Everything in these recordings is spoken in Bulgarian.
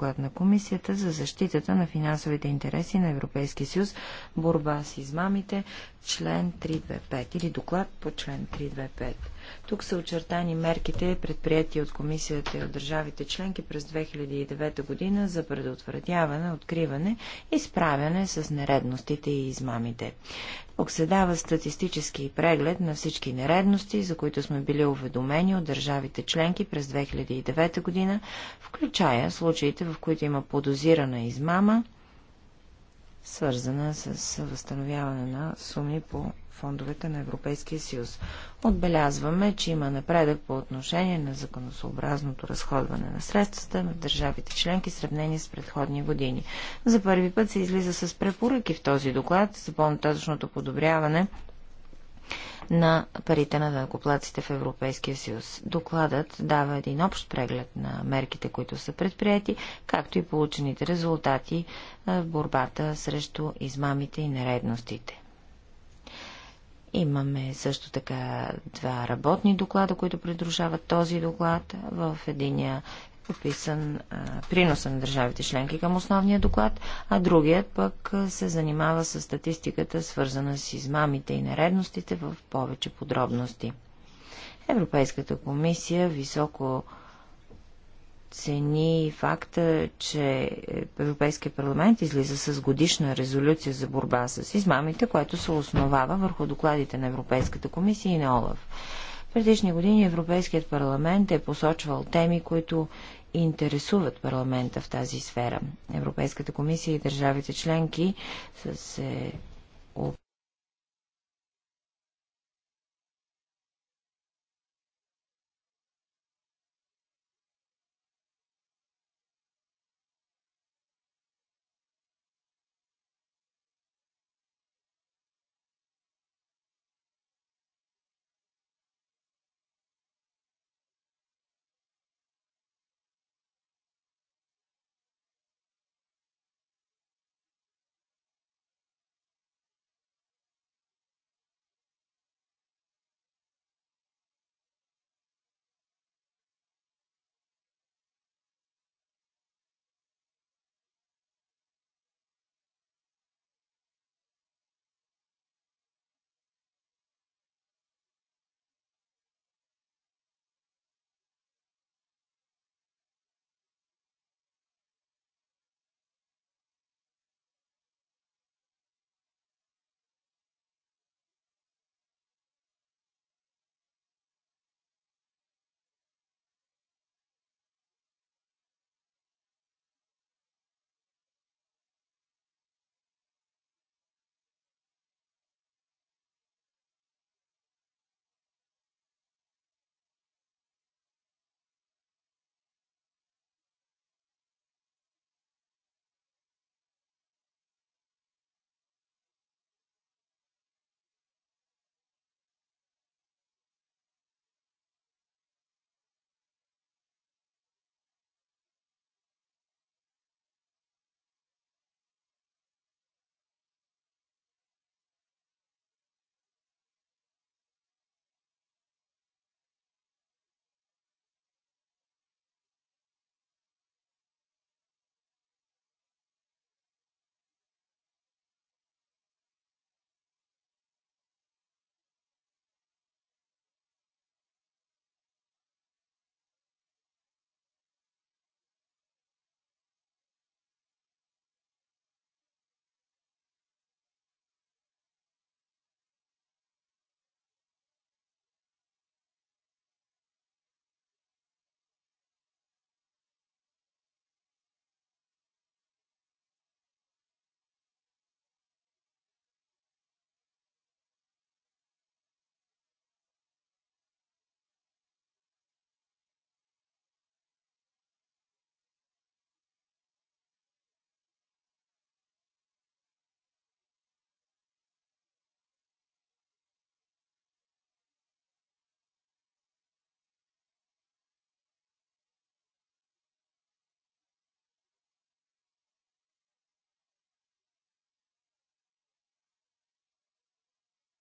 доклад на Комисията за защитата на финансовите интереси на Европейския съюз, борба с измамите, член 325 или доклад по член 325. Тук са очертани мерките, предприяти от комисията и от държавите членки през 2009 година за предотвратяване, откриване и справяне с нередностите и измамите. Тук се дава статистически преглед на всички нередности, за които сме били уведомени от държавите членки през 2009 година, включая случаите, в които има подозирана измама, свързана с възстановяване на суми по фондовете на Европейския съюз. Отбелязваме, че има напредък по отношение на законосообразното разходване на средствата в държавите членки, сравнени с предходни години. За първи път се излиза с препоръки в този доклад за по-нататъчното подобряване на парите на данъкоплаците в Европейския съюз. Докладът дава един общ преглед на мерките, които са предприяти, както и получените резултати в борбата срещу измамите и нередностите. Имаме също така два работни доклада, които придружават този доклад. В единия е подписан а, приноса на държавите членки към основния доклад, а другият пък се занимава с статистиката, свързана с измамите и нередностите в повече подробности. Европейската комисия високо цени факта, че Европейския парламент излиза с годишна резолюция за борба с измамите, което се основава върху докладите на Европейската комисия и на ОЛАФ. В предишни години Европейският парламент е посочвал теми, които интересуват парламента в тази сфера. Европейската комисия и държавите членки са се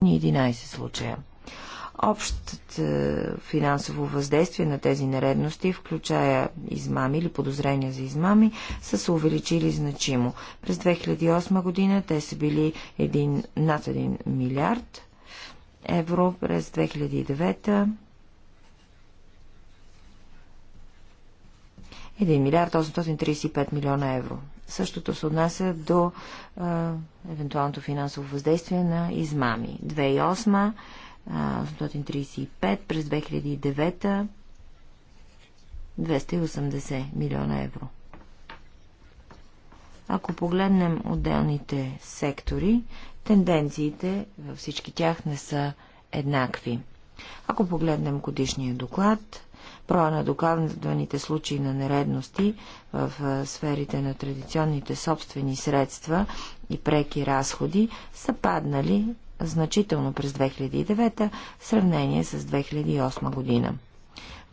11 случая. Общото финансово въздействие на тези нередности, включая измами или подозрения за измами, са се увеличили значимо. През 2008 година те са били един, над 1 милиард евро, през 2009 1 милиард 835 милиона евро. Същото се отнася до а, евентуалното финансово въздействие на измами. 2008, а, 835, през 2009 280 милиона евро. Ако погледнем отделните сектори, тенденциите във всички тях не са еднакви. Ако погледнем годишния доклад, Броя на докладваните случаи на нередности в сферите на традиционните собствени средства и преки разходи са паднали значително през 2009 в сравнение с 2008 година.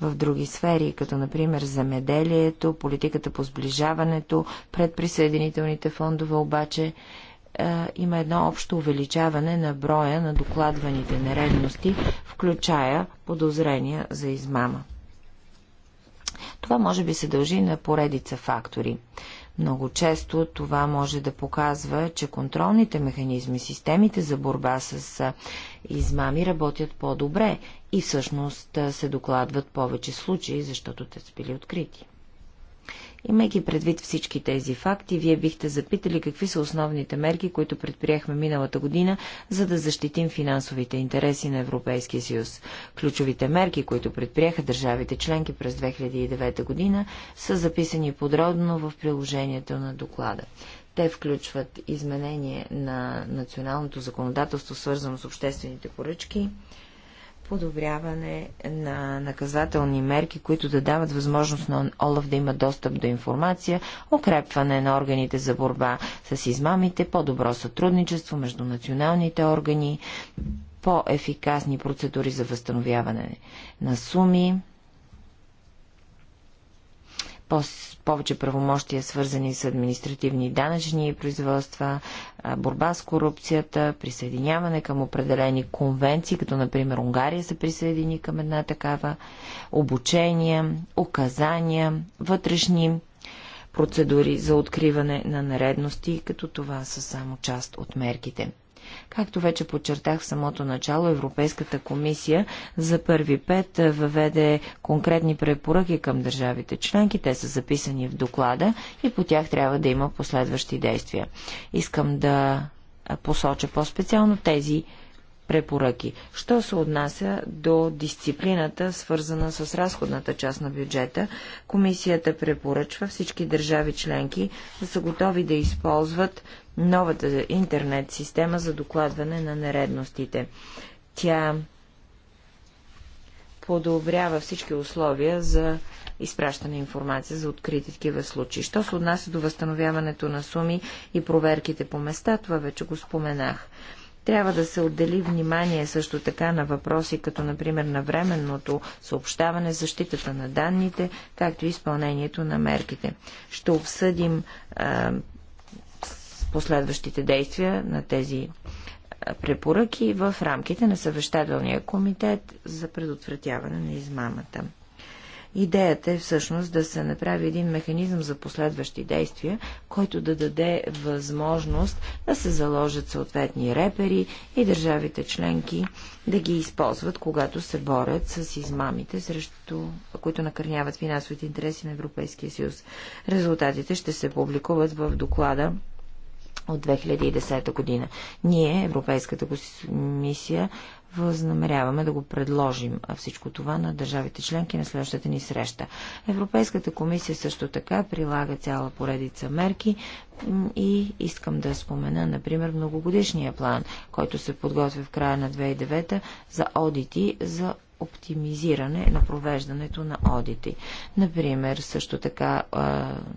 В други сфери, като например земеделието, политиката по сближаването, предприсъединителните фондове обаче, има едно общо увеличаване на броя на докладваните нередности, включая подозрения за измама. Това може би се дължи на поредица фактори. Много често това може да показва, че контролните механизми, системите за борба с измами работят по-добре и всъщност се докладват повече случаи, защото те са били открити. Имайки предвид всички тези факти, вие бихте запитали какви са основните мерки, които предприехме миналата година, за да защитим финансовите интереси на Европейския съюз. Ключовите мерки, които предприеха държавите членки през 2009 година, са записани подробно в приложението на доклада. Те включват изменение на националното законодателство, свързано с обществените поръчки, подобряване на наказателни мерки, които да дават възможност на Олаф да има достъп до информация, укрепване на органите за борба с измамите, по-добро сътрудничество между националните органи, по-ефикасни процедури за възстановяване на суми, повече правомощия, свързани с административни данъчни производства, борба с корупцията, присъединяване към определени конвенции, като например Унгария се присъедини към една такава, обучение, указания, вътрешни процедури за откриване на наредности, като това са само част от мерките. Както вече подчертах в самото начало, Европейската комисия за първи пет въведе конкретни препоръки към държавите членки. Те са записани в доклада и по тях трябва да има последващи действия. Искам да посоча по-специално тези препоръки. Що се отнася до дисциплината, свързана с разходната част на бюджета, комисията препоръчва всички държави членки да са готови да използват новата интернет система за докладване на нередностите. Тя подобрява всички условия за изпращане информация за открити такива случаи. Що се отнася до възстановяването на суми и проверките по места, това вече го споменах. Трябва да се отдели внимание също така на въпроси, като например на временното съобщаване, защитата на данните, както и изпълнението на мерките. Ще обсъдим а, последващите действия на тези препоръки в рамките на съвещателния комитет за предотвратяване на измамата. Идеята е всъщност да се направи един механизъм за последващи действия, който да даде възможност да се заложат съответни репери и държавите членки да ги използват, когато се борят с измамите, срещу, които накърняват финансовите интереси на Европейския съюз. Резултатите ще се публикуват в доклада от 2010 година. Ние, Европейската комисия, възнамеряваме да го предложим всичко това на държавите членки на следващата ни среща. Европейската комисия също така прилага цяла поредица мерки и искам да спомена, например, многогодишния план, който се подготвя в края на 2009 за одити за оптимизиране на провеждането на одити. Например, също така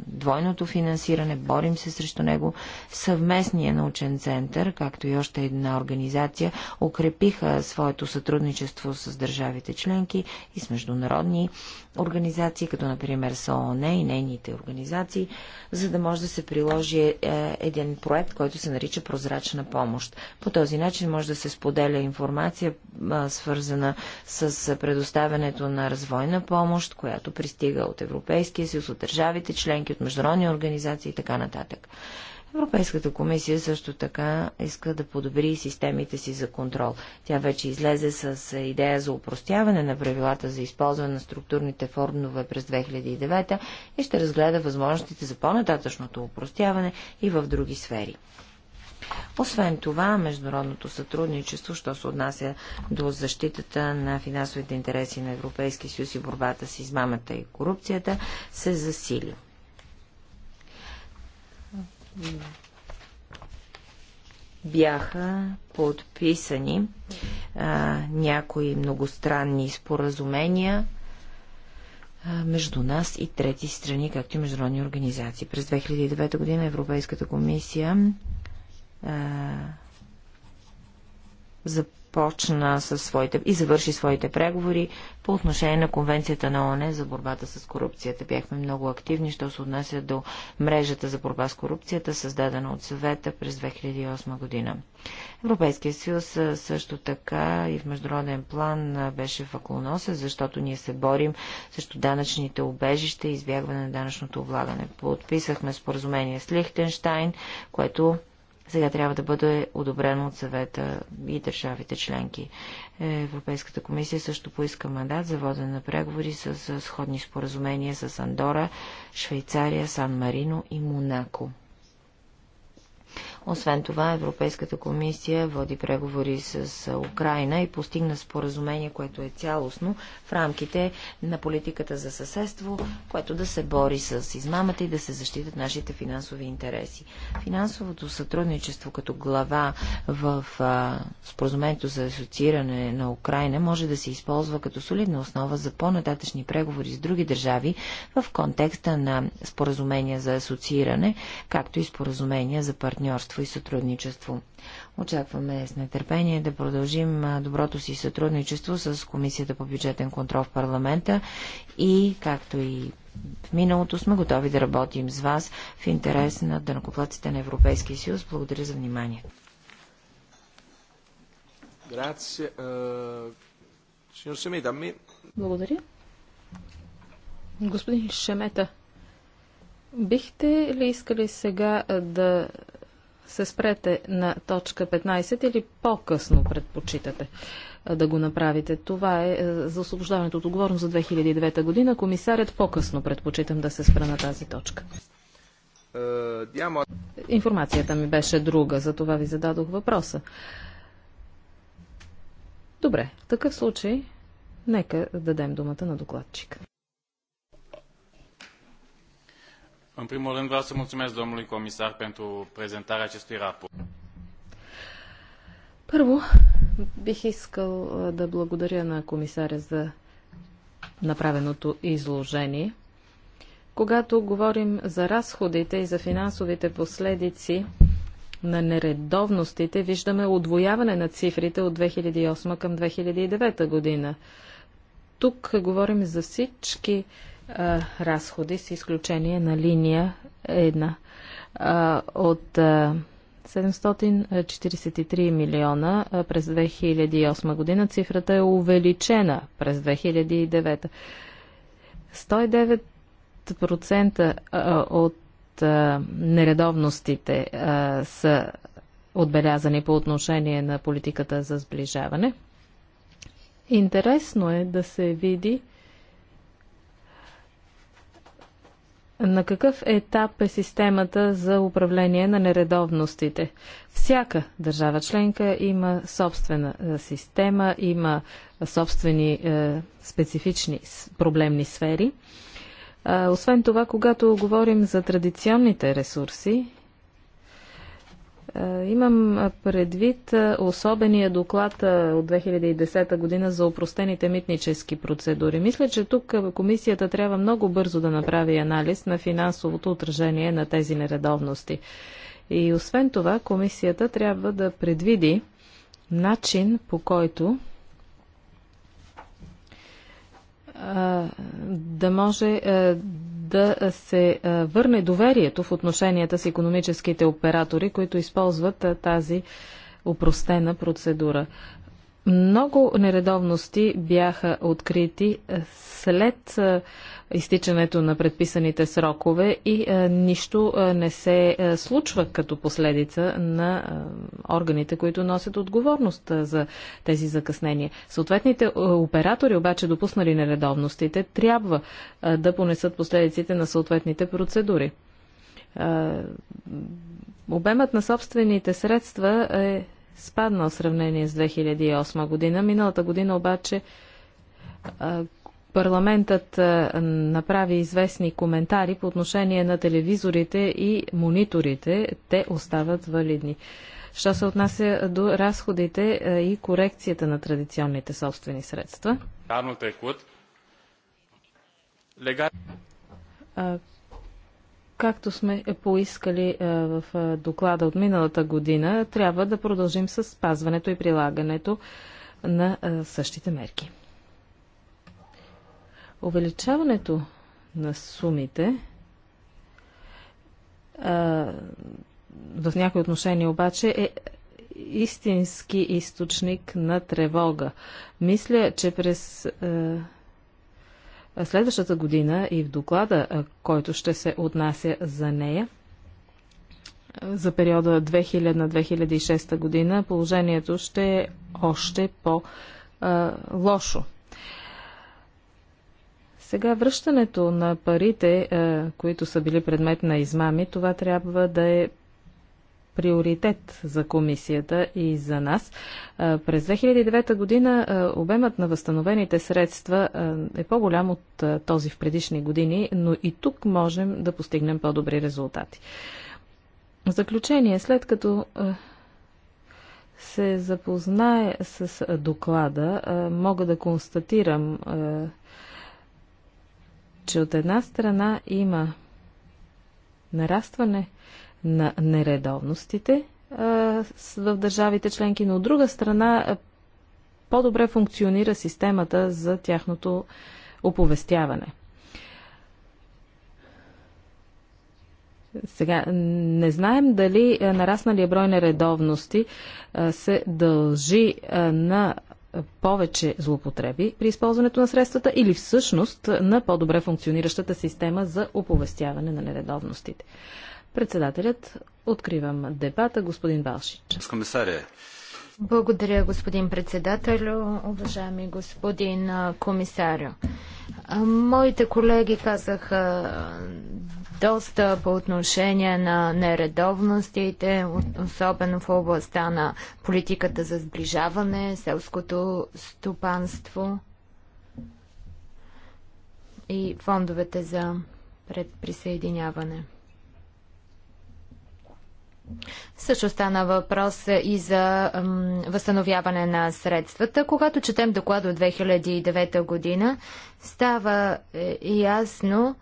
двойното финансиране, борим се срещу него, съвместния научен център, както и още една организация, укрепиха своето сътрудничество с държавите членки и с международни организации, като например СООН и нейните организации, за да може да се приложи е, един проект, който се нарича Прозрачна помощ. По този начин може да се споделя информация, свързана с с предоставянето на развойна помощ, която пристига от Европейския съюз, от държавите членки, от международни организации и така нататък. Европейската комисия също така иска да подобри системите си за контрол. Тя вече излезе с идея за упростяване на правилата за използване на структурните фондове през 2009 и ще разгледа възможностите за по-нататъчното упростяване и в други сфери. Освен това, международното сътрудничество, що се отнася до защитата на финансовите интереси на Европейския съюз и борбата с измамата и корупцията, се засили. Бяха подписани а, някои многостранни споразумения между нас и трети страни, както и международни организации. През 2009 година Европейската комисия започна със своите и завърши своите преговори по отношение на Конвенцията на ОНЕ за борбата с корупцията. Бяхме много активни, що се отнася до мрежата за борба с корупцията, създадена от съвета през 2008 година. Европейския съюз също така и в международен план беше в акулноса, защото ние се борим срещу данъчните обежища и избягване на данъчното облагане. Подписахме споразумение с Лихтенштайн, което сега трябва да бъде одобрено от съвета и държавите членки. Европейската комисия също поиска мандат за водене на преговори с сходни споразумения с Андора, Швейцария, Сан Марино и Монако. Освен това, Европейската комисия води преговори с Украина и постигна споразумение, което е цялостно в рамките на политиката за съседство, което да се бори с измамата и да се защитат нашите финансови интереси. Финансовото сътрудничество като глава в споразумението за асоцииране на Украина може да се използва като солидна основа за по-нататъчни преговори с други държави в контекста на споразумения за асоцииране, както и споразумения за партньорство и сътрудничество. Очакваме с нетърпение да продължим доброто си сътрудничество с Комисията по бюджетен контрол в парламента и, както и в миналото, сме готови да работим с вас в интерес на дънакоплаците на Европейския съюз. Благодаря за вниманието. Благодаря. Господин Шемета, бихте ли искали сега да се спрете на точка 15 или по-късно предпочитате да го направите. Това е, е за освобождаването от отговорност за 2009 година. Комисарят по-късно предпочитам да се спра на тази точка. Е, Информацията ми беше друга, за това ви зададох въпроса. Добре, в такъв случай нека дадем думата на докладчика. În primul rând vreau să mulțumesc domnului comisar pentru prezentarea acestui raport. Първо, бих искал да благодаря на комисаря за направеното изложение. Когато говорим за разходите и за финансовите последици на нередовностите, виждаме отвояване на цифрите от 2008 към 2009 година. Тук говорим за всички разходи, с изключение на линия една. а, от а, 743 милиона през 2008 година. Цифрата е увеличена през 2009. 109% от нередовностите са отбелязани по отношение на политиката за сближаване. Интересно е да се види На какъв етап е системата за управление на нередовностите? Всяка държава членка има собствена е, система, има собствени е, специфични проблемни сфери. освен това, когато говорим за традиционните ресурси, е, имам предвид е, особения доклад е, от 2010 година за упростените митнически процедури. Мисля, че тук комисията трябва много бързо да направи анализ на финансовото отражение на тези нередовности. И освен това, комисията трябва да предвиди начин по който да може да се върне доверието в отношенията с економическите оператори, които използват тази упростена процедура. Много нередовности бяха открити след изтичането на предписаните срокове и а, е, нищо а, е, не се а, е, случва като последица на органите, които носят отговорност за тези закъснения. Съответните оператори, обаче допуснали нередовностите, трябва да понесат последиците на съответните процедури. Обемът на собствените средства е спаднал в сравнение с 2008 година. Миналата година обаче парламентът направи известни коментари по отношение на телевизорите и мониторите. Те остават валидни. Що се отнася до разходите и корекцията на традиционните собствени средства? Както сме поискали в доклада от миналата година, трябва да продължим с спазването и прилагането на същите мерки. Увеличаването на сумите в някои отношения обаче е истински източник на тревога. Мисля, че през следващата година и в доклада, който ще се отнася за нея, за периода 2000-2006 година, положението ще е още по-лошо. Сега връщането на парите, е, които са били предмет на измами, това трябва да е приоритет за комисията и за нас. Е, през 2009 година е, обемът на възстановените средства е по-голям от този в предишни години, но и тук можем да постигнем по-добри резултати. В заключение, след като се запознае с доклада, мога да констатирам че от една страна има нарастване на нередовностите а, в държавите членки, но от друга страна по-добре функционира системата за тяхното оповестяване. Сега, не знаем дали нарасналия е брой нередовности се дължи на повече злопотреби при използването на средствата или всъщност на по-добре функциониращата система за оповестяване на нередовностите. Председателят, откривам дебата, господин Балшич. Благодаря, господин председател, уважаеми господин комисарио. Моите колеги казаха доста по отношение на нередовностите, особено в областта на политиката за сближаване, селското стопанство и фондовете за предприсъединяване. Също стана въпрос и за м, възстановяване на средствата. Когато четем доклад от 2009 година, става е, ясно,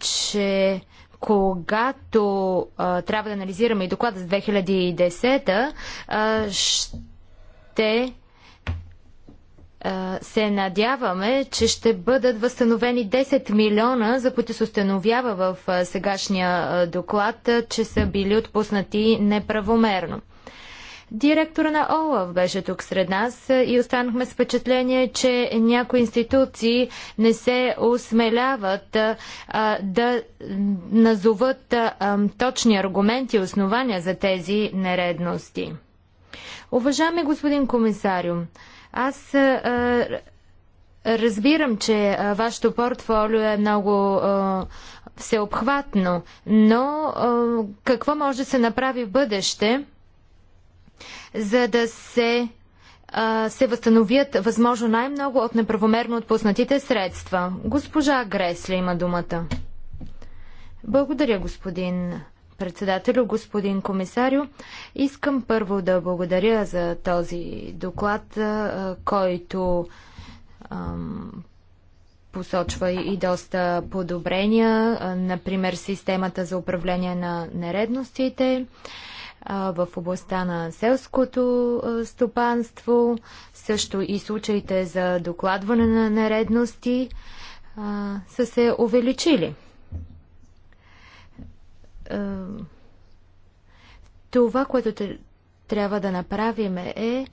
че когато а, трябва да анализираме и доклада за 2010, а, ще а, се надяваме, че ще бъдат възстановени 10 милиона, за които се установява в а, сегашния а, доклад, а, че са били отпуснати неправомерно. Директора на ОЛАВ беше тук сред нас е, и останахме с впечатление, че някои институции не се осмеляват е, а, да назоват а, е, точни аргументи и основания за тези нередности. Уважаеми господин комисарио, аз а, разбирам, че а, вашето портфолио е много а, всеобхватно, но а, какво може да се направи в бъдеще? за да се, се възстановят възможно най-много от неправомерно отпуснатите средства. Госпожа Гресли има думата. Благодаря, господин председателю, господин комисарю. Искам първо да благодаря за този доклад, който ам, посочва и доста подобрения, например системата за управление на нередностите в областта на селското стопанство, също и случаите за докладване на наредности са се увеличили. това, което трябва да направим е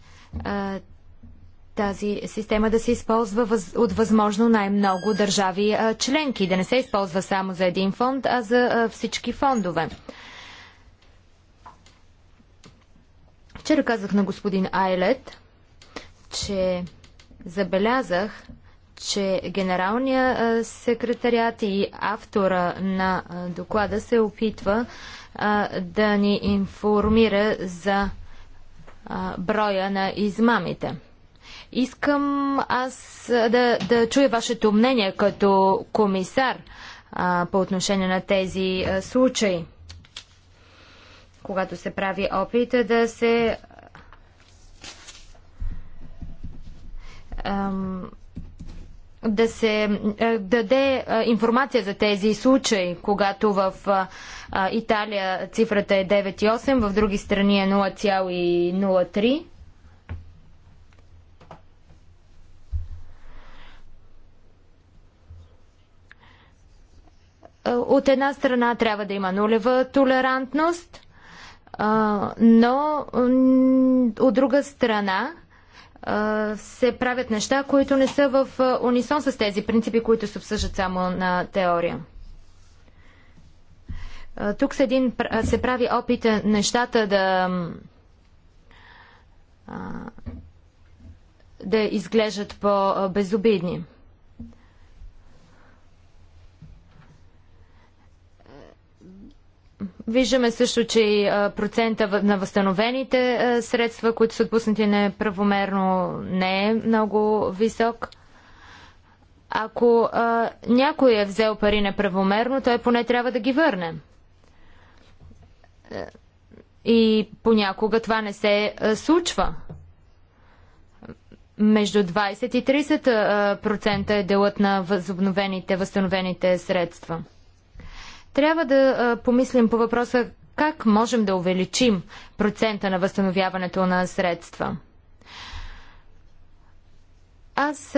тази система да се използва от възможно най-много държави членки, да не се използва само за един фонд, а за всички фондове. Вчера казах на господин Айлет, че забелязах, че генералният секретарят и автора на доклада се опитва да ни информира за броя на измамите. Искам аз да, да чуя вашето мнение като комисар а, по отношение на тези случаи когато се прави опит да се да се даде информация за тези случаи, когато в Италия цифрата е 9,8, в други страни е 0,03. От една страна трябва да има нулева толерантност – но от друга страна се правят неща, които не са в унисон с тези принципи, които се обсъждат само на теория. Тук се, един, се прави опит нещата да да изглеждат по-безобидни. Виждаме също, че и процента на възстановените средства, които са отпуснати неправомерно, не е много висок. Ако а, някой е взел пари неправомерно, той поне трябва да ги върне. Е, и понякога това не се случва. Между 20 и 30% е делът на възобновените, възстановените средства. Трябва да помислим по въпроса как можем да увеличим процента на възстановяването на средства. Аз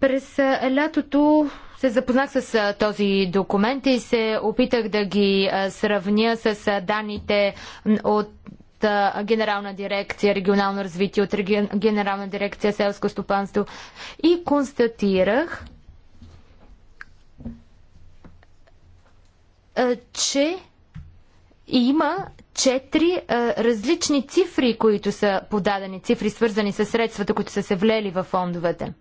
през лятото се запознах с този документ и се опитах да ги сравня с данните от Генерална дирекция регионално развитие, от Генерална дирекция селско стопанство и констатирах, че има четири различни цифри, които са подадени, цифри свързани с средствата, които са се влели в фондовете.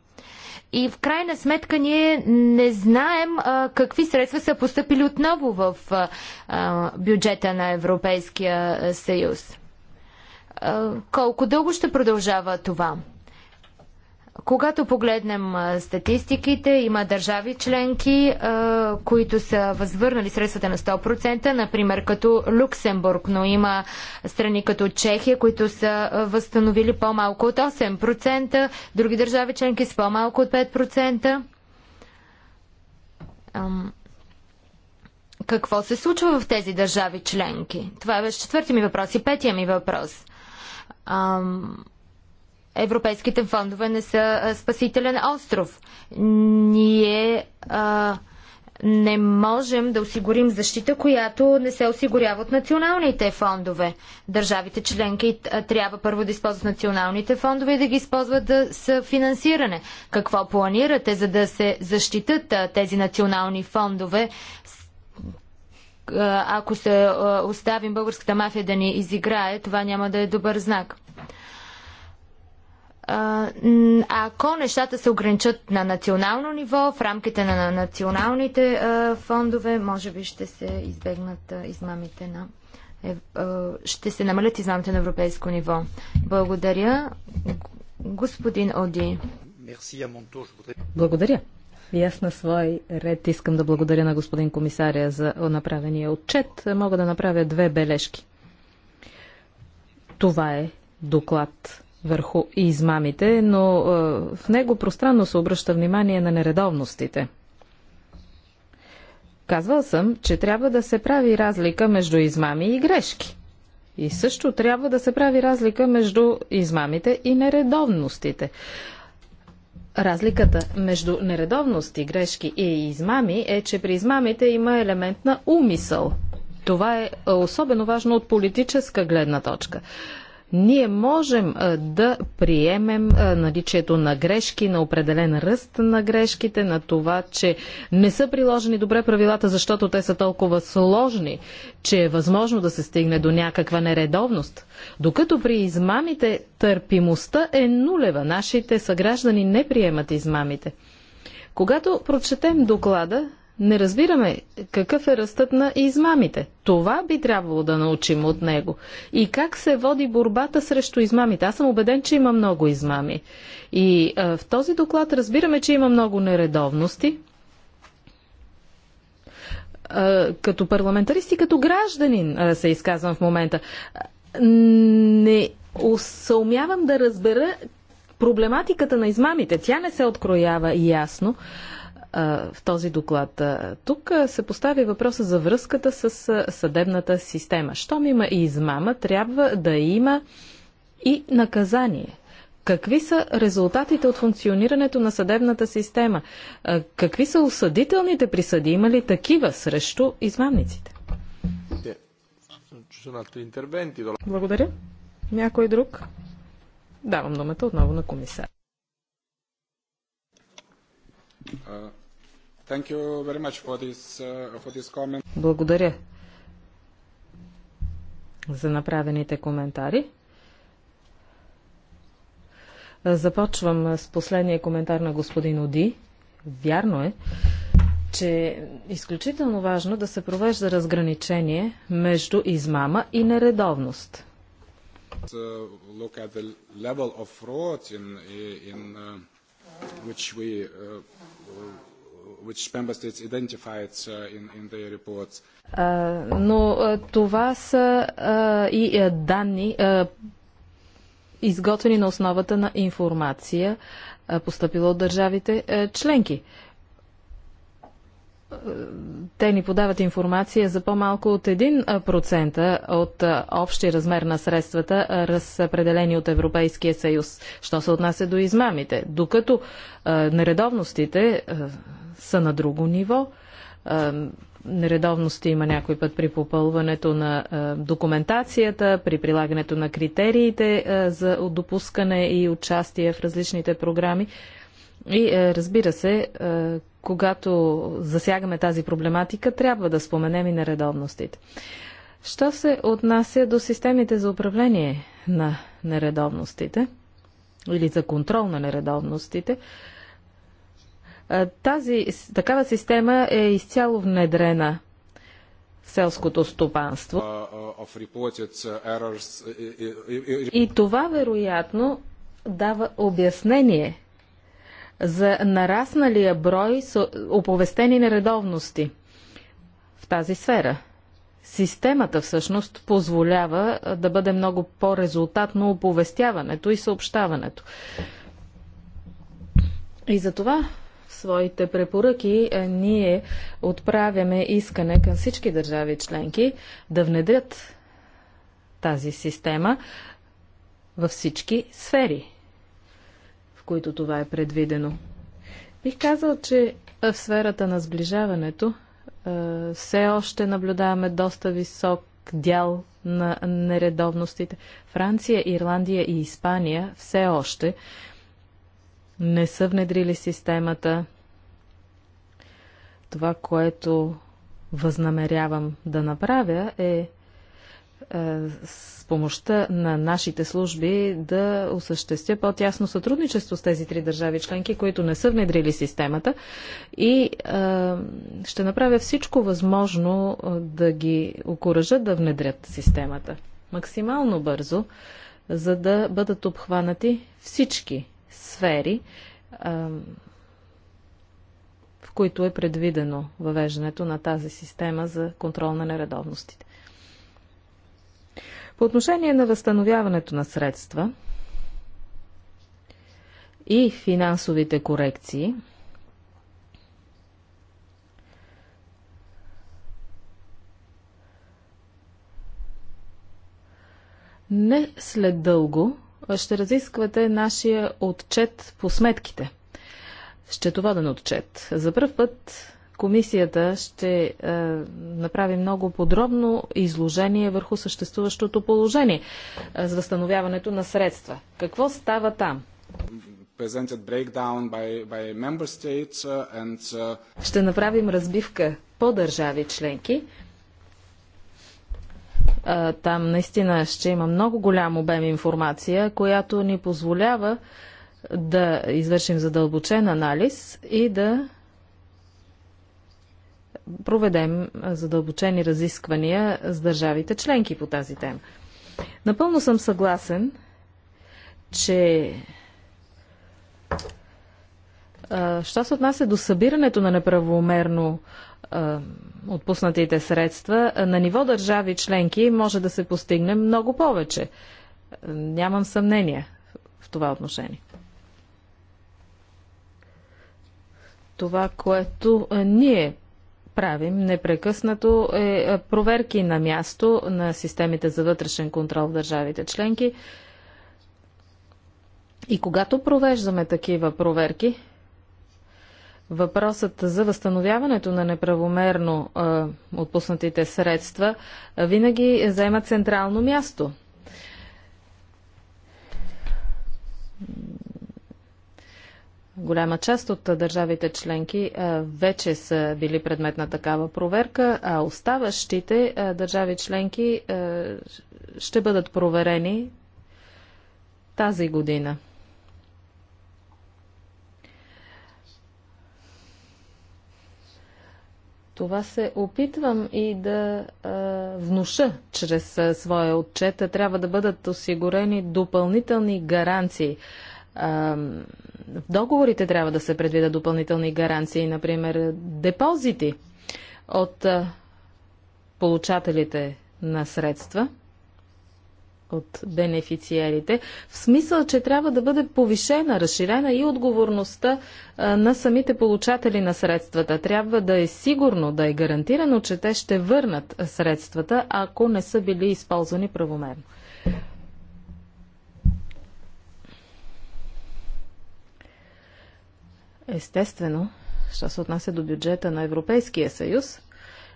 И в крайна сметка ние не знаем а, какви средства са поступили отново в а, бюджета на Европейския съюз. А, колко дълго ще продължава това? Когато погледнем статистиките, има държави членки, които са възвърнали средствата на 100%, например като Люксембург, но има страни като Чехия, които са възстановили по-малко от 8%, други държави членки с по-малко от 5%. Какво се случва в тези държави членки? Това е четвърти ми въпрос и петия ми въпрос. Ам, европейските фондове не са спасителен остров. Ние а, не можем да осигурим защита, която не се осигурява от националните фондове. Държавите членки трябва първо да използват националните фондове и да ги използват за да финансиране. Какво планирате, за да се защитат тези национални фондове? Ако се оставим българската мафия да ни изиграе, това няма да е добър знак. Ако нещата се ограничат на национално ниво, в рамките на националните фондове, може би ще се избегнат измамите на ще се намалят измамите на европейско ниво. Благодаря. Господин Оди. Благодаря. И аз на свой ред искам да благодаря на господин комисаря за направения отчет. Мога да направя две бележки. Това е доклад върху измамите, но е, в него пространно се обръща внимание на нередовностите. Казвал съм, че трябва да се прави разлика между измами и грешки. И също трябва да се прави разлика между измамите и нередовностите. Разликата между нередовности, грешки и измами е, че при измамите има елемент на умисъл. Това е, е особено важно от политическа гледна точка. Ние можем да приемем наличието на грешки, на определен ръст на грешките, на това, че не са приложени добре правилата, защото те са толкова сложни, че е възможно да се стигне до някаква нередовност. Докато при измамите търпимостта е нулева. Нашите съграждани не приемат измамите. Когато прочетем доклада, не разбираме какъв е ръстът на измамите. Това би трябвало да научим от него. И как се води борбата срещу измамите. Аз съм убеден, че има много измами. И а, в този доклад разбираме, че има много нередовности. А, като парламентарист и като гражданин а, се изказвам в момента. Не съумявам да разбера проблематиката на измамите. Тя не се откроява ясно. А, в този доклад. Тук се постави въпроса за връзката с съдебната система. Щом има и измама, трябва да има и наказание. Какви са резултатите от функционирането на съдебната система? Какви са осъдителните присъди? Има ли такива срещу измамниците? Благодаря. Някой друг? Давам думата отново на комисар. Uh, Благодаря за направените коментари. Започвам с последния коментар на господин Оди. Вярно е, че е изключително важно да се провежда разграничение между измама и нередовност. uh, which member states identified uh, in, in their reports. но това са и данни, изготвени на основата на информация, поступила от държавите членки те ни подават информация за по-малко от 1% от общия размер на средствата, разпределени от Европейския съюз, що се отнася до измамите. Докато нередовностите са на друго ниво, нередовности има някой път при попълването на документацията, при прилагането на критериите за допускане и участие в различните програми. И е, разбира се, е, когато засягаме тази проблематика, трябва да споменем и нередовностите. Що се отнася до системите за управление на нередовностите или за контрол на нередовностите, е, тази такава система е изцяло внедрена в селското стопанство. Uh, и това вероятно дава обяснение за нарасналия брой с оповестени нередовности в тази сфера. Системата всъщност позволява да бъде много по-резултатно оповестяването и съобщаването. И за това в своите препоръки ние отправяме искане към всички държави членки да внедрят тази система във всички сфери които това е предвидено. Бих казал, че в сферата на сближаването все още наблюдаваме доста висок дял на нередовностите. Франция, Ирландия и Испания все още не са внедрили системата. Това, което възнамерявам да направя е е, с помощта на нашите служби да осъществя по-тясно сътрудничество с тези три държави членки, които не са внедрили системата и е, ще направя всичко възможно е, да ги окоръжа да внедрят системата максимално бързо, за да бъдат обхванати всички сфери, в които е предвидено въвеждането на тази система за контрол на нередовностите. По отношение на възстановяването на средства и финансовите корекции, не след дълго ще разисквате нашия отчет по сметките. Счетоводен отчет. За първ път Комисията ще е, направи много подробно изложение върху съществуващото положение е, за възстановяването на средства. Какво става там? Uh, uh, ще направим разбивка по държави членки. Е, там наистина ще има много голям обем информация, която ни позволява да извършим задълбочен анализ и да проведем задълбочени разисквания с държавите членки по тази тема. Напълно съм съгласен, че що се отнася до събирането на неправомерно отпуснатите средства, на ниво държави членки може да се постигне много повече. Нямам съмнение в това отношение. Това, което ние правим непрекъснато е, е проверки на място на системите за вътрешен контрол в държавите членки. И когато провеждаме такива проверки, въпросът за възстановяването на неправомерно а, е, отпуснатите средства а, е, винаги заема централно място Голяма част от държавите членки вече са били предмет на такава проверка, а оставащите държави членки ще бъдат проверени тази година. Това се опитвам и да а, внуша чрез а, своя отчет. Трябва да бъдат осигурени допълнителни гаранции. А, в договорите трябва да се предвидят допълнителни гаранции, например депозити от получателите на средства от бенефициерите, в смисъл, че трябва да бъде повишена, разширена и отговорността на самите получатели на средствата. Трябва да е сигурно, да е гарантирано, че те ще върнат средствата, ако не са били използвани правомерно. Естествено, що се отнася до бюджета на Европейския съюз,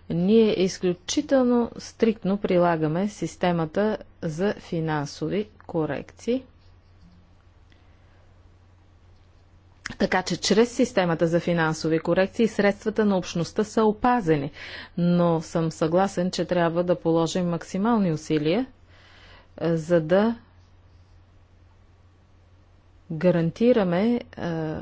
ние изключително стриктно прилагаме системата за финансови корекции. Така че чрез системата за финансови корекции средствата на общността са опазени, но съм съгласен, че трябва да положим максимални усилия, е, за да гарантираме е,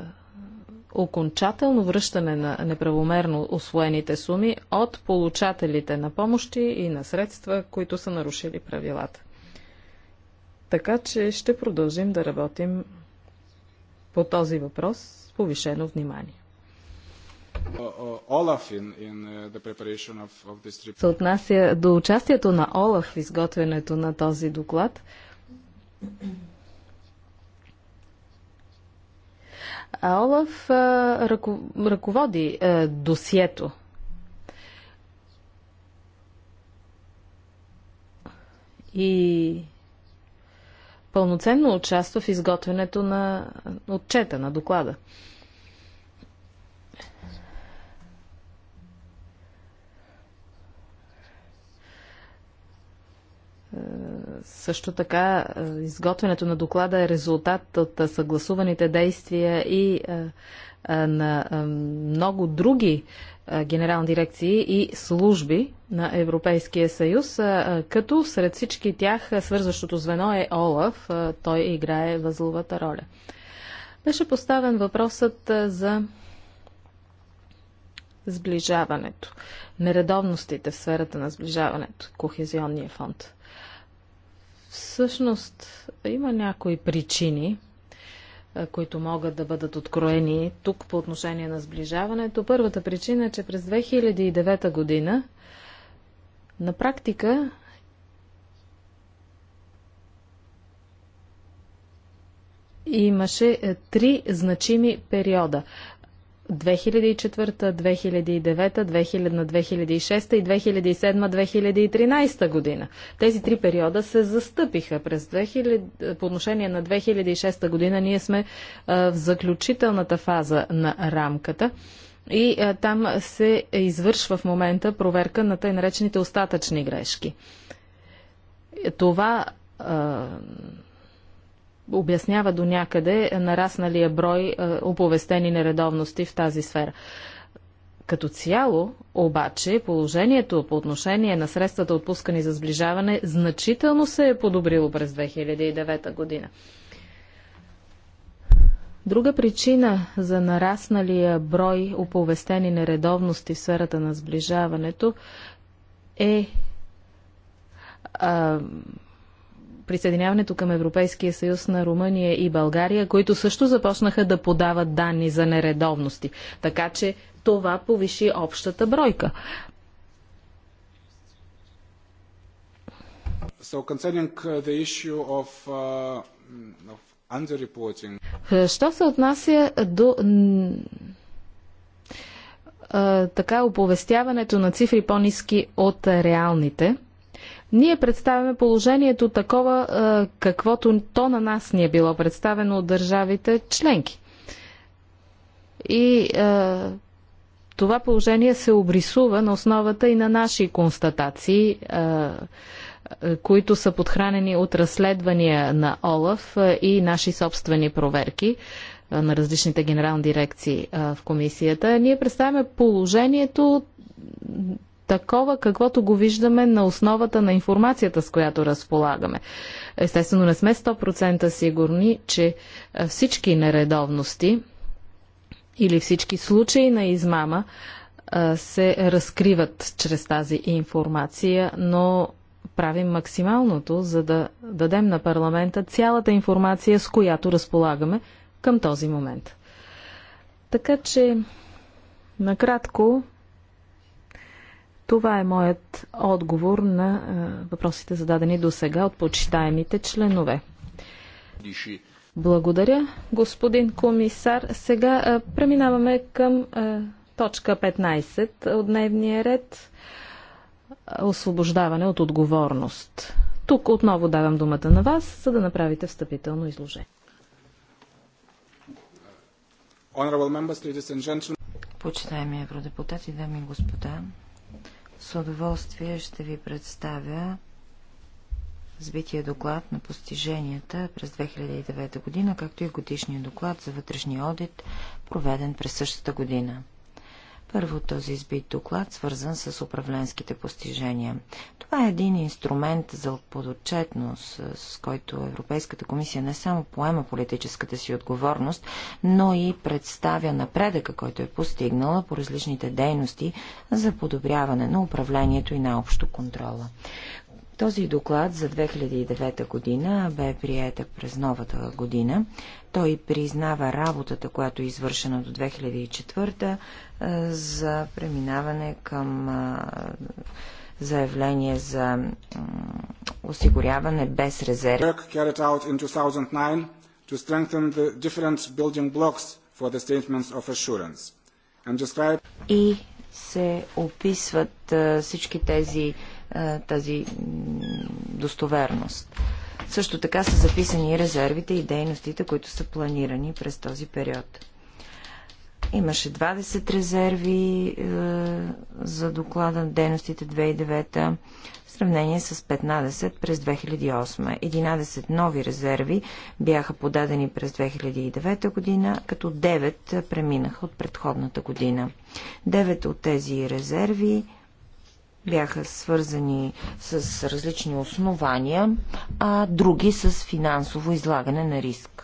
окончателно връщане на неправомерно освоените суми от получателите на помощи и на средства, които са нарушили правилата. Така че ще продължим да работим по този въпрос с повишено внимание. Uh, Се отнася до участието на Олаф в изготвянето на този доклад. А Олаф ръко, ръководи досието. И пълноценно участва в изготвянето на отчета, на доклада. Е, също така, е, изготвянето на доклада е резултат от е, съгласуваните действия и на много други генерални дирекции и служби на Европейския съюз, като сред всички тях свързващото звено е Олаф. Той играе възловата роля. Беше поставен въпросът за сближаването, нередовностите в сферата на сближаването, Кохезионния фонд. Всъщност има някои причини, които могат да бъдат откроени тук по отношение на сближаването. Първата причина е, че през 2009 година на практика имаше е, три значими периода. 2004, 2009, 2000-2006 и 2007-2013 година. Тези три периода се застъпиха. През 2000, по отношение на 2006 година ние сме в заключителната фаза на рамката. И а, там се извършва в момента проверка на тъй наречените остатъчни грешки. Е, това а, обяснява до някъде нарасналия брой е, оповестени нередовности в тази сфера. Като цяло, обаче, положението по отношение на средствата отпускани за сближаване значително се е подобрило през 2009 година. Друга причина за нарасналия брой оповестени нередовности в сферата на сближаването е а, присъединяването към Европейския съюз на Румъния и България, които също започнаха да подават данни за нередовности. Така че това повиши общата бройка. So concerning uh, the issue of, uh, of underreporting. Е, що се отнася до така оповестяването на цифри по-низки от реалните, ние представяме положението такова, е, каквото то на нас ни е било представено от държавите членки. И е, това положение се обрисува на основата и на наши констатации, е, които са подхранени от разследвания на ОЛАФ и наши собствени проверки на различните генерални дирекции в комисията. Ние представяме положението такова, каквото го виждаме на основата на информацията, с която разполагаме. Естествено, не сме 100% сигурни, че всички нередовности или всички случаи на измама се разкриват чрез тази информация, но правим максималното, за да дадем на парламента цялата информация, с която разполагаме към този момент. Така че, накратко, това е моят отговор на въпросите зададени до сега от почитаемите членове. Благодаря, господин комисар. Сега а, преминаваме към а, точка 15 от дневния ред. Освобождаване от отговорност. Тук отново давам думата на вас, за да направите встъпително изложение. Почитаеми евродепутати, дами и господа, с удоволствие ще ви представя сбития доклад на постиженията през 2009 година, както и годишния доклад за вътрешния одит, проведен през същата година. Първо този избит доклад, свързан с управленските постижения. Това е един инструмент за подотчетност, с който Европейската комисия не само поема политическата си отговорност, но и представя напредъка, който е постигнала по различните дейности за подобряване на управлението и на общо контрола. Този доклад за 2009 година бе приета през новата година. Той признава работата, която е извършена до 2004 за преминаване към заявление за осигуряване без резерви. И се описват всички тези тази достоверност. Също така са записани и резервите и дейностите, които са планирани през този период. Имаше 20 резерви е, за доклада на дейностите 2009 в сравнение с 15 през 2008. 11 нови резерви бяха подадени през 2009 година, като 9 преминаха от предходната година. 9 от тези резерви бяха свързани с различни основания, а други с финансово излагане на риск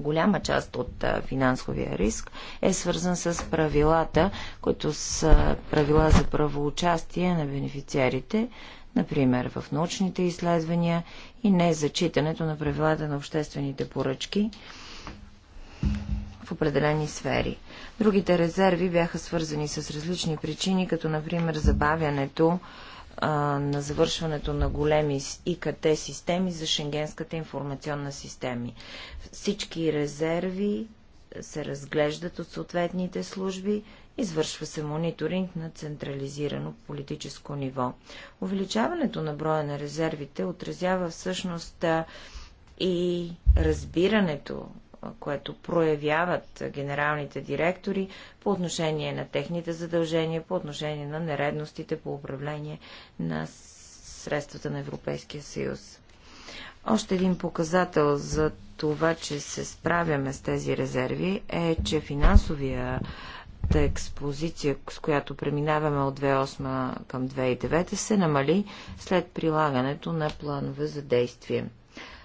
голяма част от финансовия риск е свързан с правилата, които са правила за правоучастие на бенефициарите, например в научните изследвания и не зачитането на правилата на обществените поръчки в определени сфери. Другите резерви бяха свързани с различни причини, като например забавянето а, на завършването на големи ИКТ системи за Шенгенската информационна система. Всички резерви се разглеждат от съответните служби, извършва се мониторинг на централизирано политическо ниво. Увеличаването на броя на резервите отразява всъщност и разбирането което проявяват генералните директори по отношение на техните задължения, по отношение на нередностите по управление на средствата на Европейския съюз. Още един показател за това, че се справяме с тези резерви е, че финансовия експозиция, с която преминаваме от 2008 към 2009, се намали след прилагането на планове за действие.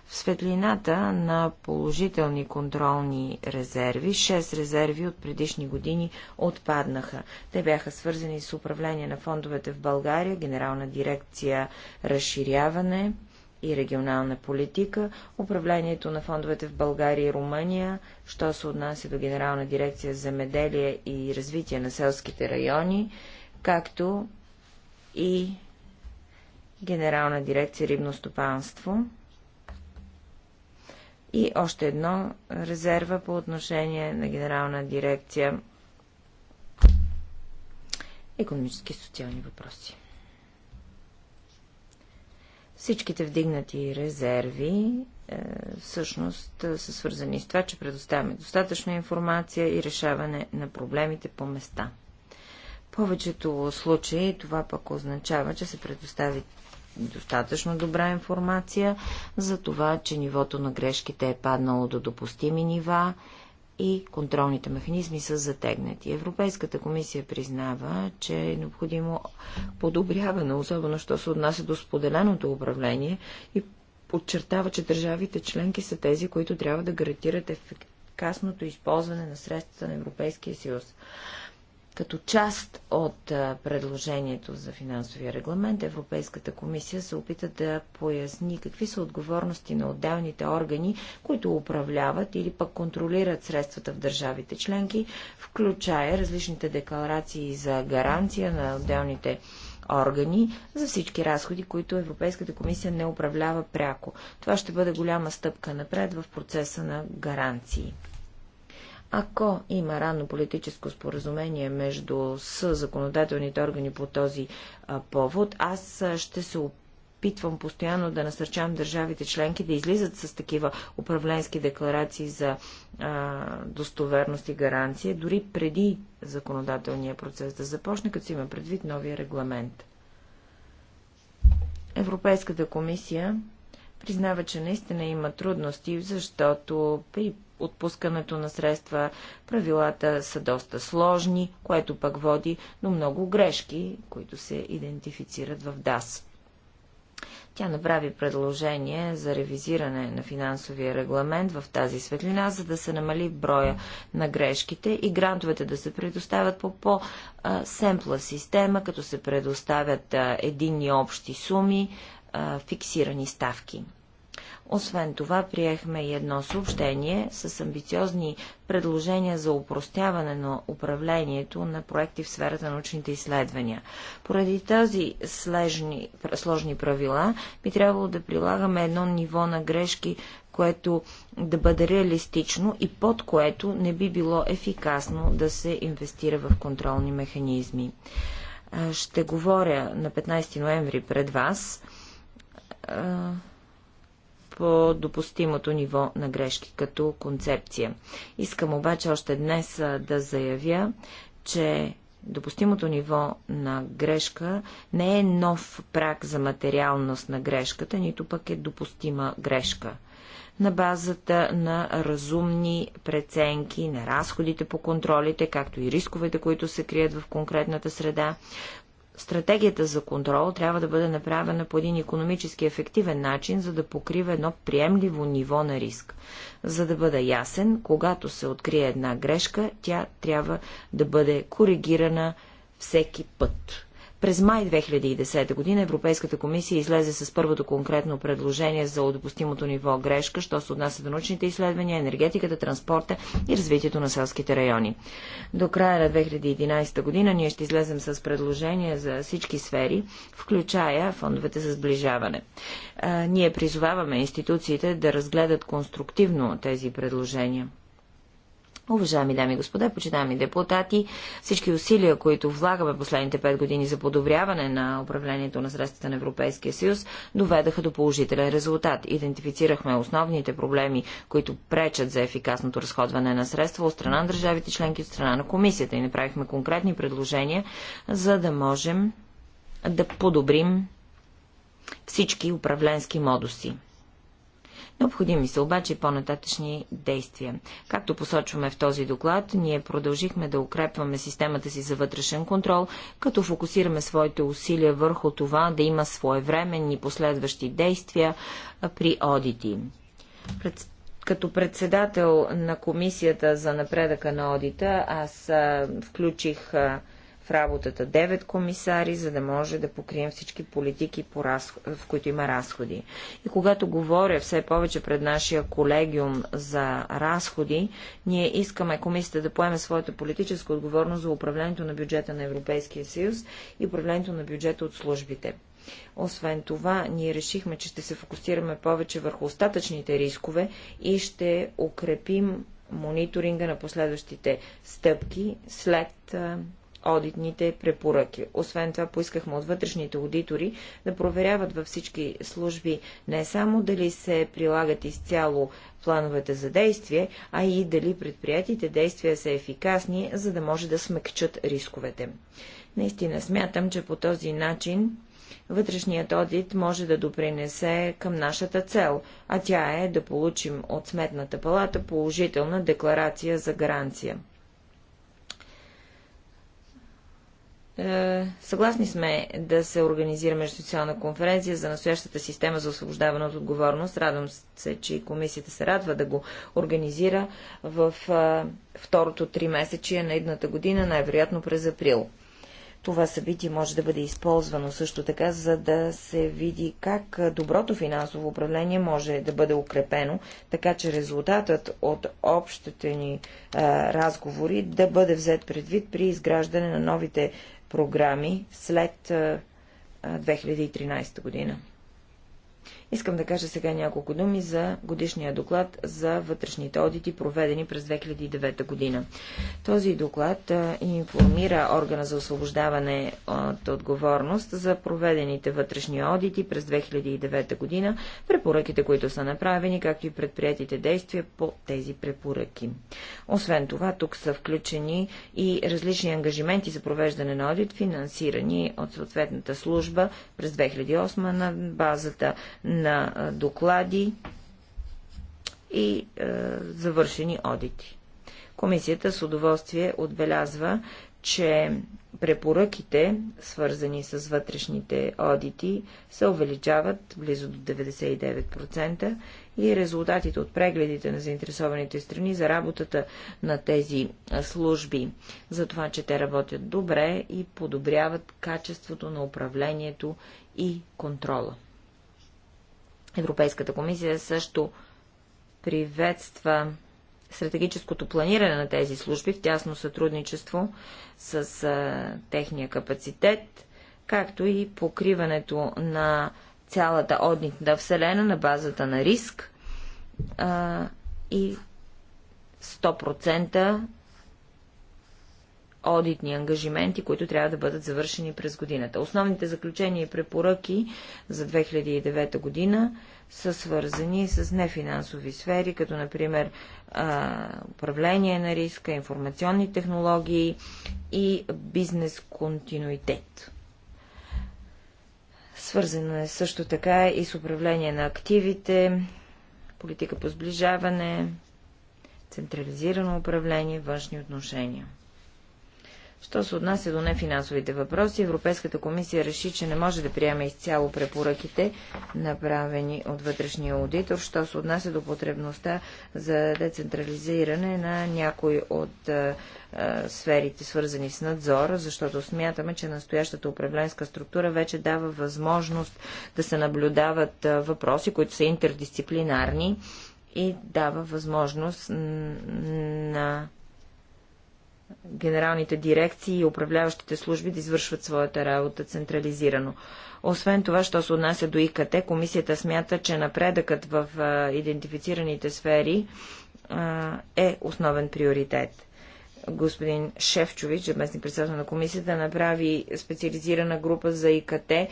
В светлината на положителни контролни резерви, 6 резерви от предишни години отпаднаха. Те бяха свързани с управление на фондовете в България, Генерална дирекция разширяване и регионална политика, управлението на фондовете в България и Румъния, що се отнася до Генерална дирекция за земеделие и развитие на селските райони, както и Генерална дирекция рибно стопанство. И още едно резерва по отношение на генерална дирекция економически и социални въпроси. Всичките вдигнати резерви е, всъщност е, са свързани с това, че предоставяме достатъчна информация и решаване на проблемите по места. В повечето случаи това пък означава, че се предостави достатъчно добра информация за това, че нивото на грешките е паднало до допустими нива и контролните механизми са затегнати. Европейската комисия признава, че е необходимо подобряване, особено що се отнася до споделеното управление и подчертава, че държавите членки са тези, които трябва да гарантират ефективност Касното използване на средствата на Европейския съюз. Като част от предложението за финансовия регламент, Европейската комисия се опита да поясни какви са отговорности на отделните органи, които управляват или пък контролират средствата в държавите членки, включая различните декларации за гаранция на отделните органи за всички разходи, които Европейската комисия не управлява пряко. Това ще бъде голяма стъпка напред в процеса на гаранции. Ако има рано политическо споразумение между с законодателните органи по този повод, аз ще се опитвам постоянно да насърчавам държавите членки да излизат с такива управленски декларации за а, достоверност и гаранция, дори преди законодателния процес да започне, като си има предвид новия регламент. Европейската комисия признава, че наистина има трудности, защото при отпускането на средства. Правилата са доста сложни, което пък води до много грешки, които се идентифицират в ДАС. Тя направи предложение за ревизиране на финансовия регламент в тази светлина, за да се намали броя на грешките и грантовете да се предоставят по по-семпла система, като се предоставят единни общи суми, фиксирани ставки. Освен това, приехме и едно съобщение с амбициозни предложения за упростяване на управлението на проекти в сферата на научните изследвания. Поради тази слежни, сложни правила би трябвало да прилагаме едно ниво на грешки, което да бъде реалистично и под което не би било ефикасно да се инвестира в контролни механизми. Ще говоря на 15 ноември пред вас по допустимото ниво на грешки като концепция. Искам обаче още днес да заявя, че допустимото ниво на грешка не е нов прак за материалност на грешката, нито пък е допустима грешка. На базата на разумни преценки на разходите по контролите, както и рисковете, които се крият в конкретната среда, стратегията за контрол трябва да бъде направена по един економически ефективен начин, за да покрива едно приемливо ниво на риск. За да бъда ясен, когато се открие една грешка, тя трябва да бъде коригирана всеки път. През май 2010 година Европейската комисия излезе с първото конкретно предложение за допустимото ниво грешка, що се отнася до научните изследвания, енергетиката, транспорта и развитието на селските райони. До края на 2011 година ние ще излезем с предложение за всички сфери, включая фондовете за сближаване. А, ние призоваваме институциите да разгледат конструктивно тези предложения. Уважаеми дами и господа, почитаеми депутати, всички усилия, които влагаме последните пет години за подобряване на управлението на средствата на Европейския съюз, доведаха до положителен резултат. Идентифицирахме основните проблеми, които пречат за ефикасното разходване на средства от страна на държавите членки, от страна на комисията и направихме конкретни предложения, за да можем да подобрим всички управленски модуси. Необходими са обаче по-нататъчни действия. Както посочваме в този доклад, ние продължихме да укрепваме системата си за вътрешен контрол, като фокусираме своите усилия върху това да има своевременни последващи действия при одити. като председател на комисията за напредъка на одита, аз включих в работата 9 комисари, за да може да покрием всички политики, по разход, в които има разходи. И когато говоря все повече пред нашия колегиум за разходи, ние искаме комисията да поеме своята политическа отговорност за управлението на бюджета на Европейския съюз и управлението на бюджета от службите. Освен това, ние решихме, че ще се фокусираме повече върху остатъчните рискове и ще укрепим мониторинга на последващите стъпки след одитните препоръки. Освен това, поискахме от вътрешните аудитори да проверяват във всички служби не само дали се прилагат изцяло плановете за действие, а и дали предприятите действия са ефикасни, за да може да смекчат рисковете. Наистина смятам, че по този начин вътрешният одит може да допринесе към нашата цел, а тя е да получим от Сметната палата положителна декларация за гаранция. Е, съгласни сме да се организира междусоциална конференция за настоящата система за освобождаване от отговорност. Радвам се, че и комисията се радва да го организира в е, второто три месечия на едната година, най-вероятно през април. Това събитие може да бъде използвано също така, за да се види как доброто финансово управление може да бъде укрепено, така че резултатът от общите ни а, е, разговори да бъде взет предвид при изграждане на новите програми след 2013 година. Искам да кажа сега няколко думи за годишния доклад за вътрешните одити, проведени през 2009 година. Този доклад информира органа за освобождаване от отговорност за проведените вътрешни одити през 2009 година, препоръките, които са направени, както и предприятите действия по тези препоръки. Освен това, тук са включени и различни ангажименти за провеждане на одит, финансирани от съответната служба през 2008 на базата на на доклади и е, завършени одити. Комисията с удоволствие отбелязва, че препоръките, свързани с вътрешните одити, се увеличават близо до 99% и резултатите от прегледите на заинтересованите страни за работата на тези служби, за това, че те работят добре и подобряват качеството на управлението и контрола. Европейската комисия също приветства стратегическото планиране на тези служби в тясно сътрудничество с а, техния капацитет, както и покриването на цялата однитна вселена на базата на риск а, и 100% одитни ангажименти, които трябва да бъдат завършени през годината. Основните заключения и препоръки за 2009 година са свързани с нефинансови сфери, като например управление на риска, информационни технологии и бизнес континуитет. Свързано е също така и с управление на активите, политика по сближаване, централизирано управление, външни отношения. Що се отнася до нефинансовите въпроси, Европейската комисия реши, че не може да приеме изцяло препоръките, направени от вътрешния аудитор, що се отнася до потребността за децентрализиране на някои от а, а, сферите, свързани с надзора, защото смятаме, че настоящата управленска структура вече дава възможност да се наблюдават а, въпроси, които са интердисциплинарни и дава възможност на генералните дирекции и управляващите служби да извършват своята работа централизирано. Освен това, що се отнася до ИКТ, комисията смята, че напредъкът в идентифицираните сфери е основен приоритет господин Шефчович, заместник председател на комисията, направи специализирана група за ИКТ, е,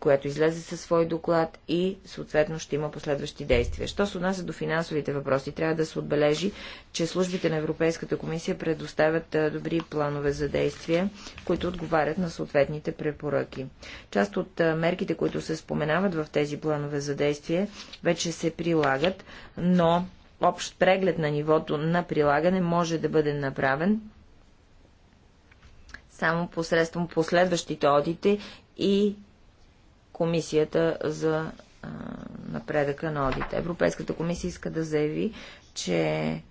която излезе със свой доклад и съответно ще има последващи действия. Що се отнася до финансовите въпроси, трябва да се отбележи, че службите на Европейската комисия предоставят е, добри планове за действие, които отговарят на съответните препоръки. Част от е, мерките, които се споменават в тези планове за действие, вече се прилагат, но общ преглед на нивото на прилагане може да бъде направен само посредством последващите одите и Комисията за а, напредъка на одита. Европейската комисия иска да заяви, че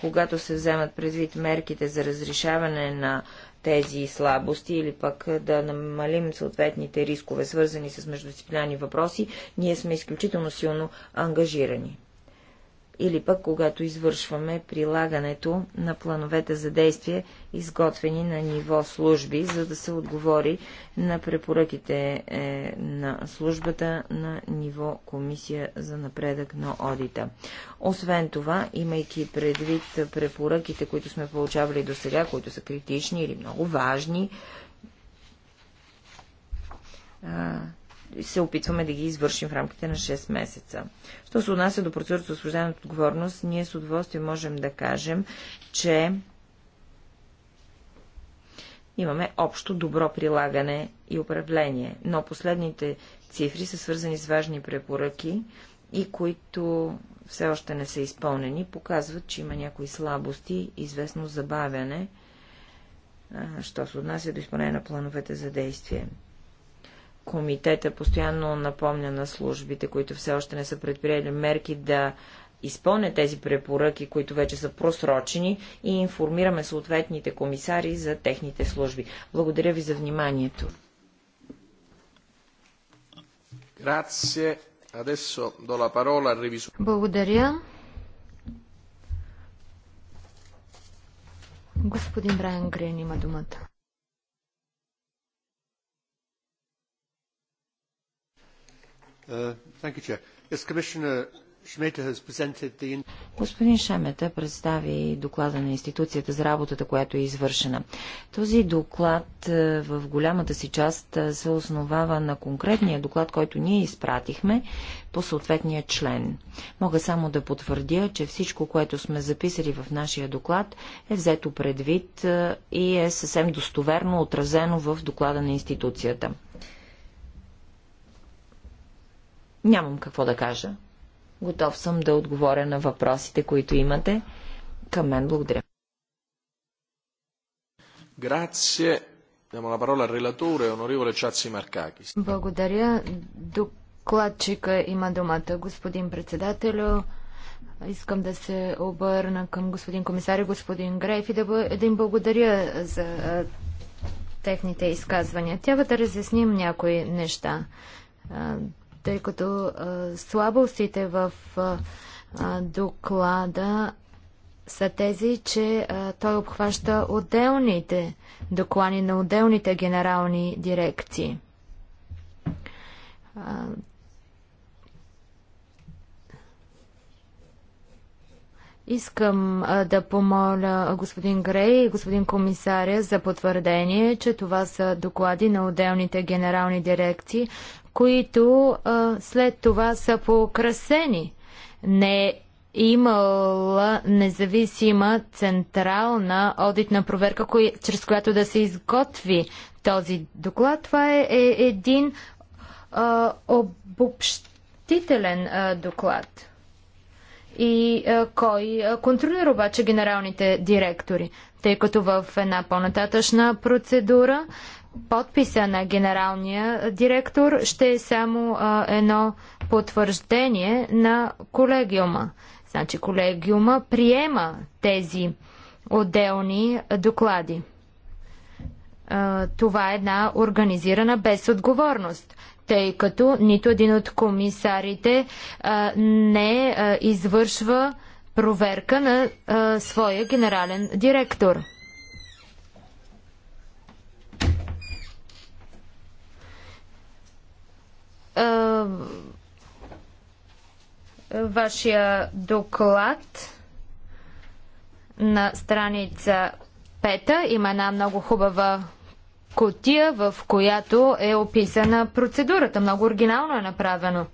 когато се вземат предвид мерките за разрешаване на тези слабости или пък да намалим съответните рискове, свързани с междуциплинарни въпроси, ние сме изключително силно ангажирани или пък когато извършваме прилагането на плановете за действие, изготвени на ниво служби, за да се отговори на препоръките е, на службата на ниво Комисия за напредък на одита. Освен това, имайки предвид препоръките, които сме получавали до сега, които са критични или много важни, се опитваме да ги извършим в рамките на 6 месеца. Що се отнася до процедурата за освобождаване от отговорност, ние с удоволствие можем да кажем, че имаме общо добро прилагане и управление, но последните цифри са свързани с важни препоръки и които все още не са изпълнени, показват, че има някои слабости, известно забавяне, що се отнася до изпълнение на плановете за действие комитета постоянно напомня на службите, които все още не са предприели мерки да изпълнят тези препоръки, които вече са просрочени и информираме съответните комисари за техните служби. Благодаря ви за вниманието. Благодаря. Господин Брайан Грен има думата. Uh, Господин Шемета представи доклада на институцията за работата, която е извършена. Този доклад е, в голямата си част е, се основава на конкретния доклад, който ние изпратихме по съответния член. Мога само да потвърдя, че всичко, което сме записали в нашия доклад, е взето предвид е, и е съвсем достоверно отразено в доклада на институцията. Нямам какво да кажа. Готов съм да отговоря на въпросите, които имате. Към мен благодаря. Grazie. Diamo la parola al relatore, Благодаря. Докладчика има думата. Господин председателю, искам да се обърна към господин комисар и господин Греф и да, да им благодаря за техните изказвания. Трябва да разясним някои неща тъй като слабостите в доклада са тези, че той обхваща отделните доклани на отделните генерални дирекции. Искам да помоля господин Грей и господин комисаря за потвърдение, че това са доклади на отделните генерални дирекции, които а, след това са покрасени. Не е имала независима централна одитна проверка, кои, чрез която да се изготви този доклад. Това е, е един а, обобщителен а, доклад. И а, кой а, контролира обаче генералните директори? Тъй като в една по-нататъчна процедура подписа на генералния директор ще е само а, едно потвърждение на колегиума. Значи колегиума приема тези отделни доклади. А, това е една организирана безотговорност, тъй като нито един от комисарите а, не а, извършва проверка на а, своя генерален директор. вашия доклад на страница пета. има една много хубава котия, в която е описана процедурата. Много оригинално е направено.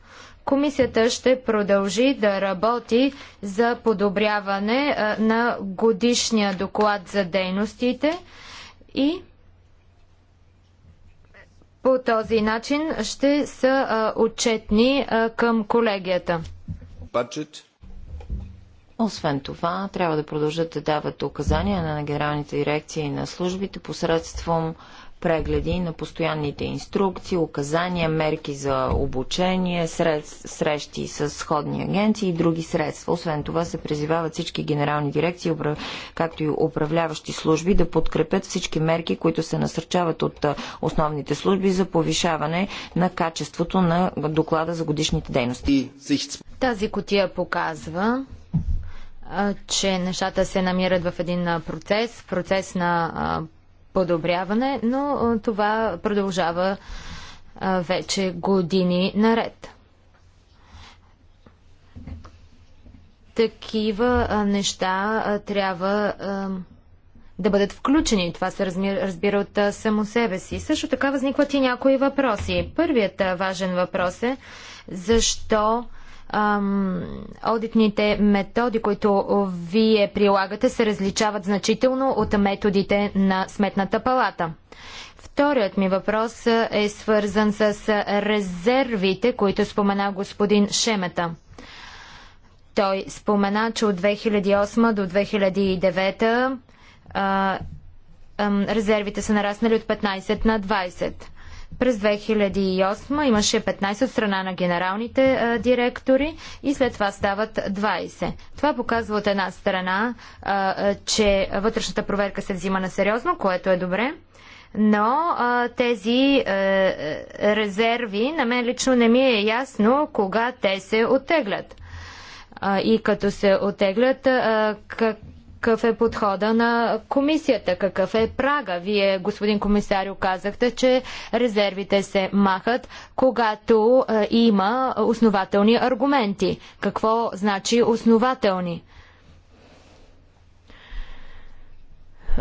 Комисията ще продължи да работи за подобряване на годишния доклад за дейностите и по този начин ще са а, отчетни а, към колегията. Budget. Освен това, трябва да продължат да дават указания на генералните дирекции и на службите посредством прегледи на постоянните инструкции, указания, мерки за обучение, сред, срещи с сходни агенции и други средства. Освен това се призивават всички генерални дирекции, както и управляващи служби да подкрепят всички мерки, които се насърчават от основните служби за повишаване на качеството на доклада за годишните дейности. Тази котия показва че нещата се намират в един процес, процес на подобряване, но това продължава вече години наред. Такива неща трябва да бъдат включени. Това се разбира от само себе си. Също така възникват и някои въпроси. Първият важен въпрос е защо одитните методи, които вие прилагате, се различават значително от методите на Сметната палата. Вторият ми въпрос е свързан с резервите, които спомена господин Шемета. Той спомена, че от 2008 до 2009 а, а, резервите са нараснали от 15 на 20. През 2008 имаше 15 от страна на генералните а, директори и след това стават 20. Това показва от една страна, а, а, че вътрешната проверка се взима на сериозно, което е добре, но а, тези а, е, е, резерви на мен лично не ми е ясно кога те се оттеглят. А, и като се оттеглят, а, как какъв е подхода на комисията, какъв е прага. Вие, господин комисарио, казахте, че резервите се махат, когато е, има основателни аргументи. Какво значи основателни?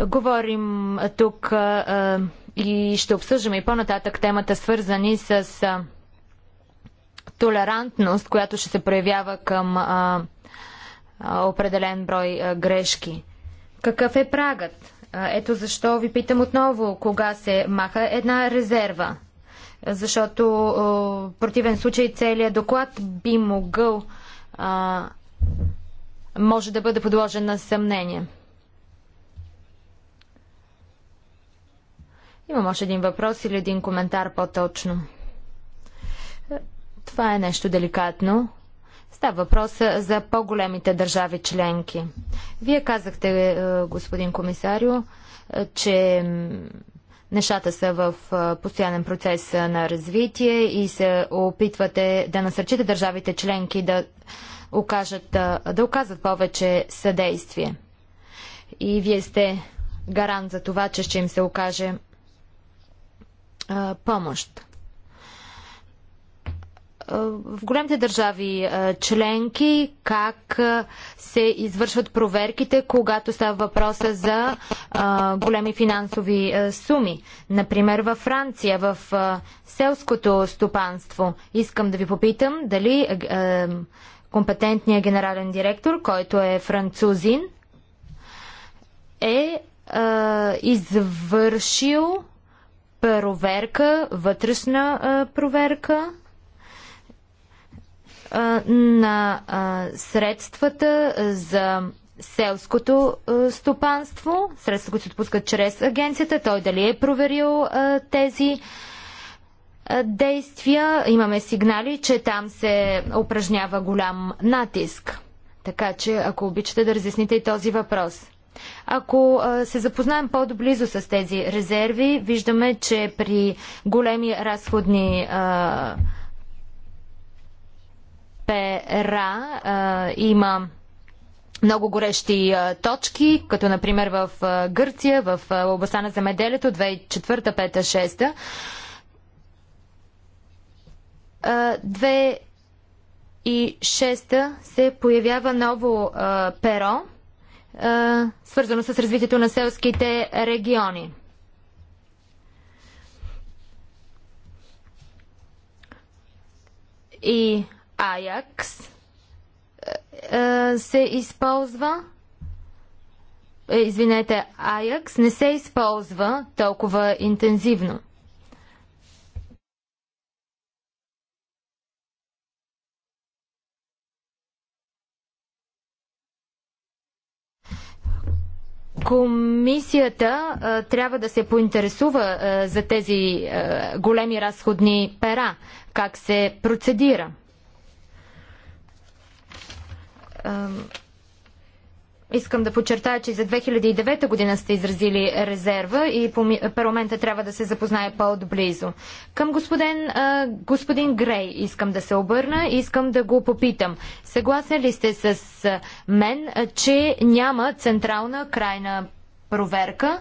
Говорим тук е, е, и ще обсъждаме и по-нататък темата, свързани с толерантност, която ще се проявява към определен брой грешки. Какъв е прагът? Ето защо ви питам отново, кога се маха една резерва. Защото в противен случай целият доклад би могъл а, може да бъде подложен на съмнение. Имам още един въпрос или един коментар по-точно. Е, това е нещо деликатно. Става въпрос за по-големите държави членки. Вие казахте, е, господин комисарио, е, че нещата са в е, постоянен процес на развитие и се опитвате да насърчите държавите членки да окажат, да оказват повече съдействие. И вие сте гарант за това, че ще им се окаже помощ в големите държави членки как се извършват проверките, когато става въпроса за големи финансови суми. Например, във Франция, в селското стопанство. Искам да ви попитам дали компетентният генерален директор, който е французин, е извършил проверка, вътрешна проверка на средствата за селското стопанство, средства, които се отпускат чрез агенцията, той дали е проверил тези действия. Имаме сигнали, че там се упражнява голям натиск. Така че, ако обичате да разясните и този въпрос. Ако се запознаем по-доблизо с тези резерви, виждаме, че при големи разходни а, пера а, има много горещи а, точки, като например в а, Гърция, в областта на земеделието 2004-2006. Две и шеста се появява ново а, перо, а, свързано с развитието на селските региони. И Аякс е, е, се използва. Е, извинете, Аякс не се използва толкова интензивно. Комисията а, трябва да се поинтересува а, за тези а, големи разходни пера, как се процедира. Искам да подчертая, че за 2009 година сте изразили резерва и парламента трябва да се запознае по-отблизо. Към господин, господин Грей искам да се обърна и искам да го попитам. Съгласен ли сте с мен, че няма централна крайна проверка,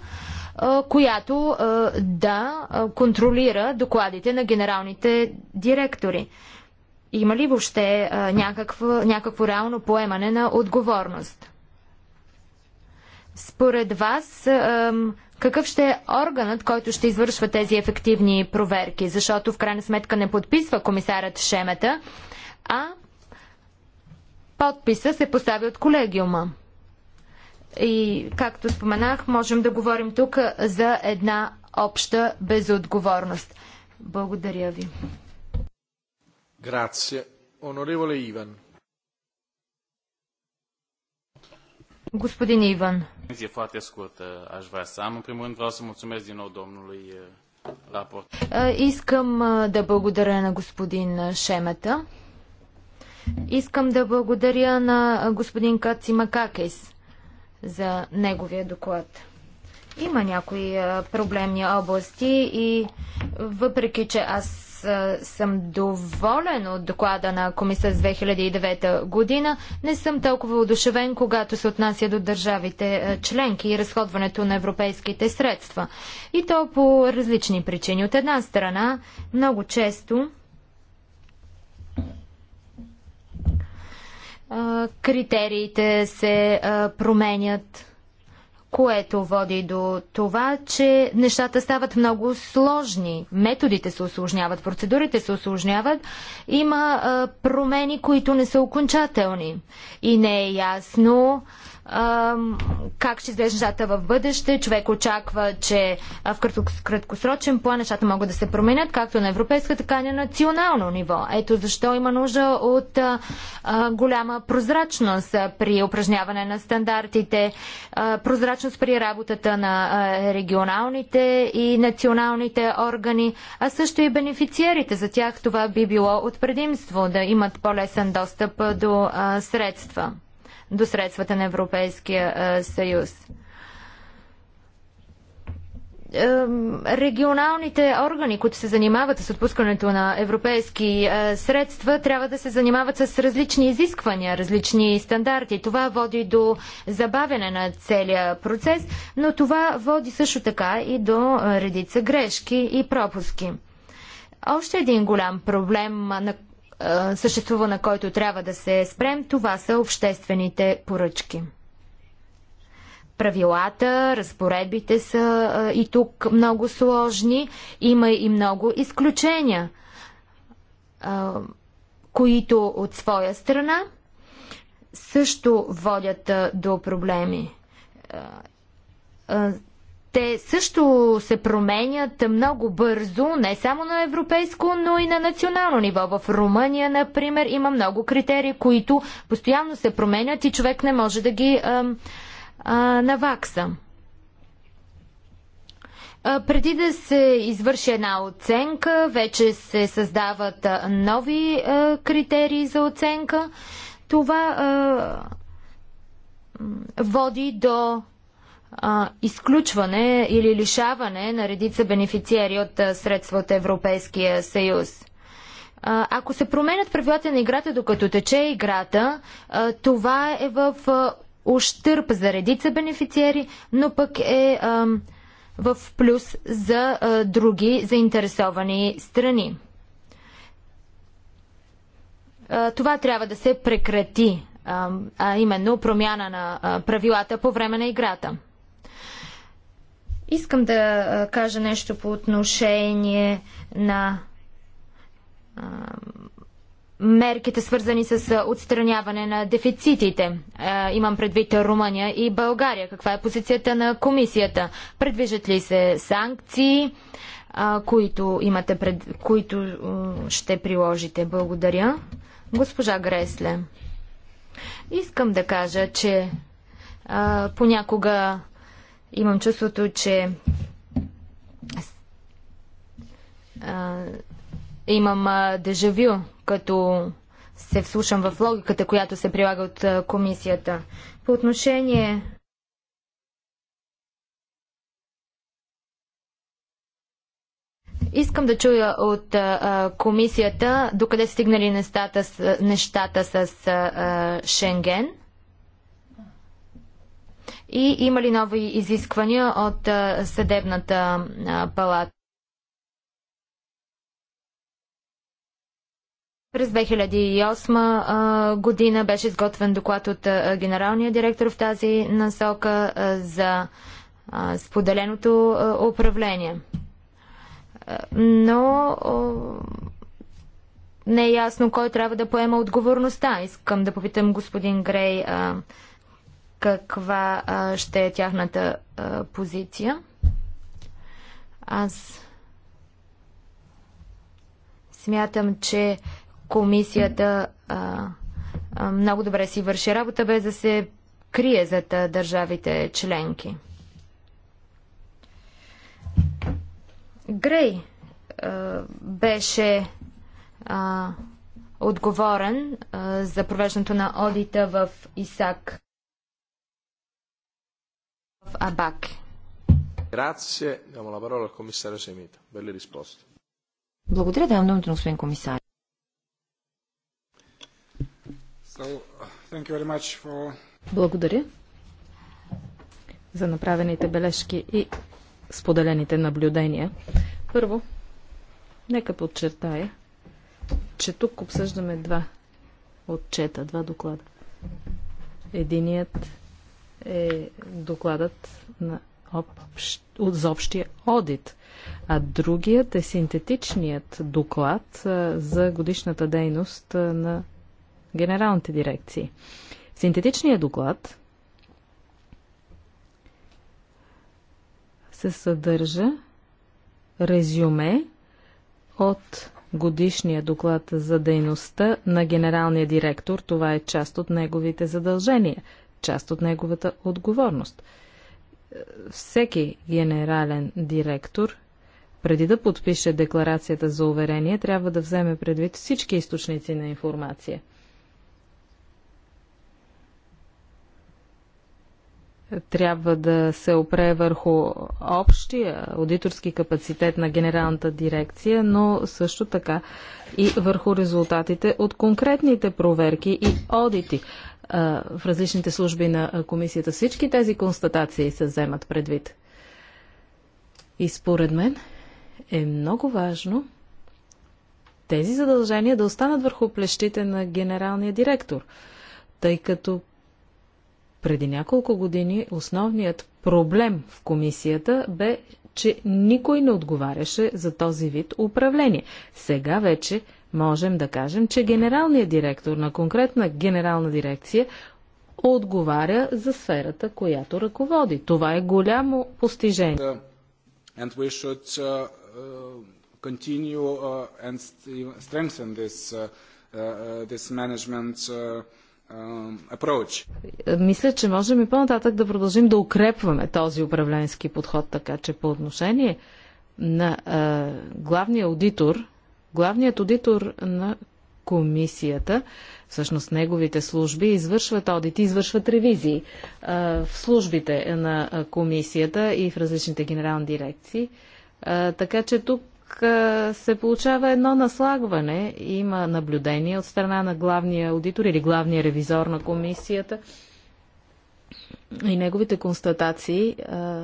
която да контролира докладите на генералните директори? Има ли въобще а, някакво, някакво реално поемане на отговорност? Според вас, какъв ще е органът, който ще извършва тези ефективни проверки? Защото в крайна сметка не подписва комисарят Шемета, а подписа се постави от колегиума. И, както споменах, можем да говорим тук за една обща безотговорност. Благодаря ви. Grazie. Onorevole Господин Иван. Искам да благодаря на господин Шемета. Искам да благодаря на господин Каци Макакес за неговия доклад. Има някои проблемни области и въпреки, че аз съм доволен от доклада на комисия с 2009 година. Не съм толкова удушевен, когато се отнася до държавите членки и разходването на европейските средства. И то по различни причини. От една страна, много често критериите се променят което води до това, че нещата стават много сложни. Методите се осложняват, процедурите се осложняват. Има а, промени, които не са окончателни. И не е ясно как ще изглежда нещата в бъдеще. Човек очаква, че в краткосрочен план нещата могат да се променят, както на европейска, така и на национално ниво. Ето защо има нужда от голяма прозрачност при упражняване на стандартите, прозрачност при работата на регионалните и националните органи, а също и бенефициерите. За тях това би било от предимство да имат по-лесен достъп до средства до средствата на Европейския съюз. Регионалните органи, които се занимават с отпускането на европейски средства, трябва да се занимават с различни изисквания, различни стандарти. Това води до забавяне на целия процес, но това води също така и до редица грешки и пропуски. Още един голям проблем, на съществува, на който трябва да се спрем, това са обществените поръчки. Правилата, разпоредбите са и тук много сложни. Има и много изключения, които от своя страна също водят до проблеми те също се променят много бързо, не само на европейско, но и на национално ниво. В Румъния, например, има много критерии, които постоянно се променят и човек не може да ги а, а, навакса. А, преди да се извърши една оценка, вече се създават нови а, критерии за оценка. Това а, води до а, изключване или лишаване на редица бенефициери от а, средства от Европейския съюз. А, ако се променят правилата на играта, докато тече играта, а, това е в а, ущърп за редица бенефициери, но пък е а, в плюс за а, други заинтересовани страни. А, това трябва да се прекрати, а, а именно промяна на а, правилата по време на играта. Искам да кажа нещо по отношение на мерките, свързани с отстраняване на дефицитите. Имам предвид Румъния и България. Каква е позицията на комисията? Предвижат ли се санкции, които, имате пред... които ще приложите? Благодаря. Госпожа Гресле, искам да кажа, че понякога Имам чувството, че а, имам а, дежавю, като се вслушам в логиката, която се прилага от а, комисията. По отношение Искам да чуя от а, комисията докъде стигнали нещата с, нещата с а, Шенген и има ли нови изисквания от съдебната палата? През 2008 година беше изготвен доклад от генералния директор в тази насока за споделеното управление. Но не е ясно кой трябва да поема отговорността. Искам да попитам господин Грей каква а, ще е тяхната а, позиция. Аз смятам, че комисията а, а, много добре си върши работа, без да се крие зад държавите членки. Грей а, беше а, отговорен а, за провеждането на одита в ИСАК. Grazie, diamo la parola al commissario Semita. Belle risposte. Благодаря, давам думата на господин комисар. Благодаря за направените бележки и споделените наблюдения. Първо, нека подчертая, че тук обсъждаме два отчета, два доклада. Единият е докладът на общ, за общия одит, а другият е синтетичният доклад за годишната дейност на генералните дирекции. синтетичният доклад се съдържа резюме от годишния доклад за дейността на генералния директор. Това е част от неговите задължения част от неговата отговорност. Всеки генерален директор, преди да подпише декларацията за уверение, трябва да вземе предвид всички източници на информация. трябва да се опре върху общия аудиторски капацитет на генералната дирекция, но също така и върху резултатите от конкретните проверки и одити в различните служби на комисията. Всички тези констатации се вземат предвид. И според мен е много важно тези задължения да останат върху плещите на генералния директор, тъй като преди няколко години основният проблем в комисията бе, че никой не отговаряше за този вид управление. Сега вече можем да кажем, че генералният директор на конкретна генерална дирекция отговаря за сферата, която ръководи. Това е голямо постижение. Мисля, че можем и по-нататък да продължим да укрепваме този управленски подход, така че по отношение на uh, главния аудитор Главният аудитор на комисията, всъщност неговите служби, извършват одити, извършват ревизии в службите на комисията и в различните генерални дирекции. Така че тук се получава едно наслагване. Има наблюдение от страна на главния аудитор или главния ревизор на комисията и неговите констатации а,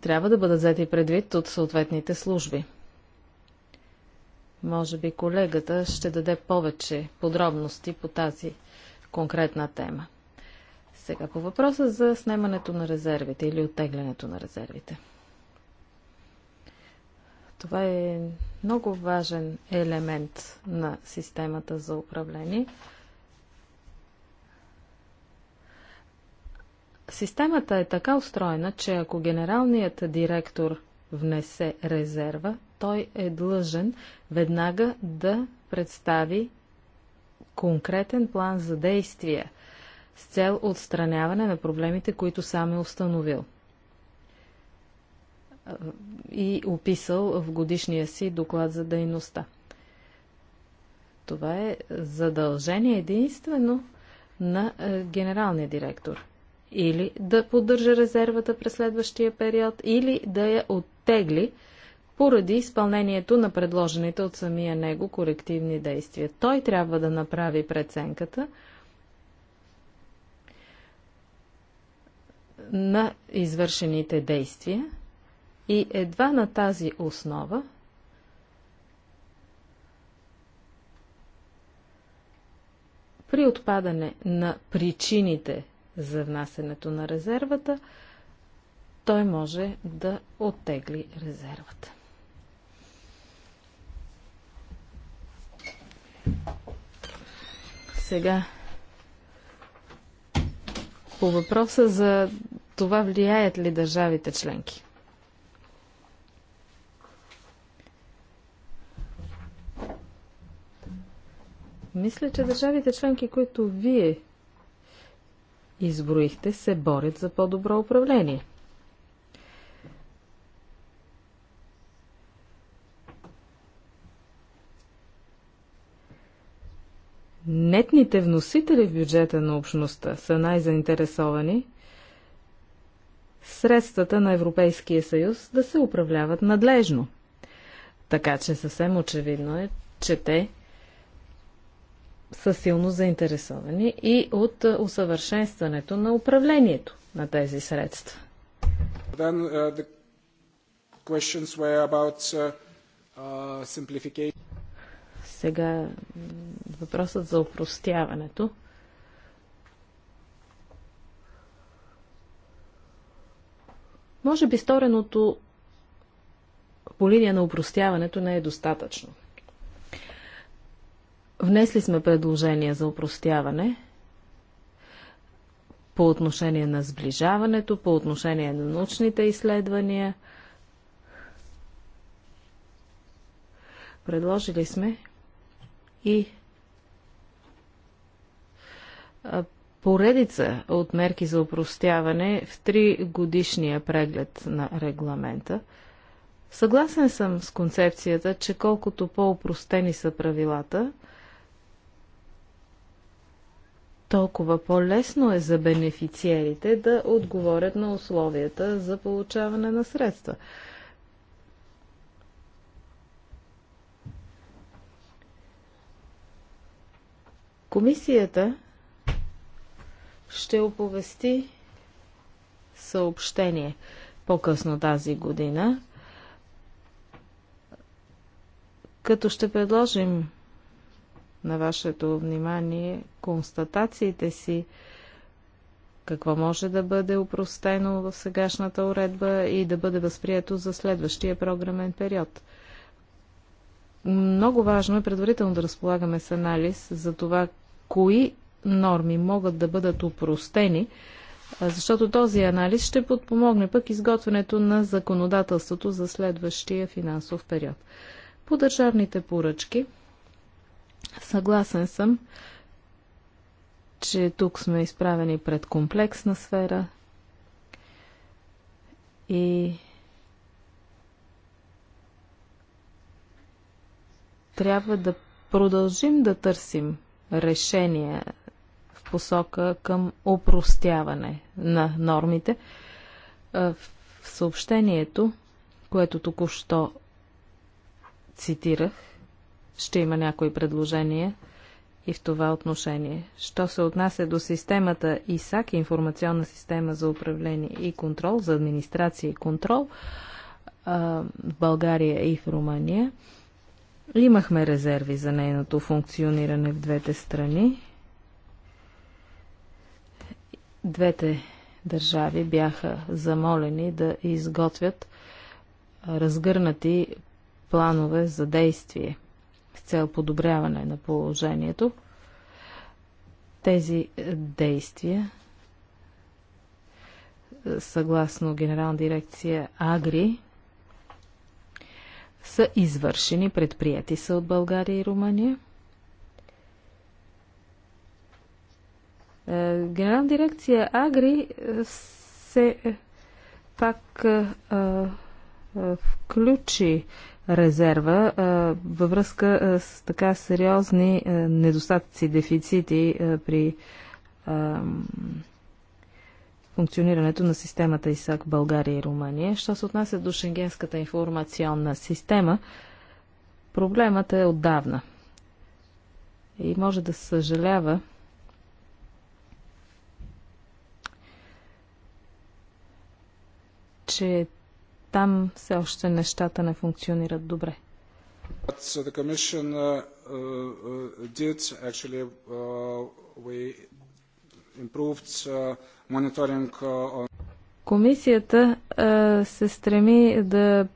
трябва да бъдат взети предвид от съответните служби. Може би колегата ще даде повече подробности по тази конкретна тема. Сега по въпроса за снимането на резервите или оттеглянето на резервите. Това е много важен елемент на системата за управление. Системата е така устроена, че ако генералният директор внесе резерва, той е длъжен веднага да представи конкретен план за действие с цел отстраняване на проблемите, които сам е установил и описал в годишния си доклад за дейността. Това е задължение единствено на е, генералния директор. Или да поддържа резервата през следващия период, или да я оттегли, поради изпълнението на предложените от самия него корективни действия. Той трябва да направи преценката на извършените действия и едва на тази основа при отпадане на причините за внасенето на резервата, той може да оттегли резервата. Сега, по въпроса за това влияят ли държавите членки? Мисля, че държавите членки, които вие изброихте, се борят за по-добро управление – нетните вносители в бюджета на общността са най-заинтересовани средствата на Европейския съюз да се управляват надлежно. Така че съвсем очевидно е, че те са силно заинтересовани и от усъвършенстването на управлението на тези средства. Then, uh, the questions were about uh, uh, simplification. Сега въпросът за упростяването. Може би стореното по линия на упростяването не е достатъчно. Внесли сме предложение за упростяване по отношение на сближаването, по отношение на научните изследвания. Предложили сме и поредица от мерки за упростяване в три годишния преглед на регламента. Съгласен съм с концепцията, че колкото по-упростени са правилата, толкова по-лесно е за бенефициерите да отговорят на условията за получаване на средства. Комисията ще оповести съобщение по-късно тази година, като ще предложим на вашето внимание констатациите си, какво може да бъде упростено в сегашната уредба и да бъде възприето за следващия програмен период. Много важно е предварително да разполагаме с анализ за това кои норми могат да бъдат упростени, защото този анализ ще подпомогне пък изготвянето на законодателството за следващия финансов период. По държавните поръчки съгласен съм, че тук сме изправени пред комплексна сфера и трябва да продължим да търсим решения в посока към упростяване на нормите. Е, в съобщението, което току-що цитирах, ще има някои предложения и в това отношение. Що се отнася до системата ИСАК, информационна система за управление и контрол, за администрация и контрол, в България и в Румъния, Имахме резерви за нейното функциониране в двете страни. Двете държави бяха замолени да изготвят разгърнати планове за действие с цел подобряване на положението. Тези действия съгласно Генерална дирекция Агри са извършени, предприяти са от България и Румъния. Е, Генерална дирекция Агри е, се е, пак включи резерва във връзка с така сериозни недостатъци, дефицити при функционирането на системата ИСАК България и Румъния. Що се отнася до Шенгенската информационна система, проблемът е отдавна. И може да съжалява, че там все още нещата не функционират добре. But Комисията се стреми да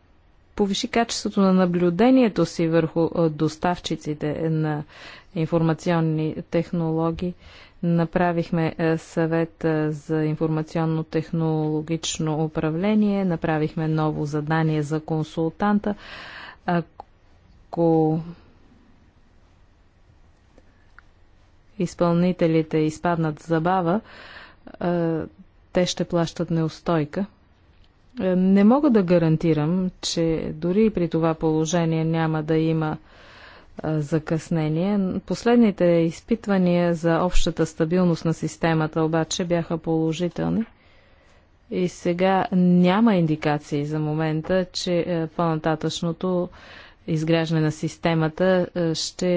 повиши качеството на наблюдението си върху доставчиците на информационни технологии. Направихме съвет за информационно-технологично управление, направихме ново задание за консултанта. Ако изпълнителите изпаднат забава, те ще плащат неустойка. Е, не мога да гарантирам, че дори при това положение няма да има закъснение. Последните изпитвания за общата стабилност на системата обаче бяха положителни. И сега няма индикации за момента, че е, по-нататъчното изграждане на системата е, ще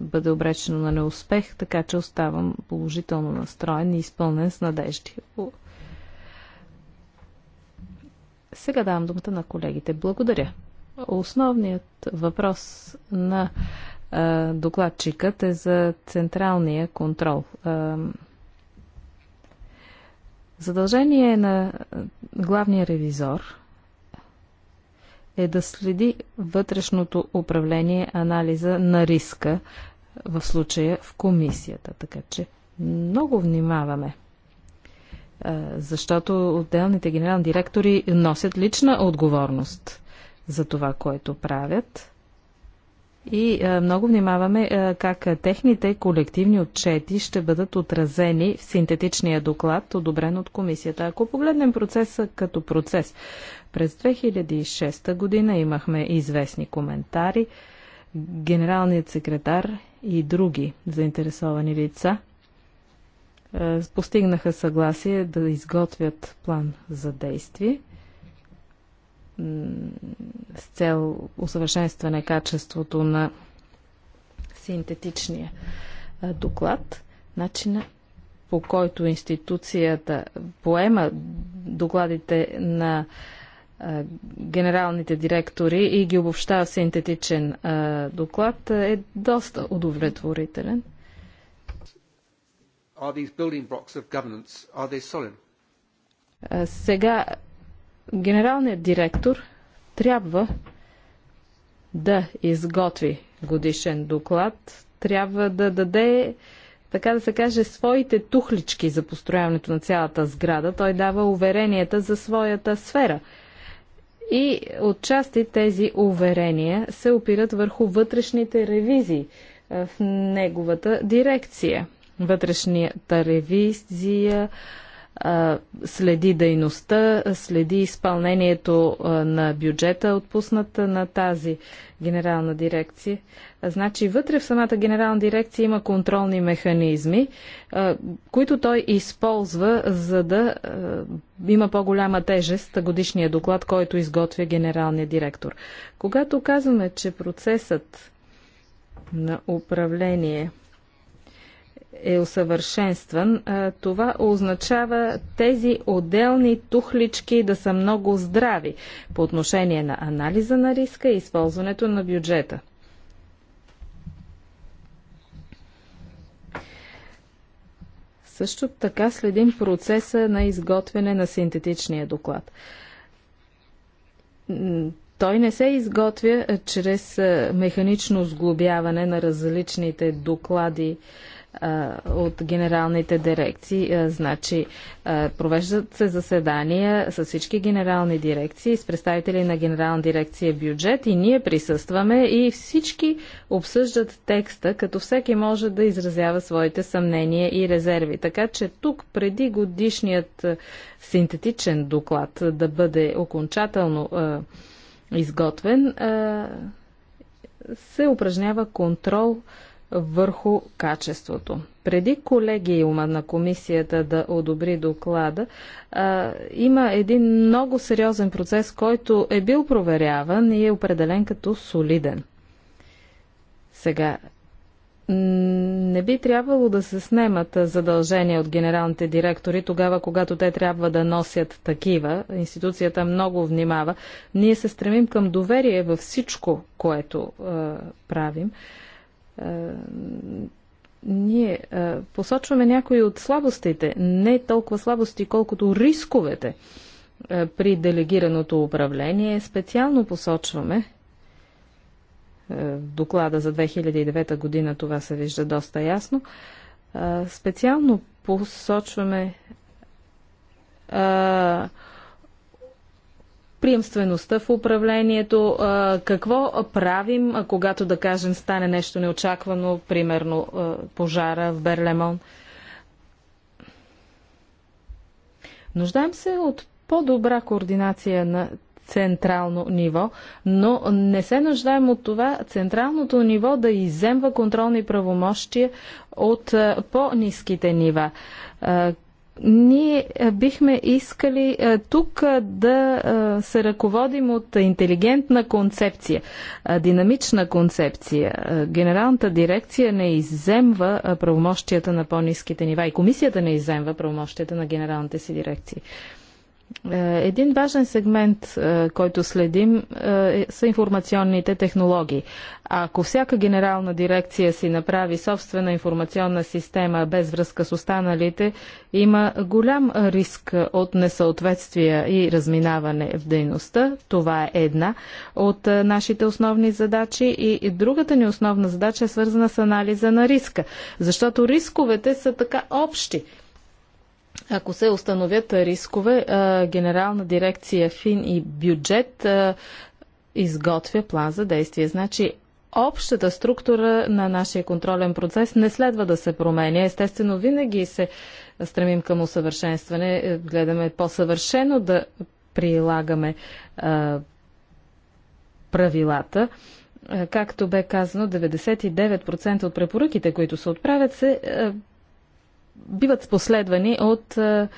бъде обречено на неуспех, така че оставам положително настроен и изпълнен с надежди. Сега давам думата на колегите. Благодаря. Основният въпрос на а, докладчикът е за централния контрол. А, задължение на главния ревизор е да следи вътрешното управление, анализа на риска в случая в комисията. Така че много внимаваме. Защото отделните генерални директори носят лична отговорност за това, което правят. И много внимаваме как техните колективни отчети ще бъдат отразени в синтетичния доклад, одобрен от комисията. Ако погледнем процеса като процес, през 2006 година имахме известни коментари генералният секретар и други заинтересовани лица е, постигнаха съгласие да изготвят план за действие с цел усъвършенстване качеството на синтетичния е, доклад. Начина по който институцията поема докладите на генералните директори и ги обобщава в синтетичен доклад, е доста удовлетворителен. Сега генералният директор трябва да изготви годишен доклад, трябва да даде, така да се каже, своите тухлички за построяването на цялата сграда. Той дава уверенията за своята сфера – и отчасти тези уверения се опират върху вътрешните ревизии в неговата дирекция. Вътрешната ревизия следи дейността, следи изпълнението на бюджета, отпусната на тази генерална дирекция. Значи вътре в самата генерална дирекция има контролни механизми, които той използва, за да има по-голяма тежест годишния доклад, който изготвя генералния директор. Когато казваме, че процесът на управление е усъвършенстван, това означава тези отделни тухлички да са много здрави по отношение на анализа на риска и използването на бюджета. Също така следим процеса на изготвяне на синтетичния доклад. Той не се изготвя чрез механично сглобяване на различните доклади от генералните дирекции. Значи, провеждат се заседания с всички генерални дирекции, с представители на генерална дирекция бюджет и ние присъстваме и всички обсъждат текста, като всеки може да изразява своите съмнения и резерви. Така че тук преди годишният синтетичен доклад да бъде окончателно изготвен, се упражнява контрол върху качеството. Преди колегиума на комисията да одобри доклада, а, има един много сериозен процес, който е бил проверяван и е определен като солиден. Сега, не би трябвало да се снемат задължения от генералните директори тогава, когато те трябва да носят такива. Институцията много внимава. Ние се стремим към доверие във всичко, което е, правим. Е, ние е, посочваме някои от слабостите, не толкова слабости, колкото рисковете е, при делегираното управление. Специално посочваме в доклада за 2009 година това се вижда доста ясно. Специално посочваме приемствеността в управлението, какво правим, когато, да кажем, стане нещо неочаквано, примерно пожара в Берлемон. Нуждаем се от по-добра координация на централно ниво, но не се нуждаем от това централното ниво да иземва контролни правомощия от по-низките нива ние е, бихме искали е, тук е, да се ръководим от интелигентна концепция, динамична концепция. Генералната дирекция не изземва правомощията на по-низките нива и комисията не изземва правомощията на генералните си дирекции. Е, един важен сегмент, е, който следим, е, са информационните технологии. Ако всяка генерална дирекция си направи собствена информационна система без връзка с останалите, има голям риск от несъответствия и разминаване в дейността. Това е една от нашите основни задачи и другата ни основна задача е свързана с анализа на риска, защото рисковете са така общи ако се установят рискове, Генерална дирекция ФИН и бюджет изготвя план за действие. Значи общата структура на нашия контролен процес не следва да се променя. Естествено, винаги се стремим към усъвършенстване, е, гледаме по-съвършено да прилагаме а, правилата. Е, както бе казано, 99% от препоръките, които се отправят, се а, е, биват последвани от а,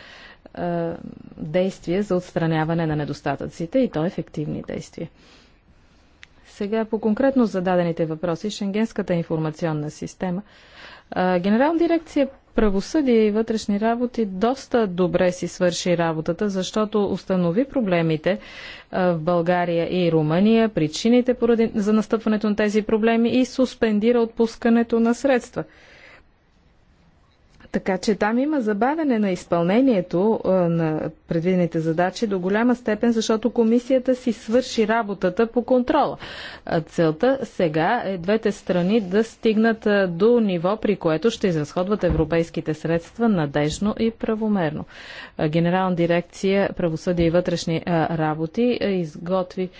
е, а, е, действия за отстраняване на недостатъците и то ефективни действия. Сега по конкретно зададените въпроси, Шенгенската информационна система. А, е, Генерална дирекция правосъдие и вътрешни работи доста добре си свърши работата, защото установи проблемите в България и Румъния, причините поради, за настъпването на тези проблеми и суспендира отпускането на средства. Така че там има забавяне на изпълнението на предвидените задачи до голяма степен, защото комисията си свърши работата по контрола. Целта сега е двете страни да стигнат до ниво, при което ще изразходват европейските средства надежно и правомерно. Генерална дирекция правосъдие и вътрешни работи изготви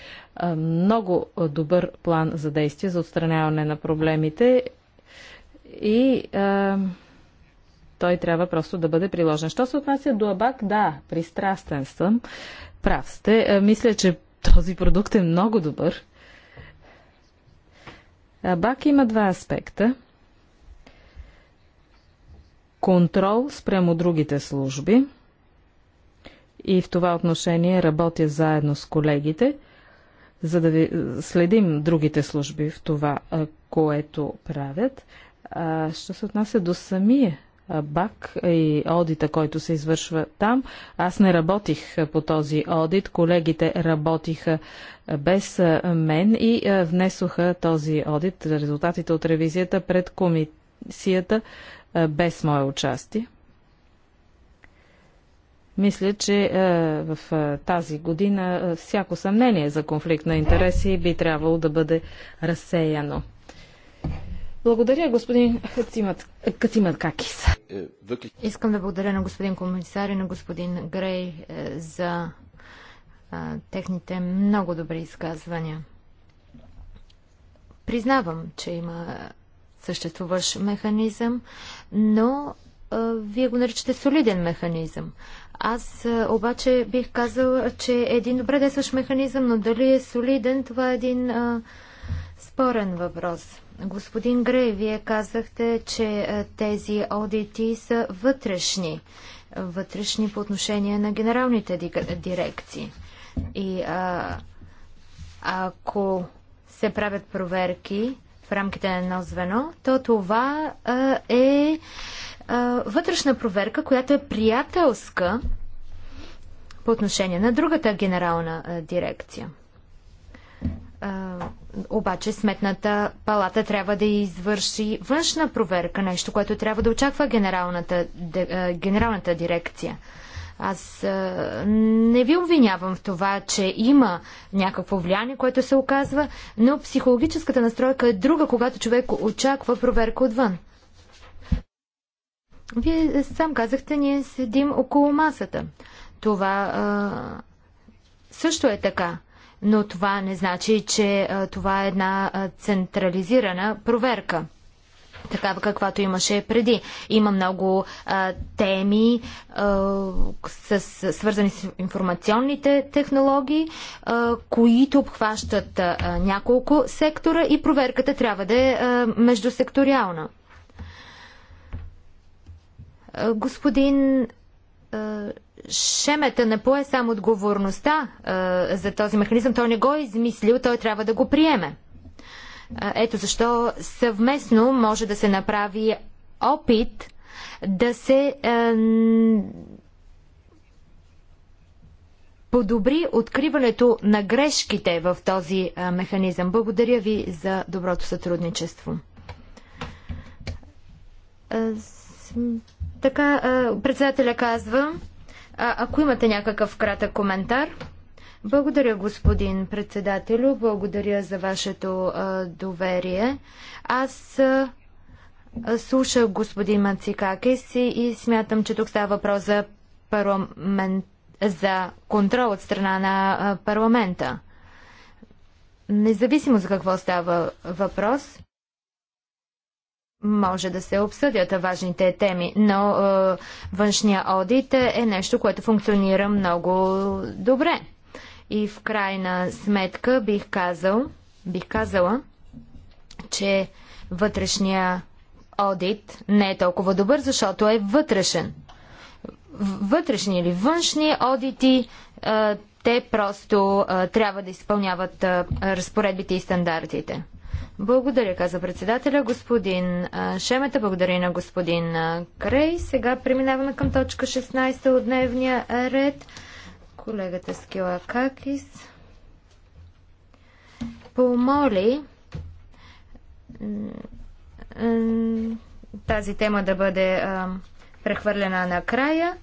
много добър план за действие за отстраняване на проблемите и той трябва просто да бъде приложен. Що се отнася до Абак? Да, пристрастен съм. Прав сте. Е, мисля, че този продукт е много добър. Абак има два аспекта. Контрол спрямо другите служби. И в това отношение работя заедно с колегите – за да ви е, следим другите служби в това, е, което правят. А, що се отнася до самия БАК и одита, който се извършва там. Аз не работих по този одит, колегите работиха без мен и е, внесоха този одит, резултатите от ревизията пред комисията е, без мое участие. Мисля, че е, в тази година всяко съмнение за конфликт на интереси би трябвало да бъде разсеяно. Благодаря, господин Хацимат, Какис. Е, Искам да благодаря на господин комисар и на господин Грей е, за техните много добри изказвания. Признавам, че има съществуващ механизъм, но а, вие го наричате солиден механизъм. Аз а, обаче бих казала, че е един добре действащ механизъм, но дали е солиден, това е един а, спорен въпрос. Господин Грей, вие казахте, че тези одити са вътрешни. Вътрешни по отношение на генералните дирекции. И а, ако се правят проверки в рамките на едно звено, то това а, е а, вътрешна проверка, която е приятелска по отношение на другата генерална а, дирекция. А, обаче Сметната палата трябва да извърши външна проверка, нещо, което трябва да очаква генералната, генералната дирекция. Аз не ви обвинявам в това, че има някакво влияние, което се оказва, но психологическата настройка е друга, когато човек очаква проверка отвън. Вие сам казахте, ние седим около масата. Това а, също е така но това не значи, че това е една централизирана проверка такава каквато имаше преди. Има много а, теми а, с, свързани с информационните технологии, а, които обхващат а, няколко сектора и проверката трябва да е а, междусекториална. А, господин а, Шемета не пое само отговорността е, за този механизъм. Той не го е измислил, той трябва да го приеме. Ето защо съвместно може да се направи опит да се е, подобри откриването на грешките в този механизъм. Благодаря ви за доброто сътрудничество. така, председателя казва. А, ако имате някакъв кратък коментар. Благодаря, господин председателю. Благодаря за вашето а, доверие. Аз а, слушах господин Мацикакес и, и смятам, че тук става въпрос за, парламен... за контрол от страна на а, парламента. Независимо за какво става въпрос, може да се обсъдят важните теми, но е, външния одит е нещо, което функционира много добре. И в крайна сметка бих казал, бих казала, че вътрешния одит не е толкова добър, защото е вътрешен. Вътрешни или външни одити, е, те просто е, трябва да изпълняват е, разпоредбите и стандартите. Благодаря, каза председателя. Господин Шемета, благодаря и на господин Крей. Сега преминаваме към точка 16 от дневния ред. Колегата Скила Какис помоли тази тема да бъде прехвърлена накрая.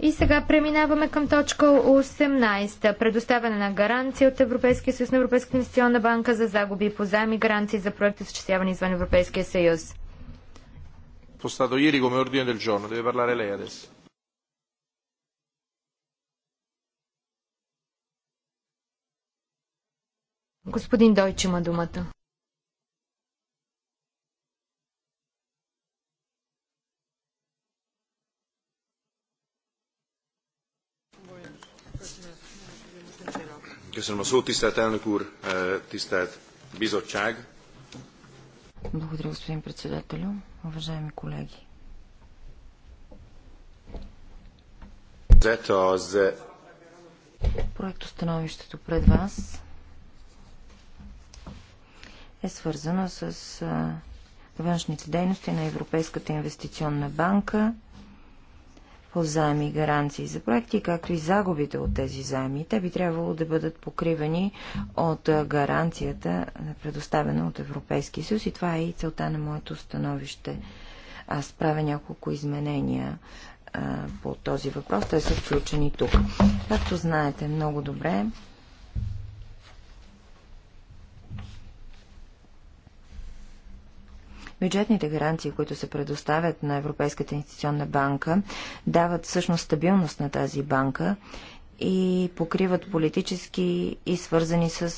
И сега преминаваме към точка 18. Предоставяне на гаранция от Европейския съюз на Европейската инвестиционна банка за загуби по заеми гаранции за проекти, осъществявани извън Европейския съюз. Postato ieri come ordine del giorno, deve parlare lei adesso. Господин Дойч има думата. Köszönöm a szót, tisztelt elnök úr, eh, tisztelt bizottság. Благодаря, господин председателю. Уважаеми колеги. становището пред вас е свързано с външните дейности на Европейската инвестиционна банка – заеми гаранции за проекти, както и загубите от тези заеми. Те би трябвало да бъдат покривани от гаранцията, предоставена от Европейския съюз и това е и целта на моето становище. Аз правя няколко изменения а, по този въпрос. Те са включени тук. Както знаете много добре, Бюджетните гаранции, които се предоставят на Европейската инвестиционна банка, дават всъщност стабилност на тази банка и покриват политически и свързани с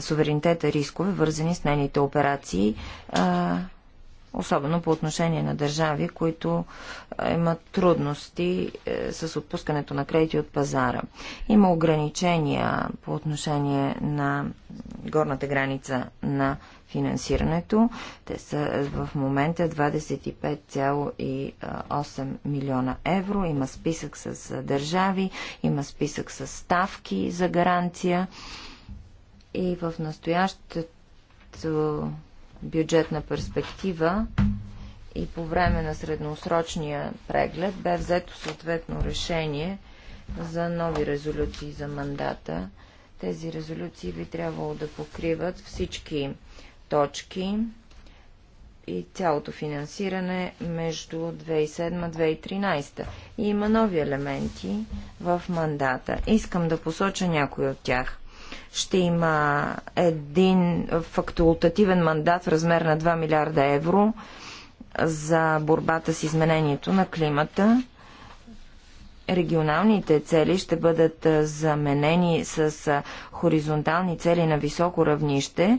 суверенитета рискове, вързани с нейните операции, а, особено по отношение на държави, които имат трудности е, с отпускането на кредити от пазара. Има ограничения по отношение на горната граница на финансирането. Те са е, в момента 25,8 милиона евро. Има списък с държави, има списък с ставки за гаранция. И в настоящето бюджетна перспектива и по време на средносрочния преглед бе взето съответно решение за нови резолюции за мандата. Тези резолюции би трябвало да покриват всички точки и цялото финансиране между 2007-2013. И има нови елементи в мандата. Искам да посоча някои от тях. Ще има един факултативен мандат в размер на 2 милиарда евро за борбата с изменението на климата. Регионалните цели ще бъдат заменени с хоризонтални цели на високо равнище,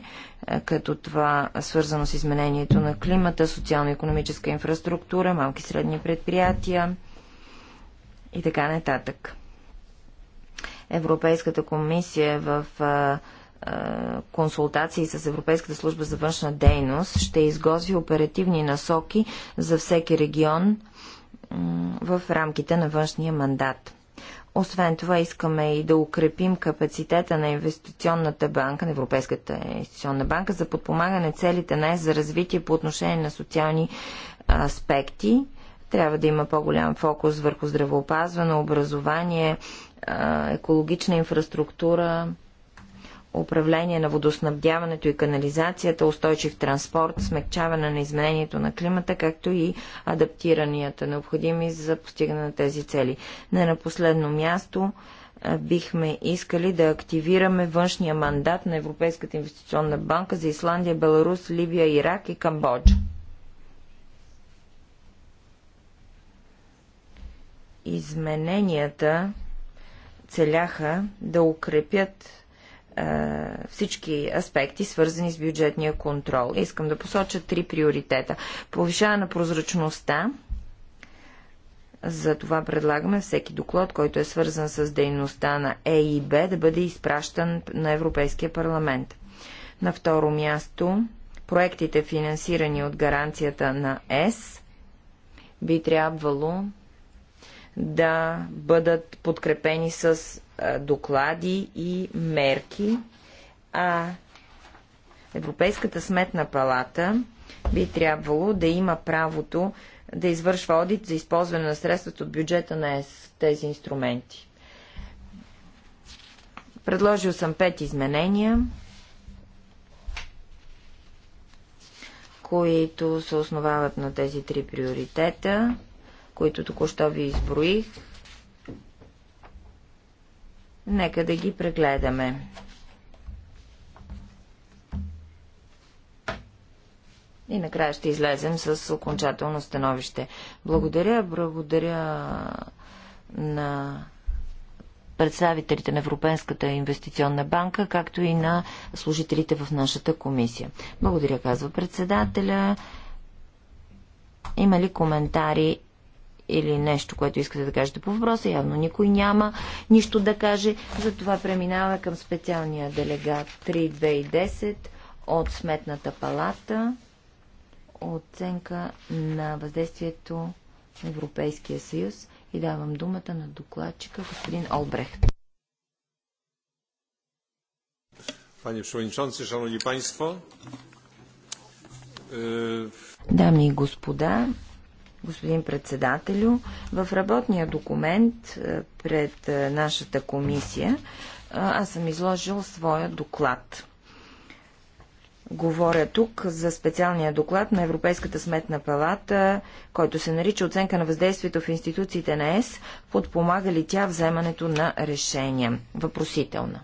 като това свързано с изменението на климата, социално-економическа инфраструктура, малки и средни предприятия и така нататък. Европейската комисия в консултации с Европейската служба за външна дейност ще изготви оперативни насоки за всеки регион в рамките на външния мандат. Освен това искаме и да укрепим капацитета на инвестиционната банка, на Европейската инвестиционна банка, за подпомагане целите на за развитие по отношение на социални аспекти. Трябва да има по-голям фокус върху здравеопазване, образование, екологична инфраструктура, управление на водоснабдяването и канализацията, устойчив транспорт, смягчаване на изменението на климата, както и адаптиранията, необходими за постигане на тези цели. Не на последно място бихме искали да активираме външния мандат на Европейската инвестиционна банка за Исландия, Беларус, Либия, Ирак и Камбоджа. Измененията целяха да укрепят всички аспекти, свързани с бюджетния контрол. Искам да посоча три приоритета. Повишаване на прозрачността. За това предлагаме всеки доклад, който е свързан с дейността на ЕИБ, да бъде изпращан на Европейския парламент. На второ място, проектите, финансирани от гаранцията на ЕС, би трябвало да бъдат подкрепени с доклади и мерки, а Европейската сметна палата би трябвало да има правото да извършва одит за използване на средствата от бюджета на ЕС тези инструменти. Предложил съм пет изменения, които се основават на тези три приоритета които току-що ви изброих. Нека да ги прегледаме. И накрая ще излезем с окончателно становище. Благодаря, благодаря на представителите на Европейската инвестиционна банка, както и на служителите в нашата комисия. Благодаря, казва председателя. Има ли коментари или нещо, което искате да кажете по въпроса. Явно никой няма нищо да каже. Затова преминаваме към специалния делегат 3210 от Сметната палата. Оценка на въздействието на Европейския съюз. И давам думата на докладчика господин Олбрехт. Panie Przewodniczący, Szanowni Państwo. Dami e, i господа, господин председателю. В работния документ е, пред е, нашата комисия е, аз съм изложил своя доклад. Говоря тук за специалния доклад на Европейската сметна палата, който се нарича оценка на въздействието в институциите на ЕС, подпомага ли тя вземането на решения? Въпросителна.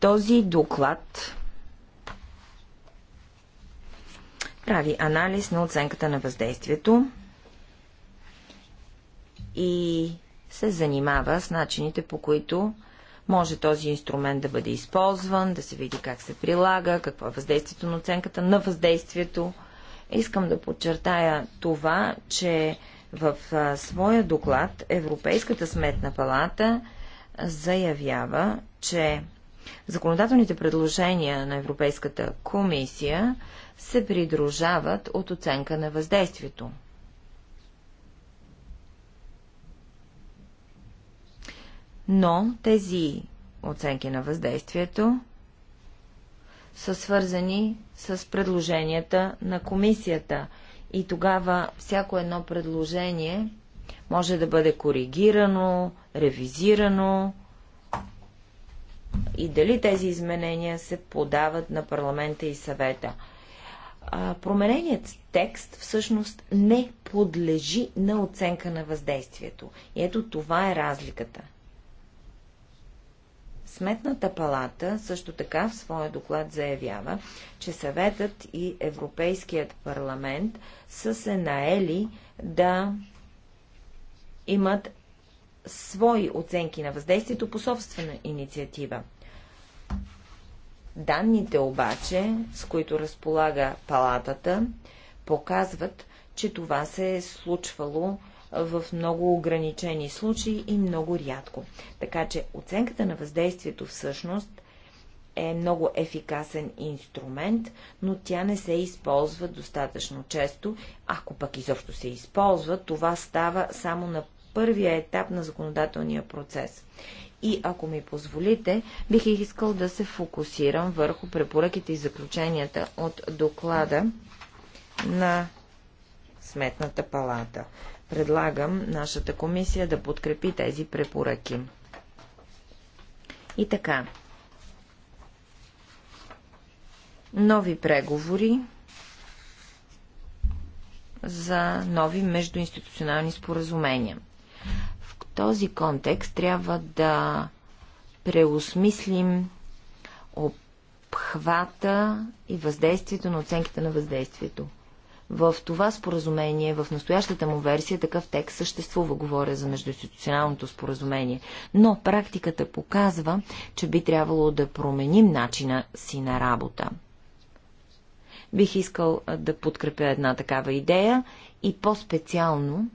Този доклад прави анализ на оценката на въздействието и се занимава с начините по които може този инструмент да бъде използван, да се види как се прилага, какво е въздействието на оценката на въздействието. Искам да подчертая това, че в своя доклад Европейската сметна палата заявява, че законодателните предложения на Европейската комисия се придружават от оценка на въздействието. Но тези оценки на въздействието са свързани с предложенията на комисията и тогава всяко едно предложение може да бъде коригирано, ревизирано и дали тези изменения се подават на парламента и съвета промененият текст всъщност не подлежи на оценка на въздействието. И ето това е разликата. Сметната палата също така в своя доклад заявява, че съветът и Европейският парламент са се наели да имат свои оценки на въздействието по собствена инициатива. Данните обаче, с които разполага палатата, показват, че това се е случвало в много ограничени случаи и много рядко. Така че оценката на въздействието всъщност е много ефикасен инструмент, но тя не се използва достатъчно често. Ако пък изобщо се използва, това става само на първия етап на законодателния процес. И ако ми позволите, бих искал да се фокусирам върху препоръките и заключенията от доклада на Сметната палата. Предлагам нашата комисия да подкрепи тези препоръки. И така. Нови преговори за нови междуинституционални споразумения – този контекст трябва да преосмислим обхвата и въздействието на оценките на въздействието. В това споразумение, в настоящата му версия, такъв текст съществува, говоря за междуинституционалното споразумение. Но практиката показва, че би трябвало да променим начина си на работа. Бих искал да подкрепя една такава идея и по-специално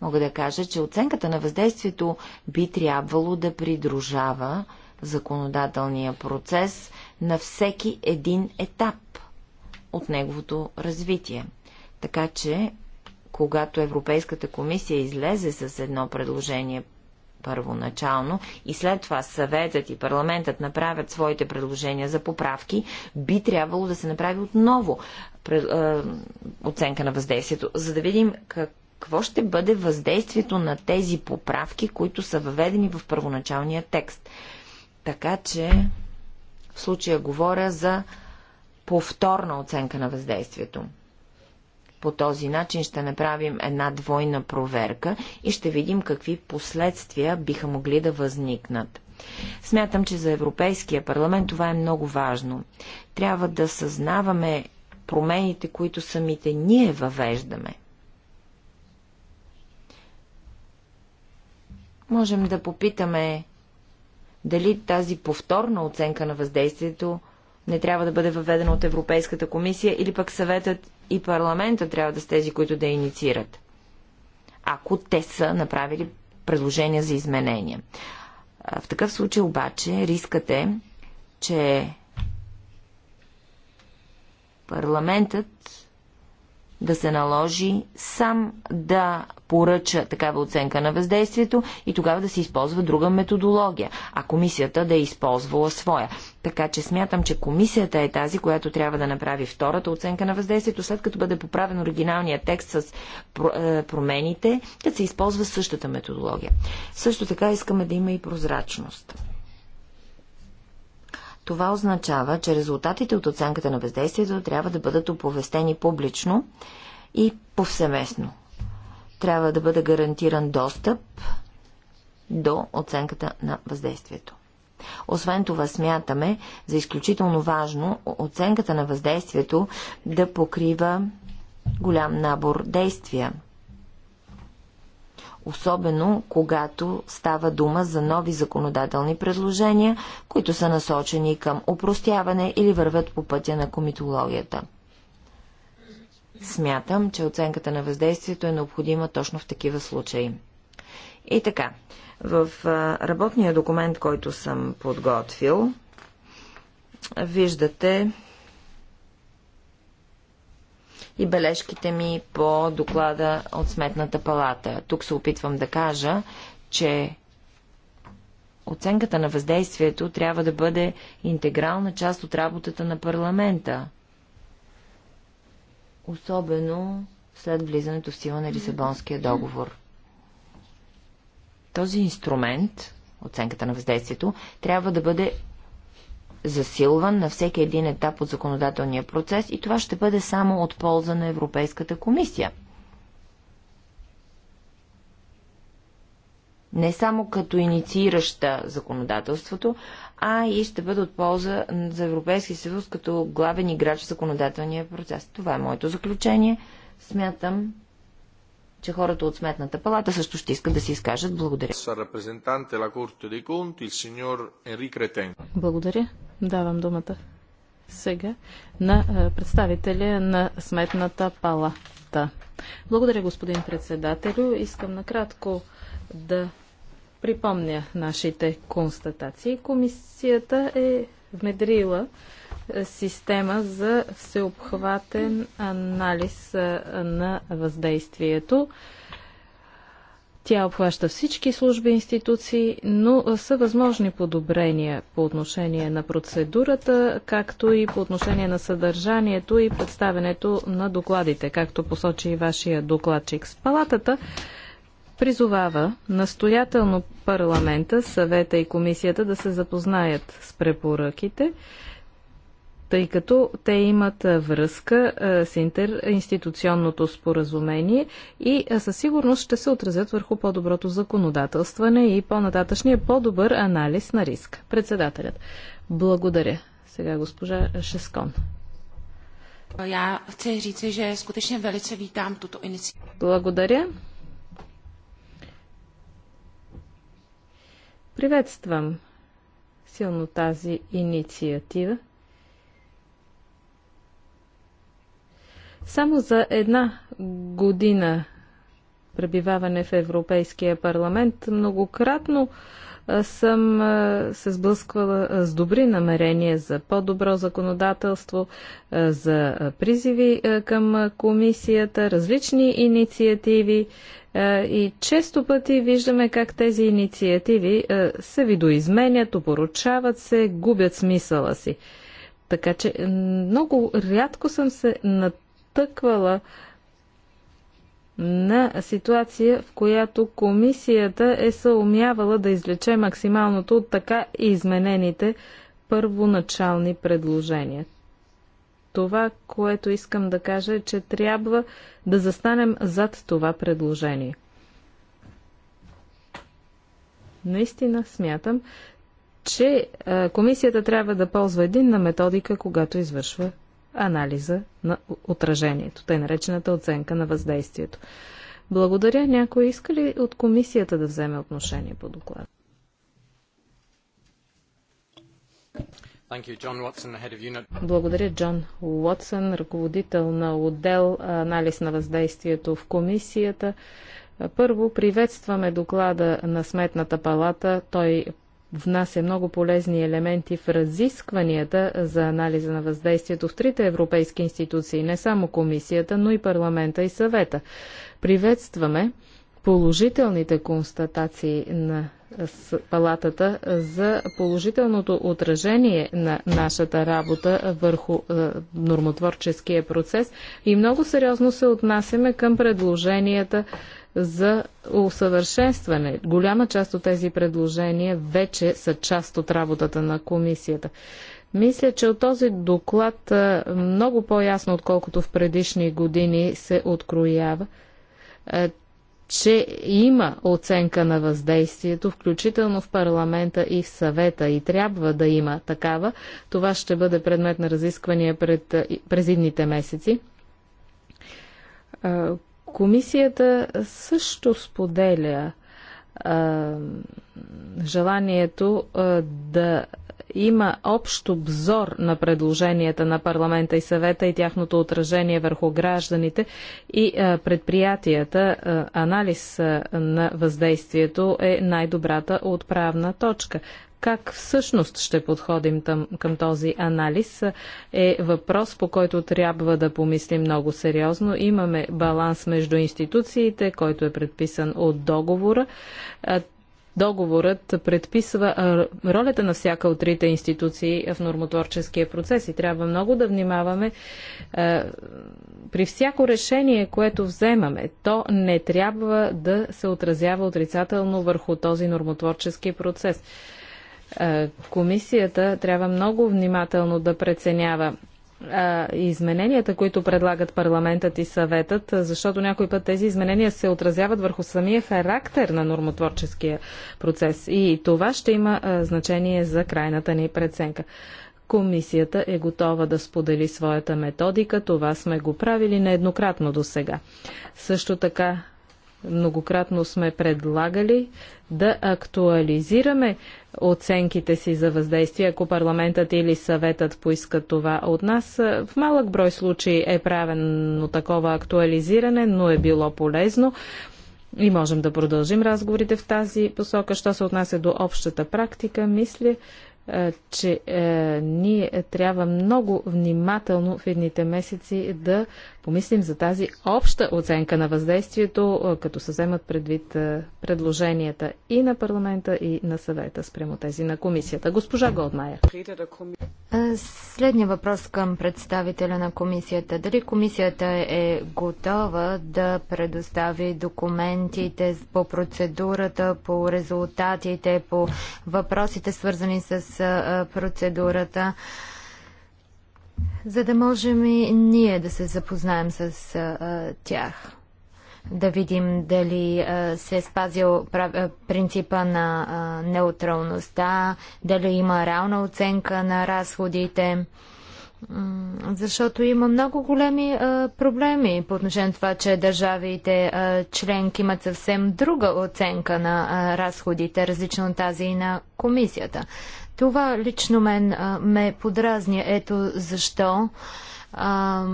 мога да кажа, че оценката на въздействието би трябвало да придружава законодателния процес на всеки един етап от неговото развитие. Така че, когато Европейската комисия излезе с едно предложение първоначално и след това съветът и парламентът направят своите предложения за поправки, би трябвало да се направи отново оценка на въздействието, за да видим как какво ще бъде въздействието на тези поправки, които са въведени в първоначалния текст. Така че в случая говоря за повторна оценка на въздействието. По този начин ще направим една двойна проверка и ще видим какви последствия биха могли да възникнат. Смятам, че за Европейския парламент това е много важно. Трябва да съзнаваме промените, които самите ние въвеждаме. Можем да попитаме дали тази повторна оценка на въздействието не трябва да бъде въведена от Европейската комисия или пък съветът и парламента трябва да са тези, които да инициират, ако те са направили предложения за изменения. В такъв случай обаче рискът е, че парламентът да се наложи сам да поръча такава оценка на въздействието и тогава да се използва друга методология, а комисията да е използвала своя. Така че смятам, че комисията е тази, която трябва да направи втората оценка на въздействието, след като бъде поправен оригиналния текст с е, промените, да се използва същата методология. Също така искаме да има и прозрачност. Това означава, че резултатите от оценката на въздействието трябва да бъдат оповестени публично и повсеместно. Трябва да бъде гарантиран достъп до оценката на въздействието. Освен това смятаме за изключително важно оценката на въздействието да покрива голям набор действия – особено когато става дума за нови законодателни предложения, които са насочени към упростяване или вървят по пътя на комитологията. Смятам, че оценката на въздействието е необходима точно в такива случаи. И така, в работния документ, който съм подготвил, виждате и бележките ми по доклада от Сметната палата. Тук се опитвам да кажа, че оценката на въздействието трябва да бъде интегрална част от работата на парламента. Особено след влизането в сила на Лисабонския договор. Този инструмент, оценката на въздействието, трябва да бъде засилван на всеки един етап от законодателния процес и това ще бъде само от полза на Европейската комисия. Не само като инициираща законодателството, а и ще бъде от полза за Европейския съюз като главен играч в законодателния процес. Това е моето заключение. Смятам, че хората от Сметната палата също ще искат да се изкажат. Благодаря. Е Благодаря. Давам думата сега на представителя на Сметната палата. Благодаря, господин председателю. Искам накратко да припомня нашите констатации. Комисията е внедрила система за всеобхватен анализ на въздействието тя обхваща всички служби и институции, но са възможни подобрения по отношение на процедурата, както и по отношение на съдържанието и представенето на докладите, както посочи и вашия докладчик с палатата. Призовава настоятелно парламента, съвета и комисията да се запознаят с препоръките тъй като те имат връзка с интеринституционното споразумение и със сигурност ще се отразят върху по-доброто законодателстване и по-нататъчния по-добър анализ на риск. Председателят. Благодаря. Сега госпожа Шескон. Já chci říci, že skutečně velice vítám tuto iniciativu. Благодаря. Приветствам силно тази инициатива. Само за една година пребиваване в Европейския парламент многократно съм се сблъсквала с добри намерения за по-добро законодателство, за призиви към комисията, различни инициативи и често пъти виждаме как тези инициативи се видоизменят, опоручават се, губят смисъла си. Така че много рядко съм се натъкнала натъквала на ситуация, в която комисията е съумявала да извлече максималното от така изменените първоначални предложения. Това, което искам да кажа е, че трябва да застанем зад това предложение. Наистина смятам, че комисията трябва да ползва единна методика, когато извършва анализа на отражението, тъй наречената оценка на въздействието. Благодаря. Някой иска ли от комисията да вземе отношение по доклада? Благодаря, Джон Уотсън, ръководител на отдел анализ на въздействието в комисията. Първо, приветстваме доклада на Сметната палата. Той внася много полезни елементи в разискванията за анализа на въздействието в трите европейски институции, не само комисията, но и парламента и съвета. Приветстваме положителните констатации на палатата за положителното отражение на нашата работа върху е, нормотворческия процес и много сериозно се отнасяме към предложенията за усъвършенстване. Голяма част от тези предложения вече са част от работата на комисията. Мисля, че от този доклад много по-ясно, отколкото в предишни години, се откроява, че има оценка на въздействието, включително в парламента и в съвета, и трябва да има такава. Това ще бъде предмет на разисквания пред, през идните месеци Комисията също споделя а, желанието а, да има общ обзор на предложенията на парламента и съвета и тяхното отражение върху гражданите и а, предприятията. А, анализ а, на въздействието е най-добрата отправна точка. Как всъщност ще подходим там, към този анализ е въпрос, по който трябва да помислим много сериозно. Имаме баланс между институциите, който е предписан от договора. Договорът предписва ролята на всяка от трите институции в нормотворческия процес и трябва много да внимаваме при всяко решение, което вземаме, то не трябва да се отразява отрицателно върху този нормотворчески процес. Е, комисията трябва много внимателно да преценява е, измененията, които предлагат парламентът и съветът, защото някой път тези изменения се отразяват върху самия характер на нормотворческия процес. И това ще има е, значение за крайната ни преценка. Комисията е готова да сподели своята методика, това сме го правили нееднократно до сега. Също така многократно сме предлагали да актуализираме оценките си за въздействие, ако парламентът или съветът поиска това от нас. В малък брой случаи е правено такова актуализиране, но е било полезно. И можем да продължим разговорите в тази посока. Що се отнася до общата практика, мисля, е, че е, ние трябва много внимателно в едните месеци да помислим за тази обща оценка на въздействието, е, като се вземат предвид е, предложенията и на парламента, и на съвета спрямо тези на комисията. Госпожа Голдмайер. Е, Следния въпрос към представителя на комисията. Дали комисията е готова да предостави документите по процедурата, по резултатите, по въпросите свързани с процедурата? за да можем и ние да се запознаем с а, тях. Да видим дали а, се е спазил прав... принципа на а, неутралността, дали има реална оценка на разходите. Защото има много големи а, проблеми по отношение на това, че държавите а, членки имат съвсем друга оценка на а, разходите, различно от тази и на комисията. Това лично мен а, ме подразня. Ето защо а,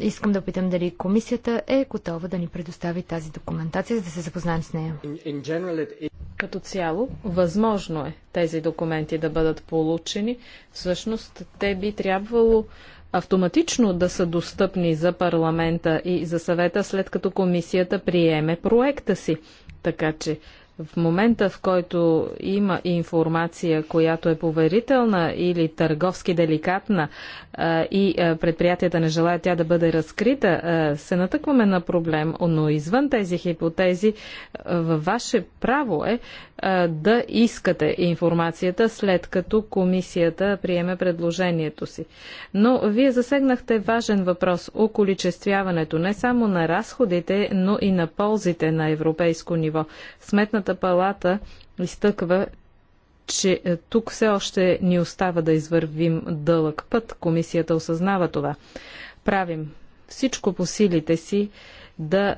искам да питам дали комисията е готова да ни предостави тази документация, за да се запознаем с нея. Като цяло, възможно е тези документи да бъдат получени. Всъщност, те би трябвало автоматично да са достъпни за парламента и за съвета, след като комисията приеме проекта си. Така че в момента, в който има информация, която е поверителна или търговски деликатна и предприятията не желаят тя да бъде разкрита, се натъкваме на проблем, но извън тези хипотези, във ваше право е да искате информацията след като комисията приеме предложението си. Но вие засегнахте важен въпрос о количествяването не само на разходите, но и на ползите на европейско ниво. Сметната Сметната палата изтъква, че е, тук все още ни остава да извървим дълъг път. Комисията осъзнава това. Правим всичко по силите си да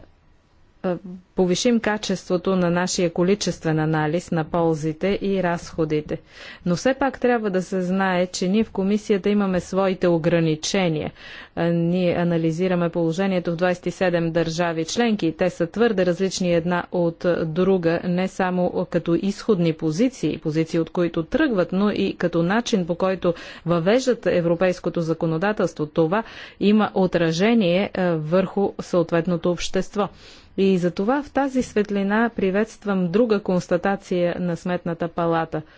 е, повишим качеството на нашия количествен анализ на ползите и разходите. Но все пак трябва да се знае, че ние в комисията имаме своите ограничения. Е, ние анализираме положението в 27 държави членки. Те са твърде различни една от друга, не само като изходни позиции, позиции от които тръгват, но и като начин по който въвеждат европейското законодателство. Това има отражение е, върху съответното общество. И за това в тази светлина приветствам друга констатация на Сметната палата –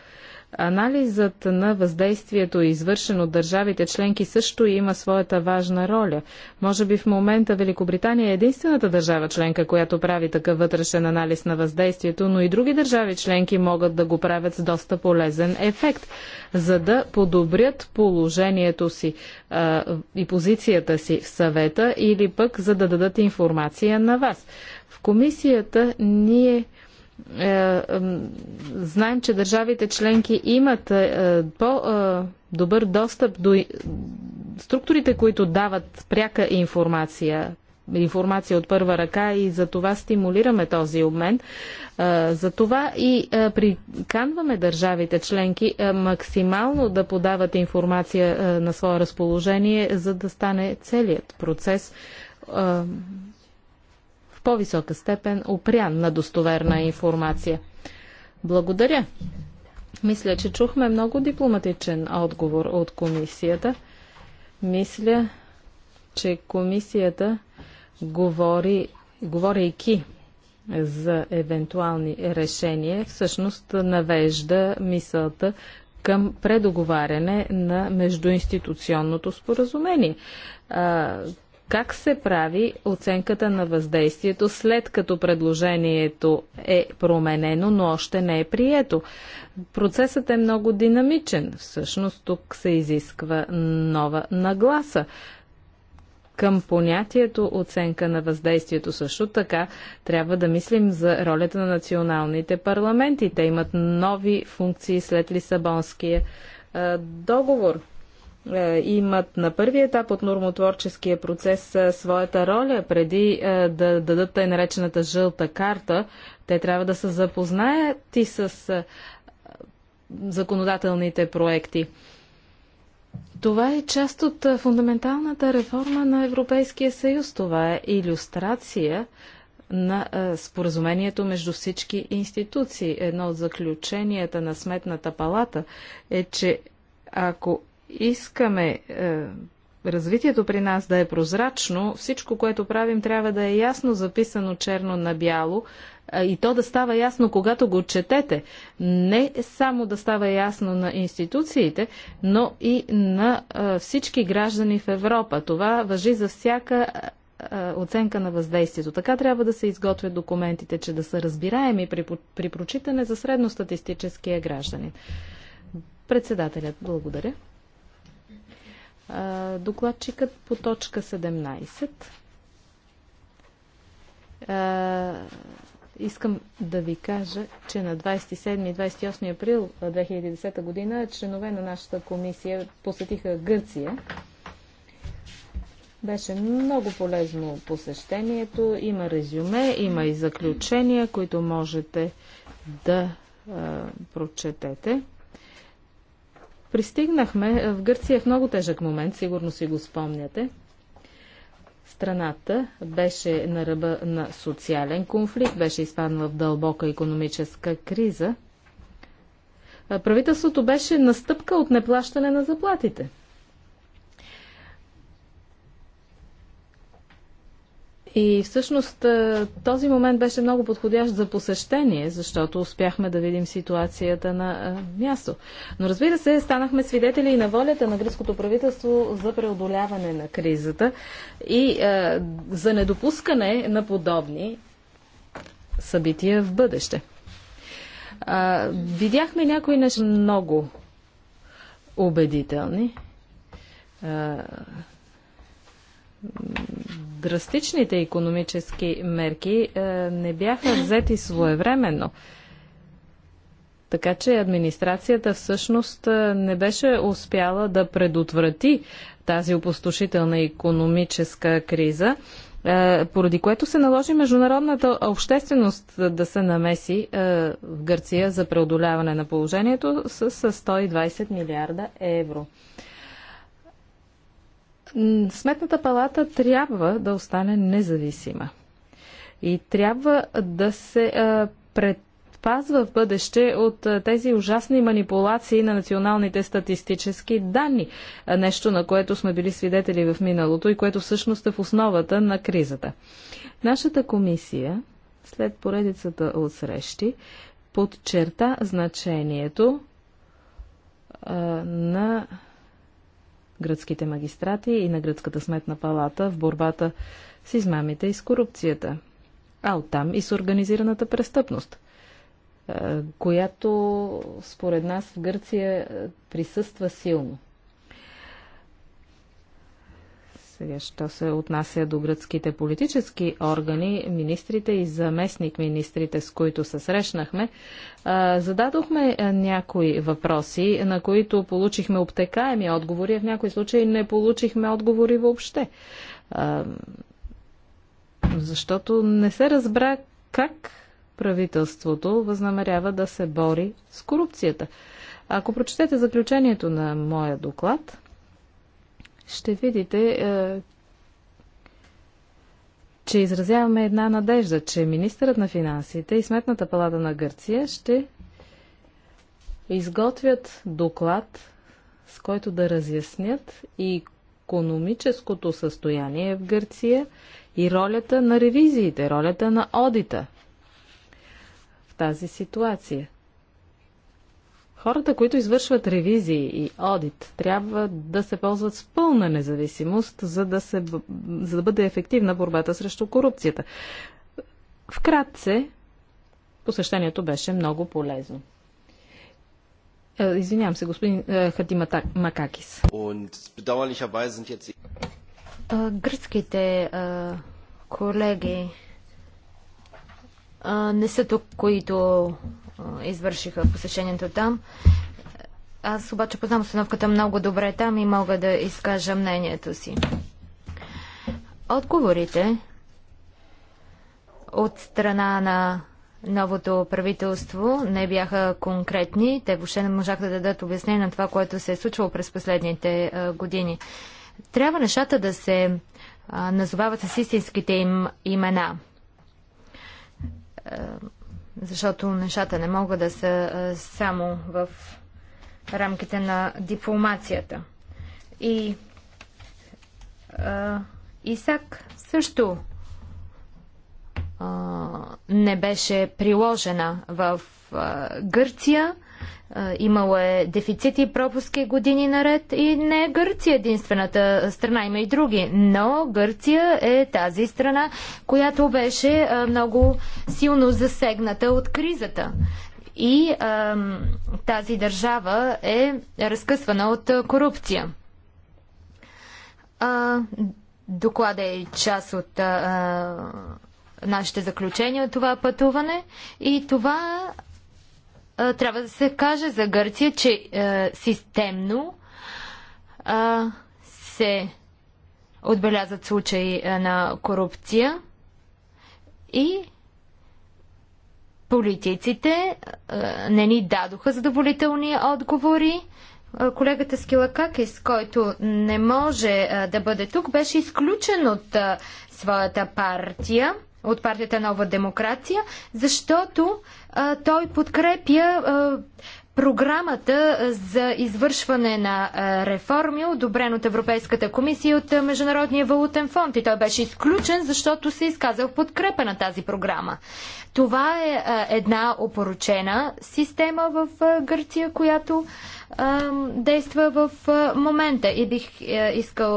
Анализът на въздействието, извършен от държавите членки, също има своята важна роля. Може би в момента Великобритания е единствената държава членка, която прави такъв вътрешен анализ на въздействието, но и други държави членки могат да го правят с доста полезен ефект, за да подобрят положението си а, и позицията си в съвета или пък за да дадат информация на вас. В комисията ние е, знаем, че държавите членки имат е, е, по-добър достъп до структурите, които дават пряка информация, информация от първа ръка и за това стимулираме този обмен. За това и приканваме държавите членки максимално да подават информация на свое разположение, за да стане целият процес по-висока степен опрян на достоверна информация. Благодаря. Мисля, че чухме много дипломатичен отговор от комисията. Мисля, че комисията говори, говорейки за евентуални решения, всъщност навежда мисълта към предоговаряне на междуинституционното споразумение. Как се прави оценката на въздействието след като предложението е променено, но още не е прието? Процесът е много динамичен. Всъщност тук се изисква нова нагласа. Към понятието оценка на въздействието също така трябва да мислим за ролята на националните парламенти. Те имат нови функции след Лисабонския договор. Е, имат на първи етап от нормотворческия процес е, своята роля преди е, да дадат тъй наречената жълта карта. Те трябва да се запознаят и с законодателните проекти. Това е част от фундаменталната реформа на Европейския съюз. Това е иллюстрация на споразумението между всички институции. Едно от заключенията на Сметната палата е, че ако искаме е, развитието при нас да е прозрачно, всичко, което правим, трябва да е ясно записано черно на бяло е, и то да става ясно, когато го четете. Не само да става ясно на институциите, но и на е, всички граждани в Европа. Това въжи за всяка е, е, оценка на въздействието. Така трябва да се изготвят документите, че да са разбираеми при, при прочитане за средностатистическия гражданин. Председателят, благодаря. Докладчикът по точка 17. Искам да ви кажа, че на 27 и 28 април 2010 година членове на нашата комисия посетиха Гърция. Беше много полезно посещението. Има резюме, има и заключения, които можете да а, прочетете. Пристигнахме е, в Гърция е в много тежък момент, сигурно си го спомняте. Страната беше на ръба на социален конфликт, беше изпаднала в дълбока економическа криза. Е, правителството беше настъпка от неплащане на заплатите – И всъщност е, този момент беше много подходящ за посещение, защото успяхме да видим ситуацията на е, място. Но разбира се, станахме свидетели и на волята на гръцкото правителство за преодоляване на кризата и е, за недопускане на подобни събития в бъдеще. видяхме някои неща много убедителни драстичните економически мерки е, не бяха взети своевременно. Така че администрацията всъщност е, не беше успяла да предотврати тази опустошителна економическа криза, е, поради което се наложи международната общественост да се намеси в Гърция за преодоляване на положението с 120 милиарда евро. Сметната палата трябва да остане независима и трябва да се предпазва в бъдеще от тези ужасни манипулации на националните статистически данни. Нещо, на което сме били свидетели в миналото и което всъщност е в основата на кризата. Нашата комисия, след поредицата от срещи, подчерта значението на гръцките магистрати и на гръцката сметна палата в борбата с измамите и с корупцията, а оттам и с организираната престъпност, е, която според нас в Гърция е, присъства силно. Сега, що се отнася до гръцките политически органи, министрите и заместник-министрите, с които се срещнахме, зададохме някои въпроси, на които получихме обтекаеми отговори, а в някои случаи не получихме отговори въобще. Защото не се разбра как правителството възнамерява да се бори с корупцията. Ако прочетете заключението на моя доклад, ще видите, е, че изразяваме една надежда, че министърът на финансите и Сметната палата на Гърция ще изготвят доклад, с който да разяснят и економическото състояние в Гърция и ролята на ревизиите, ролята на одита в тази ситуация. Хората, които извършват ревизии и одит, трябва да се ползват с пълна независимост, за да, се, за да бъде ефективна борбата срещу корупцията. Вкратце, посещението беше много полезно. Е, извинявам се, господин е, Хади Макакис. Е, гръцките колеги не са тук, които е, извършиха посещението там. Аз обаче познавам установката много добре там и мога да изкажа мнението си. Отговорите от страна на новото правителство не бяха конкретни. Те въобще не можаха да дадат обяснение на това, което се е случвало през последните е, години. Трябва нещата да се е, назовават с истинските им имена защото нещата не могат да са само в рамките на дипломацията. И а, Исак също а, не беше приложена в а, Гърция Имало е дефицити и пропуски години наред и не е Гърция единствената страна, има и други. Но Гърция е тази страна, която беше много силно засегната от кризата. И а, тази държава е разкъсвана от корупция. А, доклада е част от а, нашите заключения от това пътуване и това трябва да се каже за Гърция, че а, системно а, се отбелязат случаи на корупция и политиците а, не ни дадоха задоволителни отговори. Колегата Скилакакис, който не може а, да бъде тук, беше изключен от а, своята партия, от партията Нова демокрация, защото той подкрепя програмата за извършване на реформи, одобрен от Европейската комисия от Международния валутен фонд. И той беше изключен, защото се е изказал в подкрепа на тази програма. Това е една опоручена система в Гърция, която действа в момента. И бих искал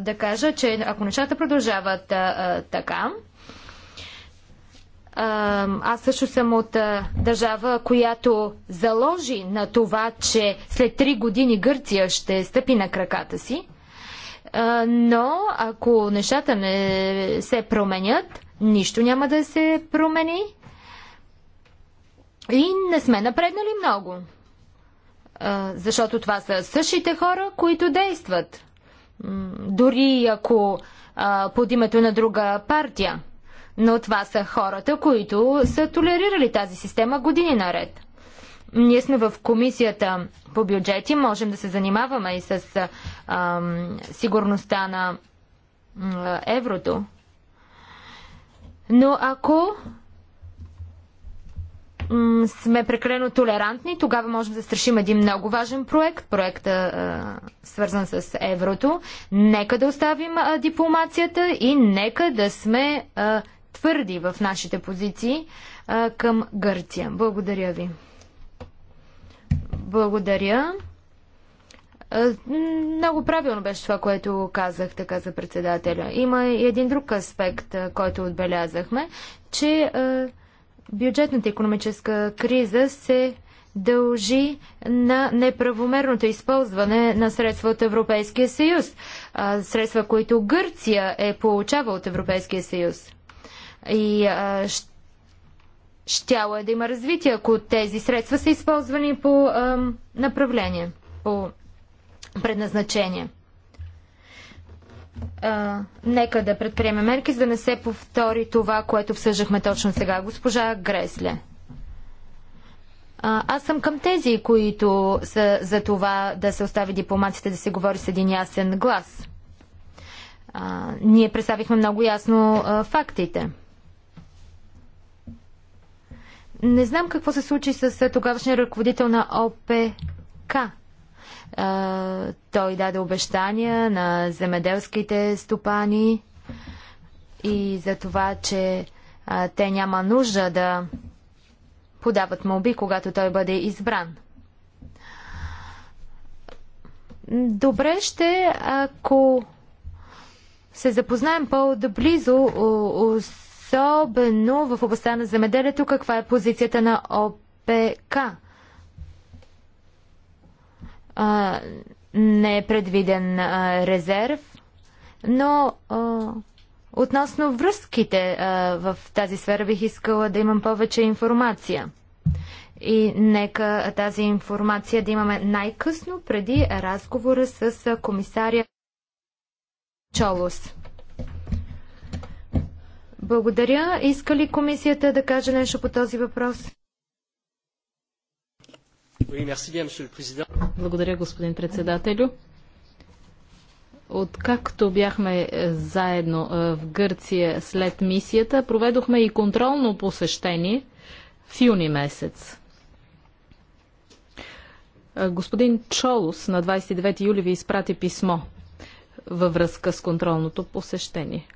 да кажа, че ако нещата продължават така, аз също съм от държава, която заложи на това, че след три години Гърция ще стъпи на краката си. Но ако нещата не се променят, нищо няма да се промени. И не сме напреднали много. Защото това са същите хора, които действат. Дори ако под името на друга партия но това са хората, които са толерирали тази система години наред. Ние сме в комисията по бюджети, можем да се занимаваме и с а, сигурността на а, еврото. Но ако сме прекалено толерантни, тогава можем да страшим един много важен проект, проект а, свързан с еврото. Нека да оставим а, дипломацията и нека да сме а, твърди в нашите позиции а, към Гърция. Благодаря ви. Благодаря. много правилно беше това, което казах, така за председателя. Има и един друг аспект, който отбелязахме, че бюджетната економическа криза се дължи на неправомерното използване на средства от Европейския съюз. Средства, които Гърция е получава от Европейския съюз и а, щяло е да има развитие, ако тези средства са използвани по а, направление, по предназначение. А, нека да предприеме мерки, за да не се повтори това, което обсъждахме точно сега. Госпожа Гресле. Аз съм към тези, които са за това да се остави дипломацията да се говори с един ясен глас. А, ние представихме много ясно а, фактите. Не знам какво се случи с е, тогавашния ръководител на ОПК. Той даде обещания на земеделските стопани и за това, че те няма нужда да подават молби, когато той бъде избран. Добре ще, ако се запознаем по-доблизо с особено в областта на земеделието, каква е позицията на ОПК. А, не е предвиден а, резерв, но а, относно връзките а, в тази сфера бих искала да имам повече информация. И нека тази информация да имаме най-късно преди разговора с комисаря Чолос. Благодаря. Иска ли комисията да каже нещо по този въпрос? Благодаря, господин председателю. Откакто бяхме е, заедно е, в Гърция след мисията, проведохме и контролно посещение в юни месец. Е, господин Чолус на 29 юли ви изпрати писмо – във връзка с контролното посещение.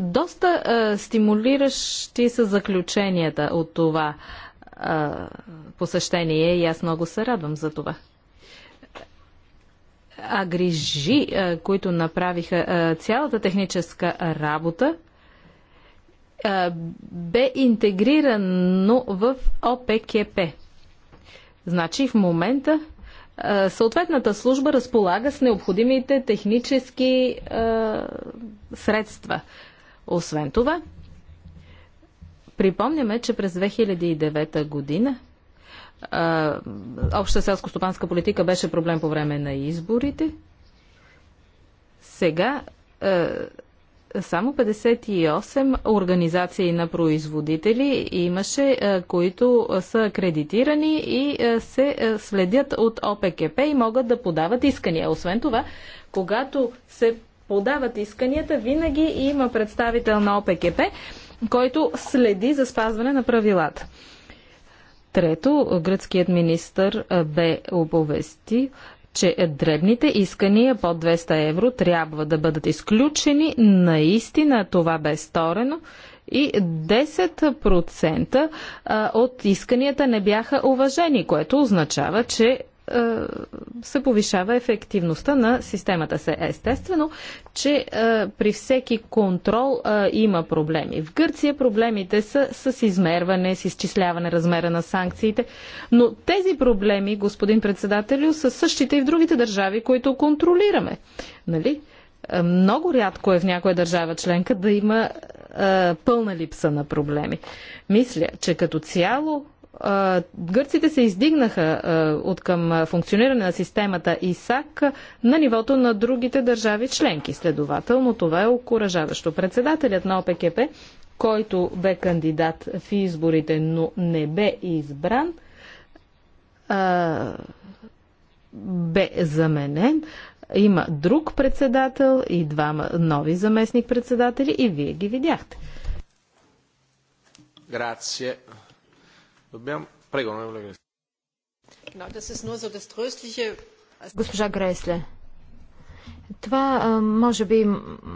Доста а, стимулиращи са заключенията от това а, посещение и аз много се радвам за това. А грижи, а, които направиха а, цялата техническа работа, а, бе интегрирано в ОПКП. Значи в момента съответната служба разполага с необходимите технически е, средства. Освен това, припомняме, че през 2009 година е, обща селско-стопанска политика беше проблем по време на изборите. Сега е, само 58 организации на производители имаше, е, които са акредитирани и е, се е, следят от ОПКП и могат да подават искания. Освен това, когато се подават исканията, винаги има представител на ОПКП, който следи за спазване на правилата. Трето, гръцкият министр бе оповести, че дребните искания под 200 евро трябва да бъдат изключени. Наистина това бе сторено и 10% от исканията не бяха уважени, което означава, че е, се повишава ефективността на системата се. Естествено, че е, при всеки контрол е, има проблеми. В Гърция проблемите са с измерване, с изчисляване размера на санкциите, но тези проблеми, господин председателю, са същите и в другите държави, които контролираме. Нали? много рядко е в някоя държава членка да има пълна липса на проблеми. Мисля, че като цяло гърците се издигнаха от към функциониране на системата ИСАК на нивото на другите държави членки. Следователно, това е окоръжаващо. Председателят на ОПКП, който бе кандидат в изборите, но не бе избран, бе заменен. Има друг председател и двама нови заместник-председатели и вие ги видяхте. Grazie. Госпожа Гресле. Това може би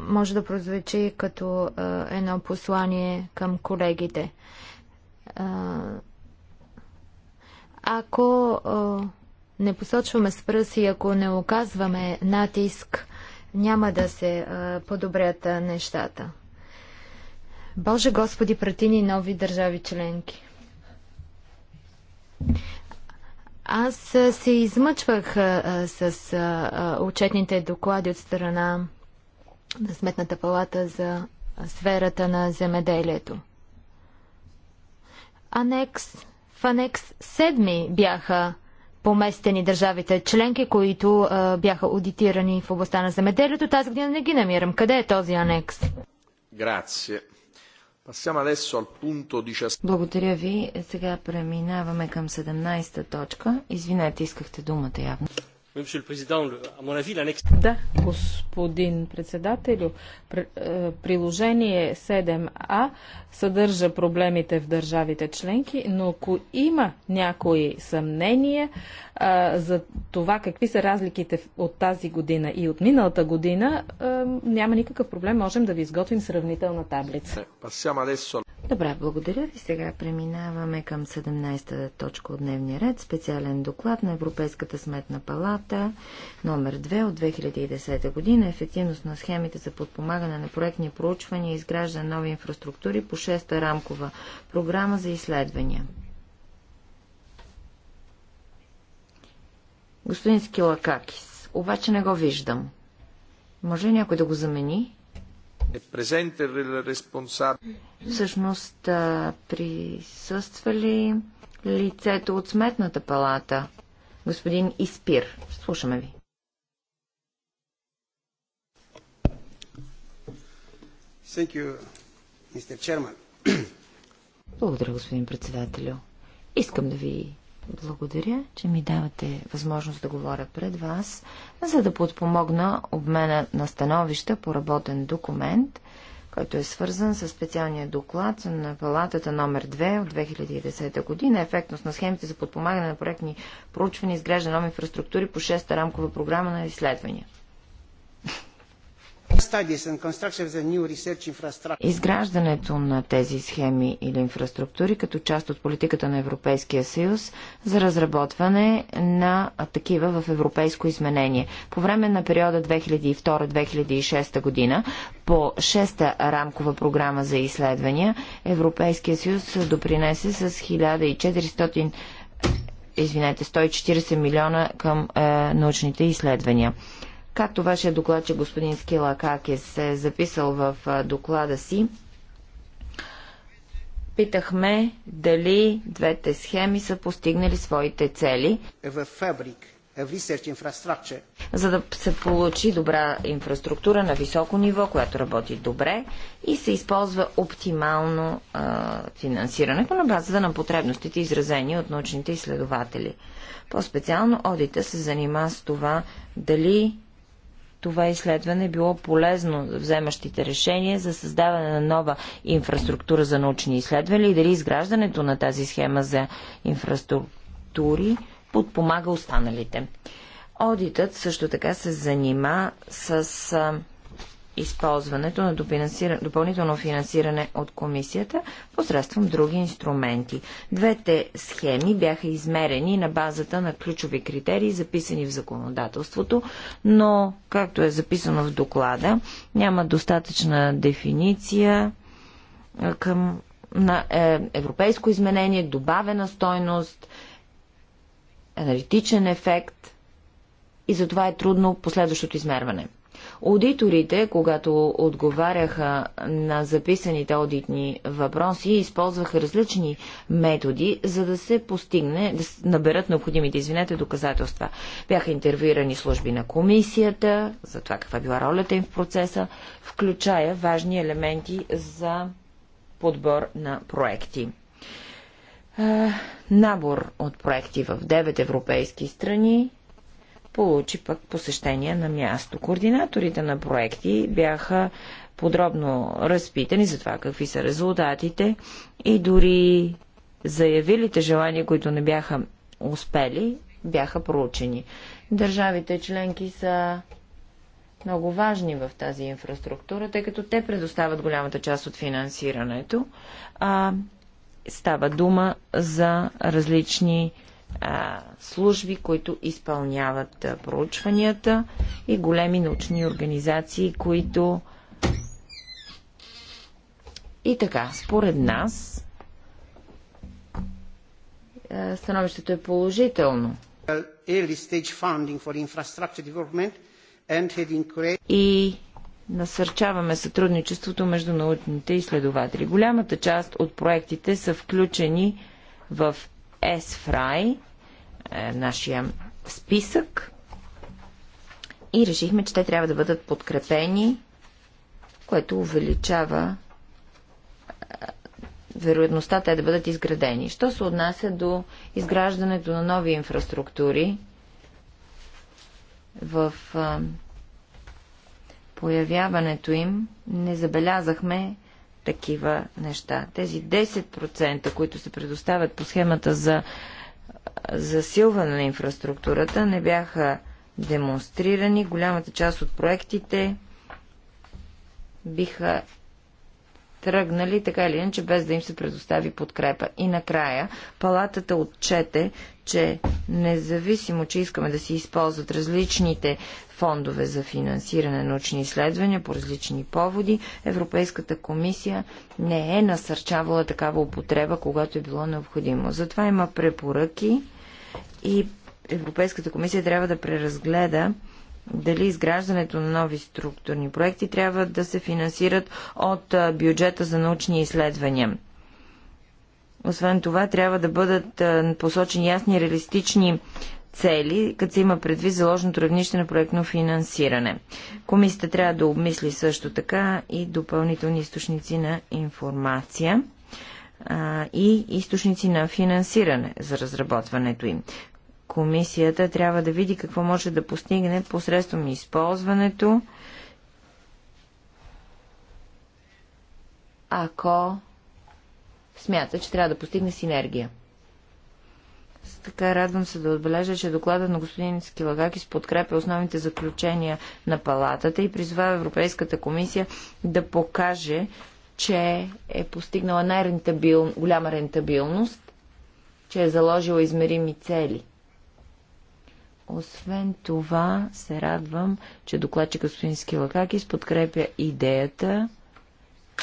може да прозвучи като едно послание към колегите. Ако не посочваме с пръст и ако не оказваме натиск, няма да се подобрят нещата. Боже Господи, прати ни нови държави членки. Аз се измъчвах а, с а, учетните доклади от страна на Сметната палата за сферата на земеделието. Анекс, в анекс 7 бяха поместени държавите членки, които а, бяха аудитирани в областта на земеделието. Тази година не ги намирам. Къде е този анекс? Грация. Благодаря ви. Сега преминаваме към 17-та точка. Извинете, искахте думата явно. Да, господин председателю, е, приложение 7А съдържа проблемите в държавите членки, но ако има някои съмнения е, за това какви са разликите от тази година и от миналата година, е, няма никакъв проблем, можем да ви изготвим сравнителна таблица. Добре, благодаря ви. Сега преминаваме към 17-та точка от дневния ред. Специален доклад на Европейската сметна палата, номер 2 от 2010 година. Ефективност на схемите за подпомагане на проектни проучвания и изграждане на нови инфраструктури по 6-та рамкова програма за изследвания. Господин Скилакакис, обаче не го виждам. Може ли някой да го замени? Е Всъщност присъства ли лицето от Сметната палата? Господин Испир, слушаме ви. You, Благодаря, господин председателю. Искам да ви благодаря, че ми давате възможност да говоря пред вас, за да подпомогна обмена на становища по работен документ, който е свързан с специалния доклад на палатата номер 2 от 2010 година, ефектност на схемите за подпомагане на проектни проучвания, изграждане на инфраструктури по 6-та рамкова програма на изследвания. Изграждането на тези схеми или инфраструктури като част от политиката на Европейския съюз за разработване на такива в европейско изменение. По време на периода 2002-2006 година по шеста рамкова програма за изследвания Европейския съюз допринесе с 1400 извинете, 140 милиона към е, научните изследвания. Както вашия е доклад, че господин Скила се е записал в доклада си, питахме дали двете схеми са постигнали своите цели. Е е За да се получи добра инфраструктура на високо ниво, която работи добре и се използва оптимално а, финансирането на базата на потребностите, изразени от научните изследователи. По-специално одита се занима с това дали това изследване е било полезно за вземащите решения за създаване на нова инфраструктура за научни изследвания и дали изграждането на тази схема за инфраструктури подпомага останалите. Одитът също така се занима с използването на допълнително финансиране от комисията посредством други инструменти. Двете схеми бяха измерени на базата на ключови критерии, записани в законодателството, но, както е записано в доклада, няма достатъчна дефиниция към на е, европейско изменение, добавена стойност, аналитичен ефект и затова е трудно последващото измерване. Аудиторите, когато отговаряха на записаните аудитни въпроси, използваха различни методи, за да се постигне, да наберат необходимите, извинете, доказателства. Бяха интервюирани служби на комисията, за това каква била ролята им в процеса, включая важни елементи за подбор на проекти е, набор от проекти в 9 европейски страни получи пък посещение на място. Координаторите на проекти бяха подробно разпитани за това какви са резултатите и дори заявилите желания, които не бяха успели, бяха проучени. Държавите членки са много важни в тази инфраструктура, тъй като те предоставят голямата част от финансирането. А, става дума за различни а, служби, които изпълняват а, проучванията и големи научни организации, които и така, според нас а, становището е положително. И насърчаваме сътрудничеството между научните изследователи. Голямата част от проектите са включени в S-Fry, е, нашия списък, и решихме, че те трябва да бъдат подкрепени, което увеличава е, вероятността те да бъдат изградени. Що се отнася до изграждането на нови инфраструктури в е, появяването им, не забелязахме такива неща. Тези 10%, които се предоставят по схемата за засилване на инфраструктурата, не бяха демонстрирани. Голямата част от проектите биха тръгнали, така или иначе, без да им се предостави подкрепа. И накрая, палатата отчете, че независимо, че искаме да се използват различните фондове за финансиране на научни изследвания по различни поводи, Европейската комисия не е насърчавала такава употреба, когато е било необходимо. Затова има препоръки и Европейската комисия трябва да преразгледа дали изграждането на нови структурни проекти трябва да се финансират от бюджета за научни изследвания. Освен това, трябва да бъдат посочени ясни реалистични цели, като се има предвид заложеното равнище на проектно финансиране. Комисията трябва да обмисли също така и допълнителни източници на информация а, и източници на финансиране за разработването им. Комисията трябва да види какво може да постигне посредством използването, ако смята, че трябва да постигне синергия. Така радвам се да отбележа, че докладът на господин Скилагакис подкрепя основните заключения на палатата и призвава Европейската комисия да покаже, че е постигнала най-рентабил, голяма рентабилност, че е заложила измерими цели. Освен това, се радвам, че докладчик господин Скилакакис подкрепя идеята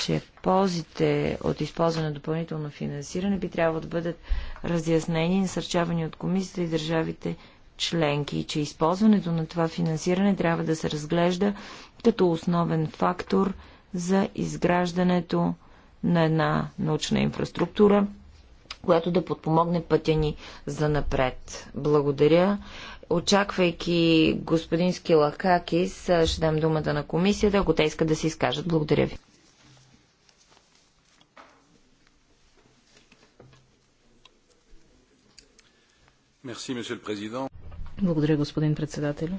че ползите от използване на допълнително финансиране би трябвало да бъдат разяснени и насърчавани от комисията и държавите членки, и че използването на това финансиране трябва да се разглежда като основен фактор за изграждането на една научна инфраструктура, която да подпомогне пътя ни за напред. Благодаря. Очаквайки господин Скилакакис, ще дам думата на комисията, ако те искат да се изкажат. Благодаря ви. Благодаря, господин председател.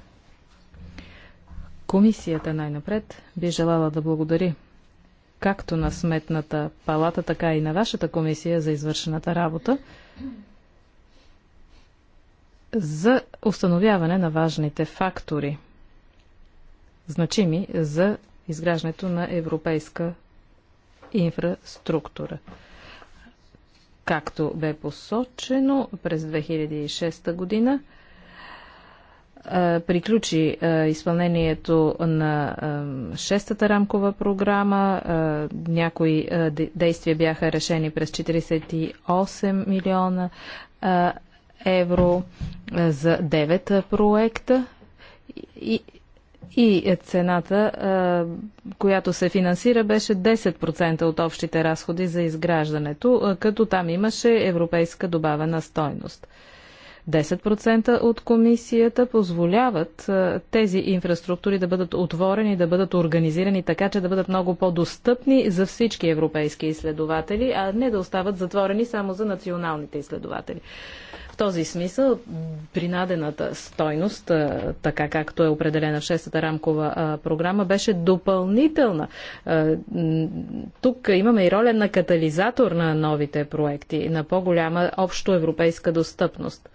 Комисията най-напред би желала да благодари както на Сметната палата, така и на вашата комисия за извършената работа за установяване на важните фактори, значими за изграждането на европейска инфраструктура. Както бе посочено през 2006 година, приключи изпълнението на шестата рамкова програма. Някои действия бяха решени през 48 милиона евро за 9 проекта. И и е, цената, е, която се финансира, беше 10% от общите разходи за изграждането, е, като там имаше европейска добавена стойност. 10% от комисията позволяват тези инфраструктури да бъдат отворени, да бъдат организирани така, че да бъдат много по-достъпни за всички европейски изследователи, а не да остават затворени само за националните изследователи този смисъл принадената стойност, така както е определена в шестата рамкова програма, беше допълнителна. Тук имаме и роля на катализатор на новите проекти, на по-голяма общо европейска достъпност.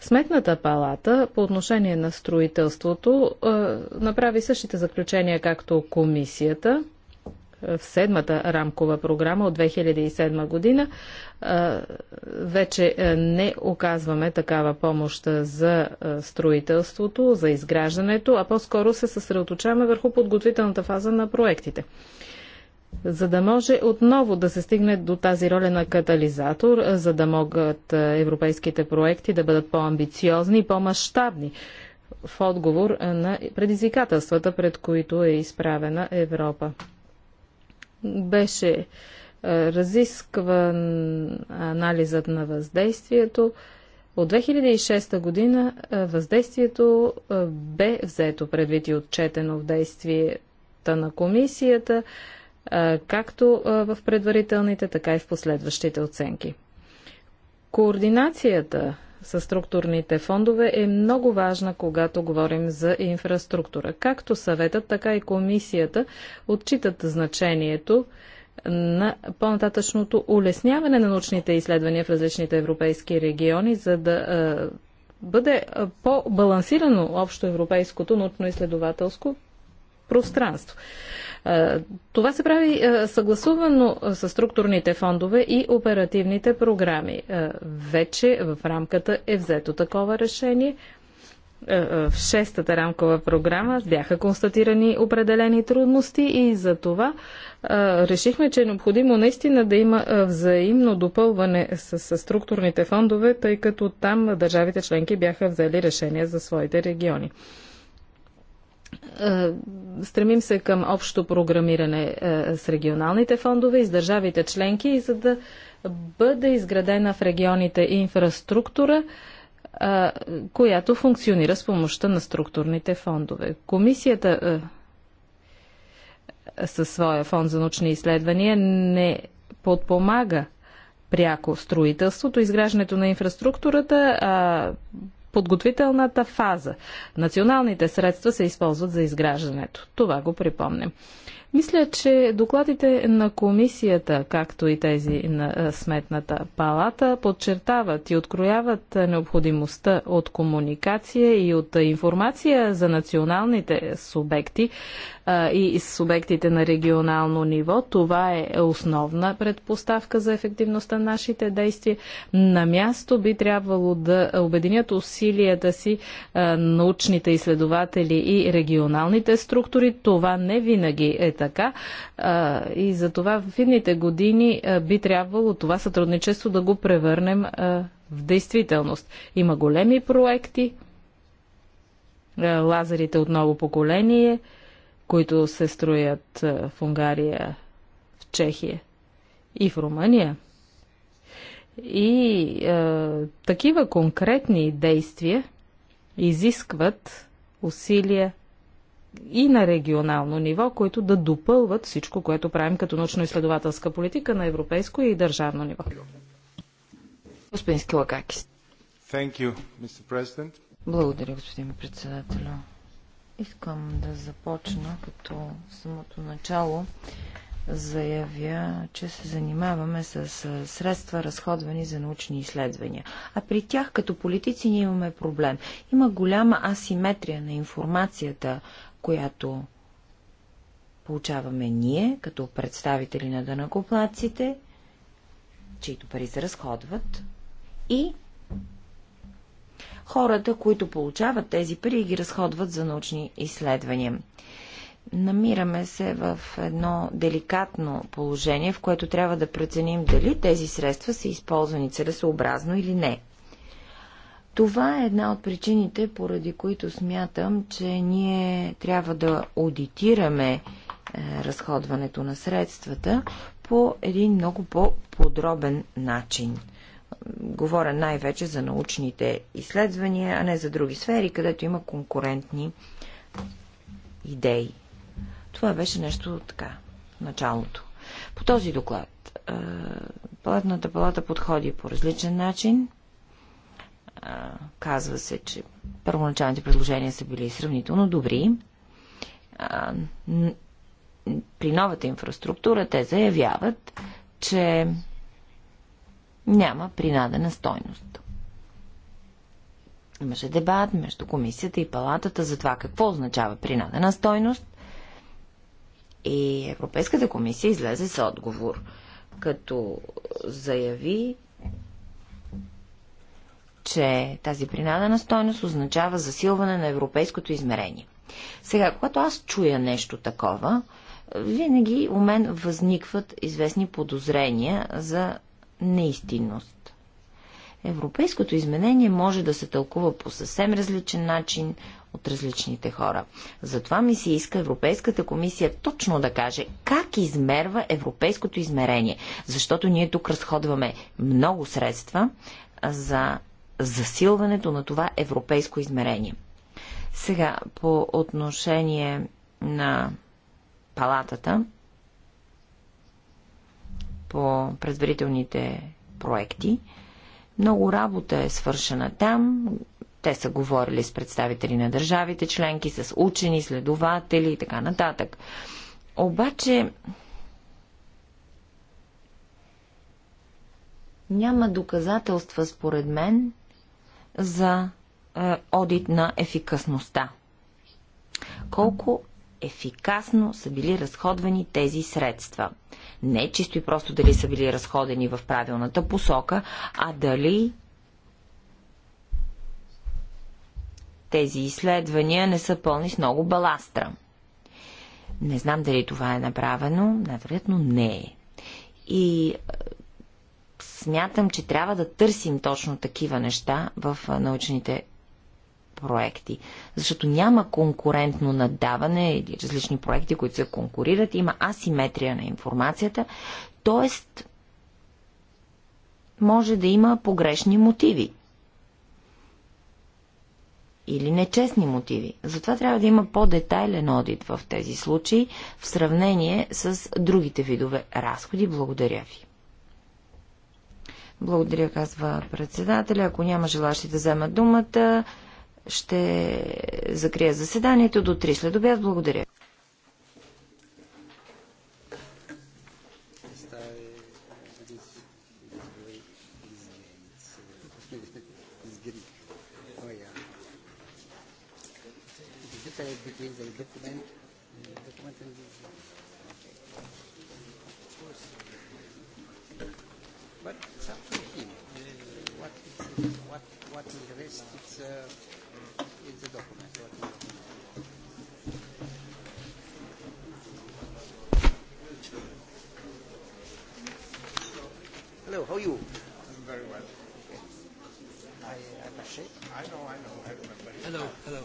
Сметната палата по отношение на строителството направи същите заключения, както комисията – в седмата рамкова програма от 2007 година вече не оказваме такава помощ за строителството, за изграждането, а по-скоро се съсредоточаваме върху подготвителната фаза на проектите. За да може отново да се стигне до тази роля на катализатор, за да могат европейските проекти да бъдат по-амбициозни и по-масштабни в отговор на предизвикателствата, пред които е изправена Европа. Беше е, разискван анализът на въздействието. От 2006 година е, въздействието е, бе взето предвид и отчетено в действията на комисията, както в предварителните, така и в последващите оценки. Координацията със структурните фондове е много важна, когато говорим за инфраструктура. Както съветът, така и комисията отчитат значението на по-нататъчното улесняване на научните изследвания в различните европейски региони, за да бъде по-балансирано общо европейското научно-изследователско пространство. Това се прави съгласувано с структурните фондове и оперативните програми. Вече в рамката е взето такова решение. В шестата рамкова програма бяха констатирани определени трудности и за това решихме, че е необходимо наистина да има взаимно допълване с, структурните фондове, тъй като там държавите членки бяха взели решение за своите региони. Е, стремим се към общо програмиране е, с регионалните фондове и с държавите членки, за да бъде изградена в регионите инфраструктура, е, която функционира с помощта на структурните фондове. Комисията със своя фонд за научни изследвания не подпомага пряко строителството, изграждането на инфраструктурата, а подготвителната фаза. Националните средства се използват за изграждането. Това го припомням. Мисля, че докладите на комисията, както и тези на е, Сметната палата, подчертават и открояват необходимостта от комуникация и от е, информация за националните субекти и субектите на регионално ниво. Това е основна предпоставка за ефективността на нашите действия. На място би трябвало да обединят усилията си научните изследователи и регионалните структури. Това не винаги е така и за това в едните години би трябвало това сътрудничество да го превърнем в действителност. Има големи проекти, лазерите от ново поколение – които се строят в Унгария, в Чехия и в Румъния. И е, такива конкретни действия изискват усилия и на регионално ниво, които да допълват всичко, което правим като научно-изследователска политика на европейско и държавно ниво. Господин Скилакакис. Благодаря, господин председател. Искам да започна като самото начало заявя, че се занимаваме с средства, разходвани за научни изследвания. А при тях, като политици, ние имаме проблем. Има голяма асиметрия на информацията, която получаваме ние, като представители на дънакоплаците, чието пари се разходват, и хората, които получават тези пари и ги разходват за научни изследвания. Намираме се в едно деликатно положение, в което трябва да преценим дали тези средства са използвани целесообразно или не. Това е една от причините, поради които смятам, че ние трябва да аудитираме е, разходването на средствата по един много по-подробен начин. Говоря най-вече за научните изследвания, а не за други сфери, където има конкурентни идеи. Това беше нещо така, началото. По този доклад, Палатната палата подходи по различен начин. Казва се, че първоначалните предложения са били сравнително добри. При новата инфраструктура те заявяват, че няма принадена стойност. Имаше дебат между комисията и палатата за това какво означава принадена стойност и Европейската комисия излезе с отговор, като заяви, че тази принадена стойност означава засилване на европейското измерение. Сега, когато аз чуя нещо такова, винаги у мен възникват известни подозрения за неистинност. Европейското изменение може да се тълкува по съвсем различен начин от различните хора. Затова ми се иска Европейската комисия точно да каже как измерва европейското измерение, защото ние тук разходваме много средства за засилването на това европейско измерение. Сега, по отношение на палатата, по предварителните проекти. Много работа е свършена там. Те са говорили с представители на държавите членки, с учени, следователи и така нататък. Обаче няма доказателства, според мен, за е, одит на ефикасността. Колко ефикасно са били разходвани тези средства? Не чисто и просто дали са били разходени в правилната посока, а дали тези изследвания не са пълни с много баластра. Не знам дали това е направено, вероятно не е. И е, смятам, че трябва да търсим точно такива неща в е, научните проекти. Защото няма конкурентно надаване или различни проекти, които се конкурират. Има асиметрия на информацията. Тоест, може да има погрешни мотиви. Или нечестни мотиви. Затова трябва да има по-детайлен одит в тези случаи в сравнение с другите видове разходи. Благодаря ви. Благодаря, казва председателя. Ако няма желащи да вземат думата, ще закрия заседанието до 3 след обяд. Благодаря. between the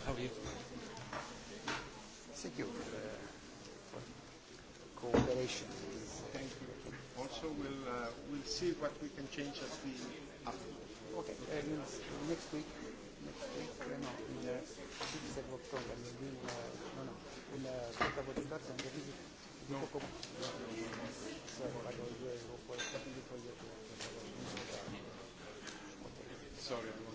How are you? Thank you for cooperation. Thank you. Also, we'll uh, we'll see what we can change at the after. Okay. Um, next week. Next week. No, in the 6th of October. In, uh, no, no. In the 6th of October, and the visit. No. no. Sorry, but I was waiting for you Sorry.